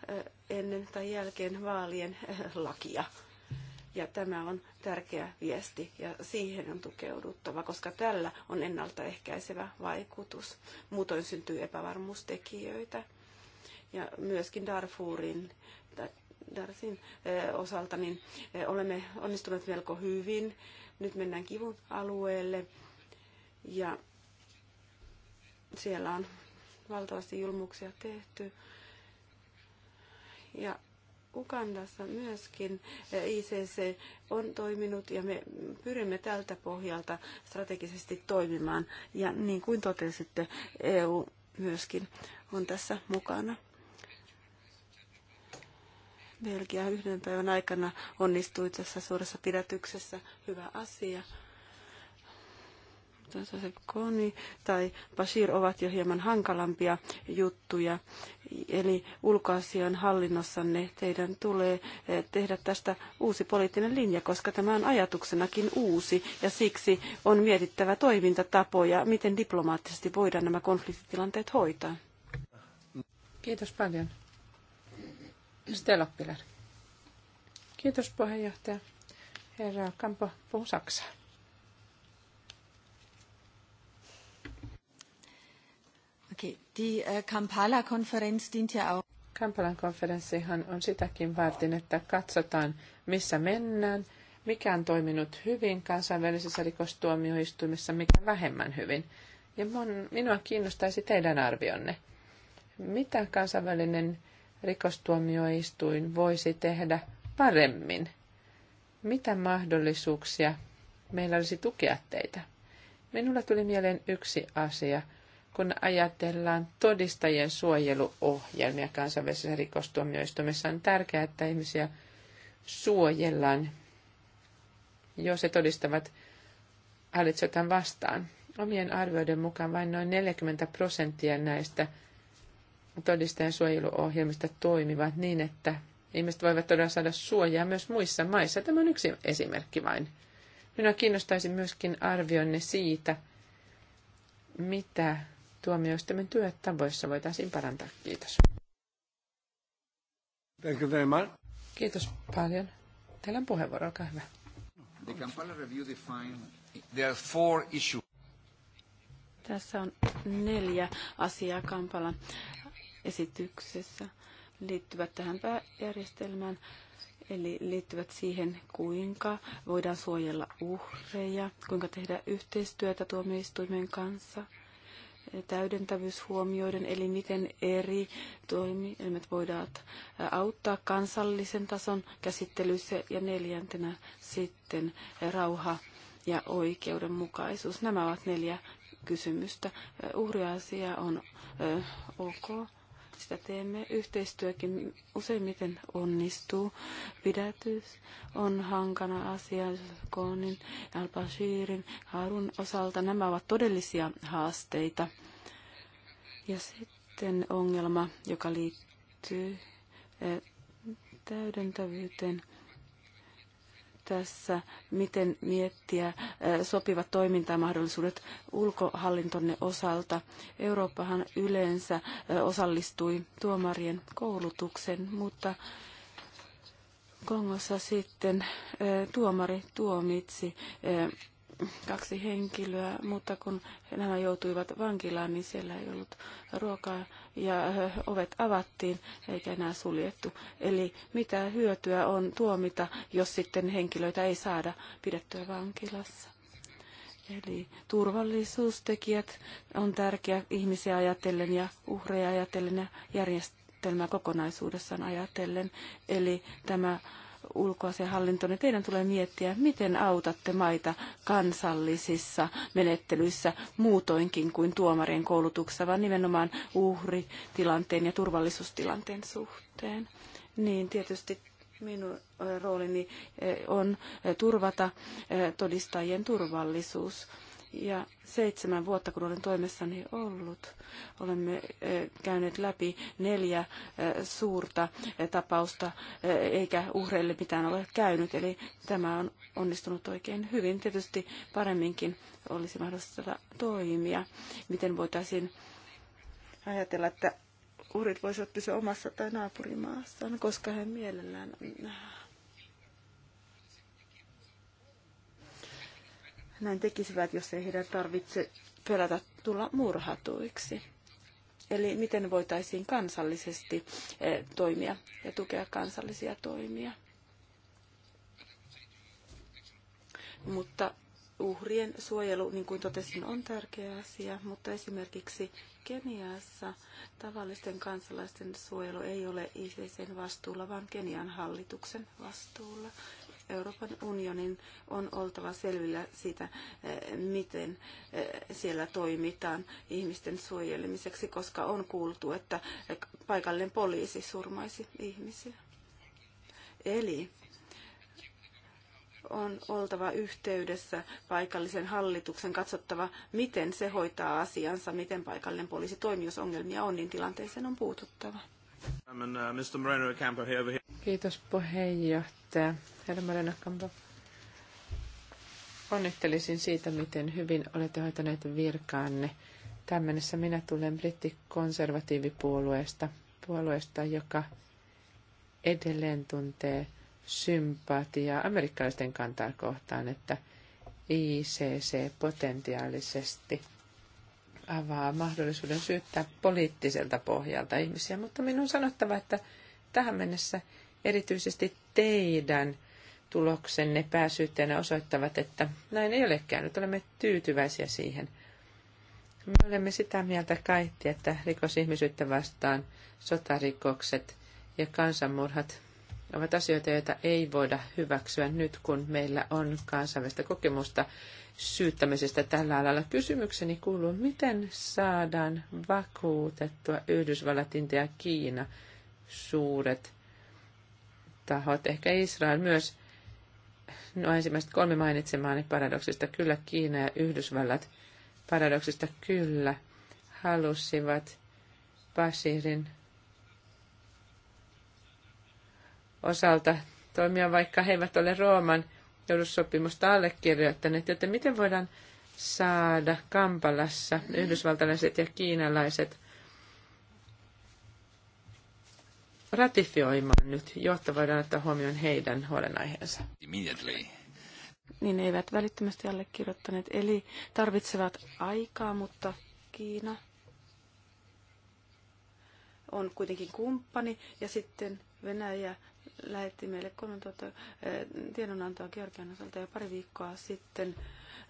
[SPEAKER 1] eh, ennen tai jälkeen vaalien eh, lakia. Ja tämä on tärkeä viesti ja siihen on tukeuduttava, koska tällä on ennaltaehkäisevä vaikutus. Muutoin syntyy epävarmuustekijöitä. Ja myöskin Darfurin Darsin osalta, niin olemme onnistuneet melko hyvin. Nyt mennään kivun alueelle ja siellä on valtavasti julmuuksia tehty. Ja Ukandassa myöskin ICC on toiminut ja me pyrimme tältä pohjalta strategisesti toimimaan. Ja niin kuin totesitte, EU myöskin on tässä mukana. Belgia yhden päivän aikana onnistui tässä suorassa pidätyksessä. Hyvä asia. Koni tai Bashir ovat jo hieman hankalampia juttuja. Eli ulkoasian hallinnossanne teidän tulee eh, tehdä tästä uusi poliittinen linja, koska tämä on ajatuksenakin uusi ja siksi on mietittävä toimintatapoja, miten diplomaattisesti voidaan nämä konfliktitilanteet hoitaa.
[SPEAKER 2] Kiitos paljon. Edustaja Lappilan. Kiitos puheenjohtaja. Herra Kampo puhuu Saksaa. Okay. Die äh, Kampala-Konferenz dient ja auch. Kampalan konferenssihan on sitäkin varten, että katsotaan, missä mennään, mikä on toiminut hyvin kansainvälisessä rikostuomioistuimessa, mikä vähemmän hyvin. Ja minua kiinnostaisi teidän arvionne. Mitä kansainvälinen rikostuomioistuin voisi tehdä paremmin? Mitä mahdollisuuksia meillä olisi tukea teitä? Minulla tuli mieleen yksi asia, kun ajatellaan todistajien suojeluohjelmia kansainvälisessä rikostuomioistuimessa. On tärkeää, että ihmisiä suojellaan, jos he todistavat hallitsijoitaan vastaan. Omien arvioiden mukaan vain noin 40 prosenttia näistä – todistajan suojeluohjelmista toimivat niin, että ihmiset voivat todella saada suojaa myös muissa maissa. Tämä on yksi esimerkki vain. Minua kiinnostaisi myöskin arvioinne siitä, mitä tuomioistuimen työtavoissa voitaisiin parantaa. Kiitos.
[SPEAKER 1] Thank you very much.
[SPEAKER 2] Kiitos paljon. Teillä on puheenvuoro, olkaa hyvä.
[SPEAKER 1] The
[SPEAKER 3] Kampala Review there are four issues.
[SPEAKER 1] Tässä on neljä asiaa Kampalan esityksessä liittyvät tähän järjestelmään, eli liittyvät siihen, kuinka voidaan suojella uhreja, kuinka tehdä yhteistyötä tuomioistuimen kanssa, täydentävyys huomioiden, eli miten eri toimielimet voidaan auttaa kansallisen tason käsittelyssä ja neljäntenä sitten rauha ja oikeudenmukaisuus. Nämä ovat neljä kysymystä. Uhriasia on ok sitä teemme. Yhteistyökin useimmiten onnistuu. Pidätys on hankana asia Konin, Al-Bashirin, Harun osalta. Nämä ovat todellisia haasteita. Ja sitten ongelma, joka liittyy eh, täydentävyyteen tässä, miten miettiä sopivat toimintamahdollisuudet ulkohallintonne osalta. Eurooppahan yleensä osallistui tuomarien koulutukseen, mutta Kongossa sitten tuomari tuomitsi kaksi henkilöä, mutta kun nämä joutuivat vankilaan, niin siellä ei ollut ruokaa ja äh, ovet avattiin eikä enää suljettu. Eli mitä hyötyä on tuomita, jos sitten henkilöitä ei saada pidettyä vankilassa? Eli turvallisuustekijät on tärkeä ihmisiä ajatellen ja uhreja ajatellen ja järjestelmää kokonaisuudessaan ajatellen. Eli tämä ulkoasianhallinto, niin teidän tulee miettiä, miten autatte maita kansallisissa menettelyissä muutoinkin kuin tuomarien koulutuksessa, vaan nimenomaan uhritilanteen ja turvallisuustilanteen suhteen. Niin tietysti minun eh, roolini eh, on eh, turvata todistajien turvallisuus ja seitsemän vuotta, kun olen toimessani ollut, olemme eh, käyneet läpi neljä eh, suurta eh, tapausta, eikä uhreille mitään ole käynyt. Eli tämä on onnistunut oikein hyvin. Tietysti paremminkin olisi mahdollista toimia. Miten voitaisiin ajatella, että uhrit voisivat pysyä omassa tai naapurimaassaan, koska he mielellään näin tekisivät, jos ei heidän tarvitse pelätä tulla murhatuiksi. Eli miten voitaisiin kansallisesti eh, toimia ja tukea kansallisia toimia. Mutta uhrien suojelu, niin kuin totesin, on tärkeä asia, mutta esimerkiksi Keniassa tavallisten kansalaisten suojelu ei ole ICCn vastuulla, vaan Kenian hallituksen vastuulla. Euroopan unionin on oltava selvillä siitä, eh, miten eh, siellä toimitaan ihmisten suojelemiseksi, koska on kuultu, että paikallinen poliisi surmaisi ihmisiä. Eli on oltava yhteydessä paikallisen hallituksen, katsottava, miten se hoitaa asiansa, miten paikallinen poliisi toimii, jos ongelmia on, niin tilanteeseen on puututtava. Uh, Kiitos puheenjohtaja herra Moreno
[SPEAKER 2] Onnittelisin siitä, miten hyvin olette hoitaneet virkaanne. Tämän mennessä minä tulen brittikonservatiivipuolueesta, puolueesta, joka edelleen tuntee sympatiaa amerikkalaisten kantaa kohtaan, että ICC potentiaalisesti avaa mahdollisuuden syyttää poliittiselta pohjalta ihmisiä, mutta minun on sanottava, että tähän mennessä erityisesti teidän tuloksenne pääsyyttäjänä osoittavat, että näin ei ole käynyt. Olemme tyytyväisiä siihen. Me olemme sitä mieltä kaikki, että rikosihmisyyttä vastaan sotarikokset ja kansanmurhat ovat asioita, joita ei voida hyväksyä nyt, kun meillä on kansainvälistä kokemusta syyttämisestä tällä alalla. Kysymykseni kuuluu, miten saadaan vakuutettua Yhdysvallat, Intia ja Kiina suuret tahot, ehkä Israel myös, No ensimmäiset kolme niin paradoksista kyllä Kiina ja Yhdysvallat paradoksista kyllä halusivat Bashirin osalta toimia, vaikka he eivät ole Rooman joudussopimusta allekirjoittaneet, joten miten voidaan saada Kampalassa yhdysvaltalaiset ja kiinalaiset – ratifioimaan nyt, jotta voidaan ottaa huomioon heidän huolenaiheensa. Immediately.
[SPEAKER 1] Niin eivät välittömästi allekirjoittaneet, eli tarvitsevat aikaa, mutta Kiina on kuitenkin kumppani ja sitten Venäjä lähetti meille 3000 eh, tiedonantoa Georgian osalta ja pari viikkoa sitten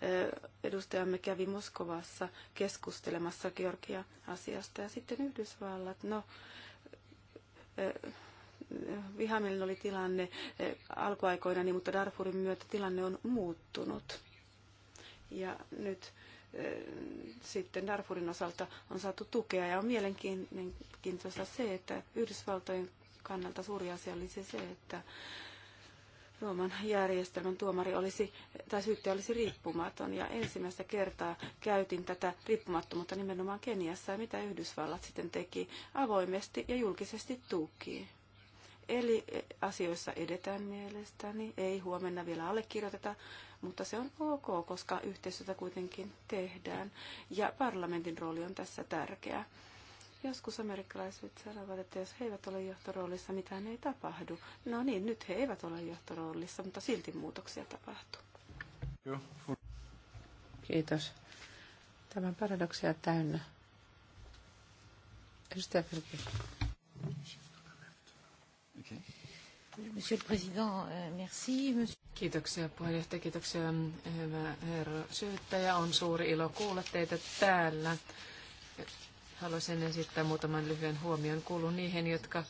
[SPEAKER 1] eh, edustajamme kävi Moskovassa keskustelemassa Georgia-asiasta ja sitten Yhdysvallat. No, vihamielinen oli tilanne alkuaikoina, niin, mutta Darfurin myötä tilanne on muuttunut. Ja nyt sitten Darfurin osalta on saatu tukea ja on mielenkiintoista se, että Yhdysvaltojen kannalta suuri asia oli se, että Rooman järjestelmän tuomari olisi, tai syyttäjä olisi riippumaton. Ja ensimmäistä kertaa käytin tätä riippumattomuutta nimenomaan Keniassa, ja mitä Yhdysvallat sitten teki avoimesti ja julkisesti tuki. Eli asioissa edetään mielestäni, ei huomenna vielä allekirjoiteta, mutta se on ok, koska yhteistyötä kuitenkin tehdään. Ja parlamentin rooli on tässä tärkeä. Joskus amerikkalaiset sanovat, että jos he eivät ole johtoroolissa, mitään ei tapahdu. No niin, nyt he eivät ole johtoroolissa, mutta silti muutoksia tapahtuu.
[SPEAKER 2] Kiitos. Tämän paradoksia täynnä. Edustaja Fylki.
[SPEAKER 3] Monsieur le Président, euh, merci. Kiitoksia puheenjohtaja, kiitoksia hyvä herra syyttäjä. On suuri ilo kuulla teitä täällä Haluaisin esittää muutaman lyhyen huomion. Kuulun niihin, jotka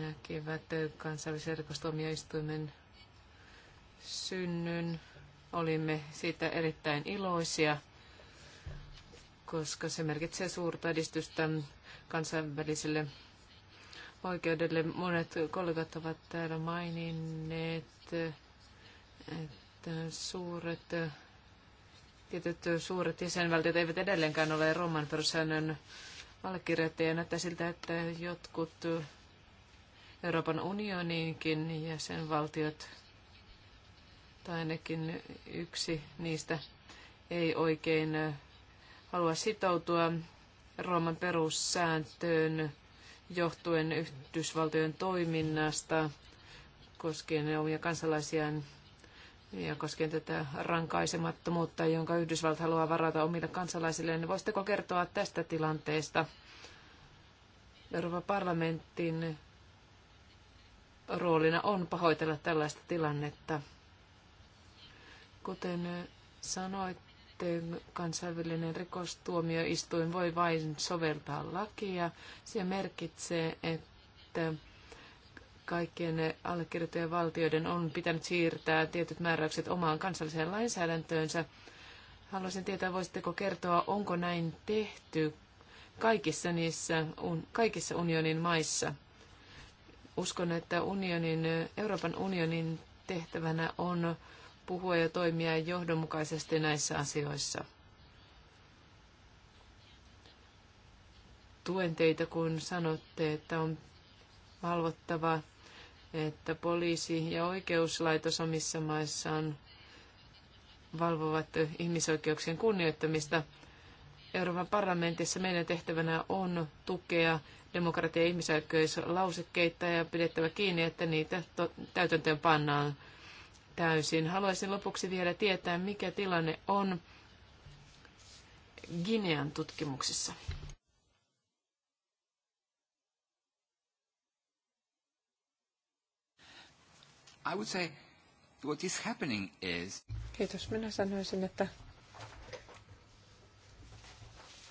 [SPEAKER 3] näkivät kansallisen rikostuomioistuimen synnyn. Olimme siitä erittäin iloisia, koska se merkitsee suurta edistystä kansainväliselle oikeudelle. Monet kollegat ovat täällä maininneet, että suuret Tietyt suuret jäsenvaltiot eivät edelleenkään ole Roman perussäännön allekirjoittajia. Näyttää siltä, että jotkut Euroopan unioniinkin jäsenvaltiot, tai ainakin yksi niistä, ei oikein halua sitoutua Rooman perussääntöön johtuen Yhdysvaltojen toiminnasta koskien omia kansalaisiaan ja koskien tätä rankaisemattomuutta, jonka Yhdysvallat haluaa varata omille kansalaisilleen. Niin voisitteko kertoa tästä tilanteesta Euroopan parlamentin roolina on pahoitella tällaista tilannetta? Kuten sanoitte, kansainvälinen rikostuomioistuin voi vain soveltaa lakia. Se merkitsee, että kaikkien allekirjoittajien valtioiden on pitänyt siirtää tietyt määräykset omaan kansalliseen lainsäädäntöönsä. Haluaisin tietää, voisitteko kertoa, onko näin tehty kaikissa, niissä, kaikissa unionin maissa? Uskon, että unionin, Euroopan unionin tehtävänä on puhua ja toimia johdonmukaisesti näissä asioissa. Tuen teitä, kun sanotte, että on valvottava että poliisi ja oikeuslaitos omissa maissaan valvovat ihmisoikeuksien kunnioittamista. Euroopan parlamentissa meidän tehtävänä on tukea demokratia- ja ihmisoikeuslausekkeita ja pidettävä kiinni, että niitä täytäntöön pannaan täysin. Haluaisin lopuksi vielä tietää, mikä tilanne on Ginean tutkimuksissa. I would say what is happening
[SPEAKER 2] is... Kiitos. Minä sanoisin, että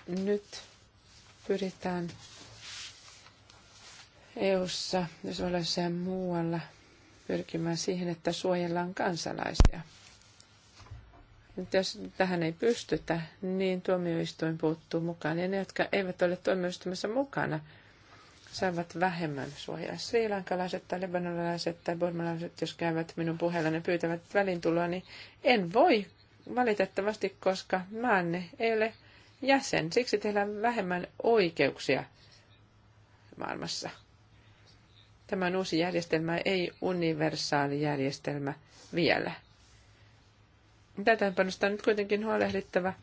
[SPEAKER 2] nyt pyritään EU-ssa, ja muualla pyrkimään siihen, että suojellaan kansalaisia. Nyt jos tähän ei pystytä, niin tuomioistuin puuttuu mukaan. Ja ne, jotka eivät ole tuomioistuimessa mukana, saavat vähemmän suojaa. Sriilankalaiset tai lebanonalaiset tai burmalaiset, jos käyvät minun puheellani pyytävät välintuloa, niin en voi valitettavasti, koska maanne ei ole jäsen. Siksi teillä on vähemmän oikeuksia maailmassa. Tämä on uusi järjestelmä, ei universaali järjestelmä vielä. Täytäntöönpanosta on nyt kuitenkin huolehdittava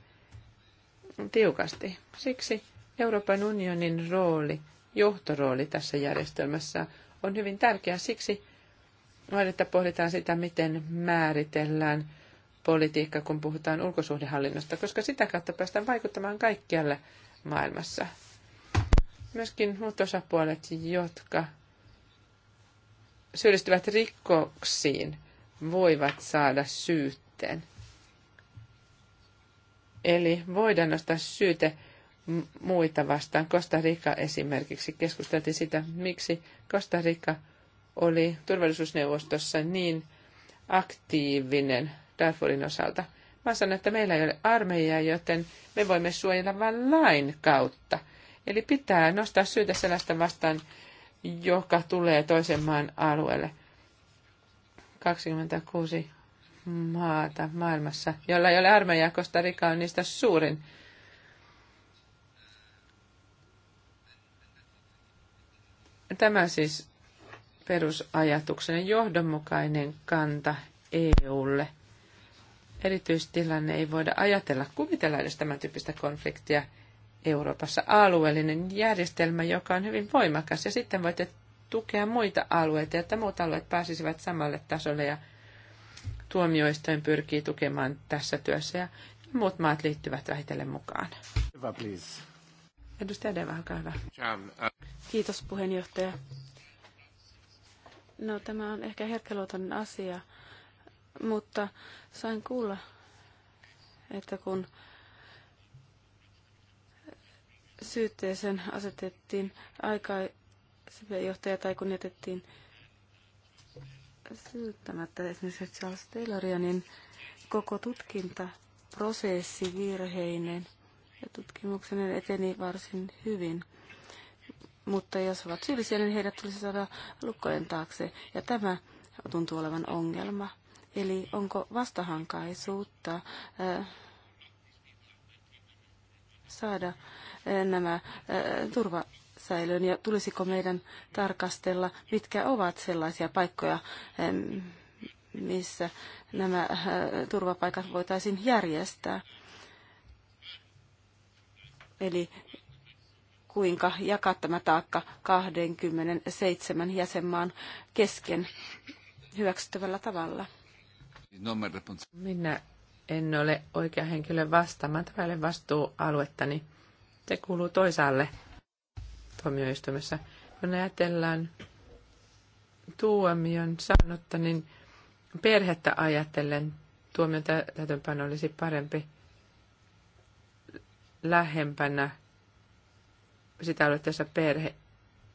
[SPEAKER 2] tiukasti. Siksi Euroopan unionin rooli johtorooli tässä järjestelmässä on hyvin tärkeä. Siksi että pohditaan sitä, miten määritellään politiikka, kun puhutaan ulkosuhdehallinnosta, koska sitä kautta päästään vaikuttamaan kaikkialle maailmassa. Myöskin muut osapuolet, jotka syyllistyvät rikoksiin, voivat saada syytteen. Eli voidaan nostaa syyte muita vastaan. Costa Rica esimerkiksi keskusteltiin sitä, miksi Costa Rica oli turvallisuusneuvostossa niin aktiivinen Darfurin osalta. Mä sanon, että meillä ei ole armeijaa, joten me voimme suojella vain lain kautta. Eli pitää nostaa syytä sellaista vastaan, joka tulee toisen maan alueelle. 26 maata maailmassa, jolla ei ole armeijaa, Costa Rica on niistä suurin Tämä siis perusajatuksen johdonmukainen kanta EUlle. Erityistilanne ei voida ajatella, kuvitella edes tämän tyyppistä konfliktia Euroopassa. Alueellinen järjestelmä, joka on hyvin voimakas, ja sitten voitte tukea muita alueita, että muut alueet pääsisivät samalle tasolle, ja tuomioistuin pyrkii tukemaan tässä työssä, ja muut maat liittyvät vähitellen mukaan. Hyvä, please.
[SPEAKER 1] Edustaja Deva, olkaa hyvä. Äh. Kiitos puheenjohtaja. No tämä on ehkä herkkäluotoinen asia, mutta sain kuulla, että kun syytteeseen asetettiin aikaisemmin johtaja tai kun jätettiin syyttämättä esimerkiksi Charles Tayloria, niin koko tutkintaprosessi virheinen – ja tutkimukseni eteni varsin hyvin. Mutta jos ovat syyllisiä, niin heidät tulisi saada lukkojen taakse, ja tämä tuntuu olevan ongelma. Eli onko vastahankaisuutta äh, saada äh, nämä äh, turva säilöön ja tulisiko meidän tarkastella, mitkä ovat sellaisia paikkoja, ähm, missä nämä turvapaikat voitaisiin järjestää. Eli kuinka jakaa tämä taakka 27 jäsenmaan kesken hyväksyttävällä tavalla.
[SPEAKER 2] Minä en ole oikea henkilö vastaamaan tälle vastuualuettani. Se kuuluu toisaalle tuomioistuimessa. Kun ajatellaan tuomion sanotta, niin perhettä ajatellen tuomion täytäntöönpano olisi parempi – lähempänä sitä aluetta, jossa perhe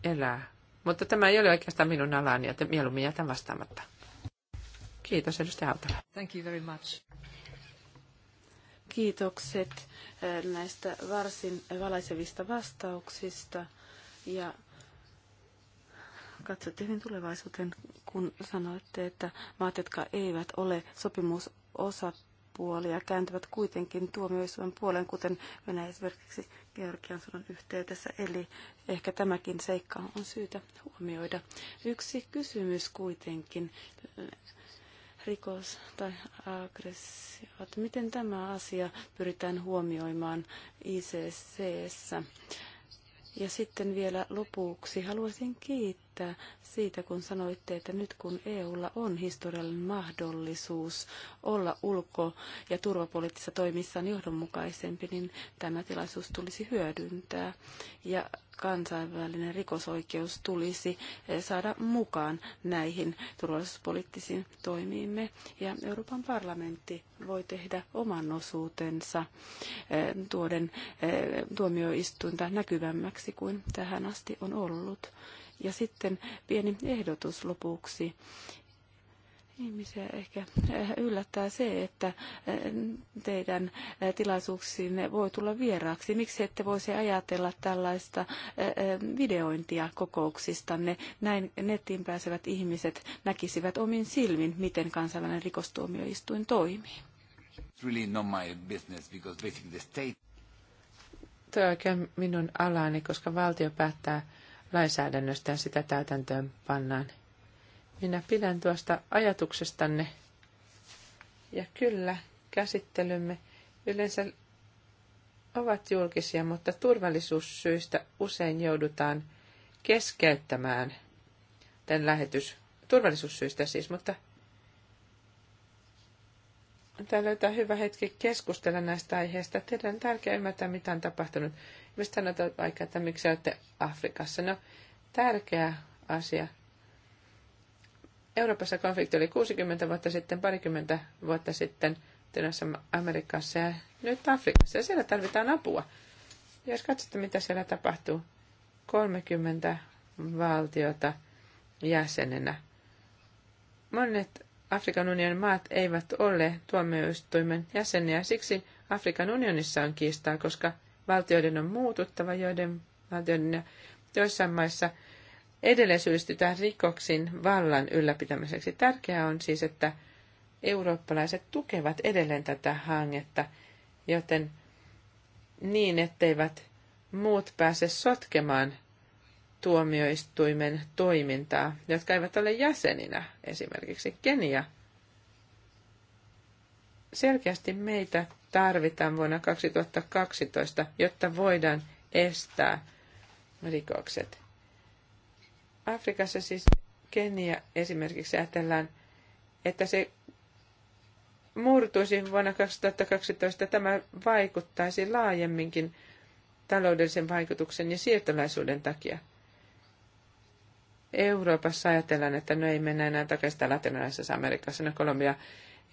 [SPEAKER 2] elää. Mutta tämä ei ole oikeastaan minun alani, joten mieluummin jätän vastaamatta. Kiitos edustaja Hautala.
[SPEAKER 1] Thank you very much. Kiitokset eh, näistä varsin valaisevista vastauksista ja katsotte hyvin tulevaisuuteen, kun sanoitte, että maat, jotka eivät ole sopimusosapuolia, puolia kääntyvät kuitenkin tuomioistuimen puolen, kuten Venäjä esimerkiksi Georgian sodan yhteydessä. Eli ehkä tämäkin seikka on syytä huomioida. Yksi kysymys kuitenkin rikos tai aggressio. Miten tämä asia pyritään huomioimaan ICCssä? Ja sitten vielä lopuksi haluaisin kiittää siitä, kun sanoitte, että nyt kun EUlla on historiallinen mahdollisuus olla ulko- ja turvapoliittisissa toimissaan johdonmukaisempi, niin tämä tilaisuus tulisi hyödyntää. Ja kansainvälinen rikosoikeus tulisi eh, saada mukaan näihin turvallisuuspoliittisiin toimiimme. Ja Euroopan parlamentti voi tehdä oman osuutensa eh, tuoden eh, tuomioistuinta näkyvämmäksi kuin tähän asti on ollut. Ja sitten pieni ehdotus lopuksi Ihmisiä ehkä eh, yllättää se, että eh, teidän eh, tilaisuuksiinne voi tulla vieraaksi. Miksi ette voisi ajatella tällaista videointia kokouksistanne? Näin nettiin pääsevät ihmiset näkisivät omin silmin, miten kansainvälinen rikostuomioistuin toimii.
[SPEAKER 2] Tuo on oikein minun alani, koska valtio päättää lainsäädännöstä ja sitä täytäntöön pannaan minä pidän tuosta ajatuksestanne. Ja kyllä, käsittelymme yleensä ovat julkisia, mutta turvallisuussyistä usein joudutaan keskeyttämään tämän lähetys. Turvallisuussyistä siis, mutta tämä löytää hyvä hetki keskustella näistä aiheista. Teidän on tärkeää ymmärtää, mitä on tapahtunut. Mistä sanotaan vaikka, että miksi olette Afrikassa. No, tärkeä asia. Euroopassa konflikti oli 60 vuotta sitten, parikymmentä vuotta sitten Tynässä Amerikassa ja nyt Afrikassa. Ja siellä tarvitaan apua. Jos katsotte, mitä siellä tapahtuu, 30 valtiota jäsenenä. Monet Afrikan unionin maat eivät ole tuomioistuimen jäseniä, siksi Afrikan unionissa on kiistaa, koska valtioiden on muututtava, joiden valtioiden ja joissain maissa – edelleen syystytään rikoksin vallan ylläpitämiseksi. Tärkeää on siis, että eurooppalaiset tukevat edelleen tätä hanketta, joten niin, etteivät muut pääse sotkemaan tuomioistuimen toimintaa, jotka eivät ole jäseninä, esimerkiksi Kenia. Selkeästi meitä tarvitaan vuonna 2012, jotta voidaan estää rikokset. Afrikassa siis Kenia esimerkiksi ajatellaan, että se murtuisi vuonna 2012. Tämä vaikuttaisi laajemminkin taloudellisen vaikutuksen ja siirtolaisuuden takia. Euroopassa ajatellaan, että no ei mennä enää takaisin latinalaisessa Amerikassa, no Kolumbia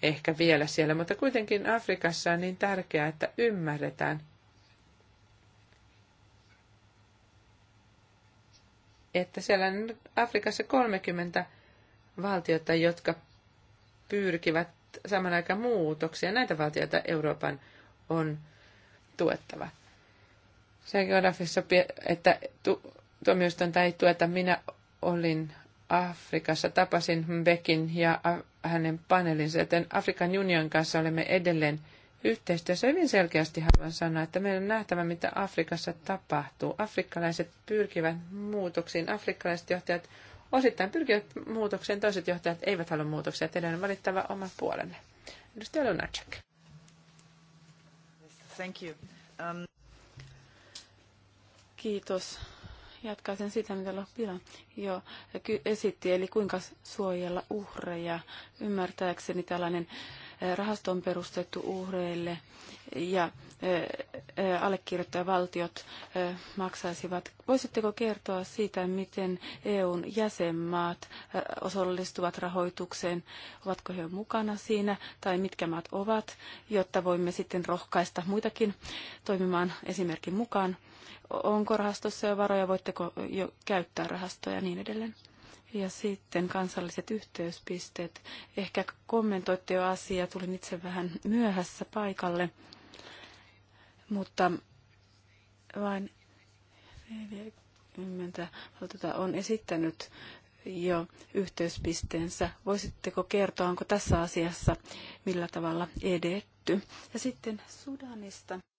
[SPEAKER 2] ehkä vielä siellä, mutta kuitenkin Afrikassa on niin tärkeää, että ymmärretään – että siellä on Afrikassa 30 valtiota, jotka pyrkivät saman aikaan muutoksia. Näitä valtioita Euroopan on tuettava. Se Gaddafissa, että tu, tuomioistuinta ei tueta. Minä olin Afrikassa, tapasin Mbekin ja hänen paneelinsa, joten Afrikan union kanssa olemme edelleen – yhteistyössä. Hyvin selkeästi haluan sanoa, että meidän on nähtävä, mitä Afrikassa tapahtuu. Afrikkalaiset pyrkivät muutoksiin. Afrikkalaiset johtajat osittain pyrkivät muutokseen, toiset johtajat eivät halua muutoksia. Teidän on valittava oma puolenne.
[SPEAKER 1] Edustaja Lunacek. Thank you. Um... Kiitos. Jatkaisin sitä, mitä Lopila jo esitti, eli kuinka suojella uhreja. Ymmärtääkseni tällainen rahasto on perustettu uhreille ja allekirjoittajavaltiot maksaisivat. Voisitteko kertoa siitä, miten EUn jäsenmaat osallistuvat rahoitukseen? Ovatko he mukana siinä tai mitkä maat ovat, jotta voimme sitten rohkaista muitakin toimimaan esimerkin mukaan? Onko rahastossa jo varoja, voitteko jo käyttää rahastoja ja niin edelleen? Ja sitten kansalliset yhteyspisteet. Ehkä kommentoitte jo asiaa, tulin itse vähän myöhässä paikalle, mutta vain 40 on esittänyt jo yhteyspisteensä. Voisitteko kertoa, onko tässä asiassa millä tavalla edetty? Ja sitten Sudanista.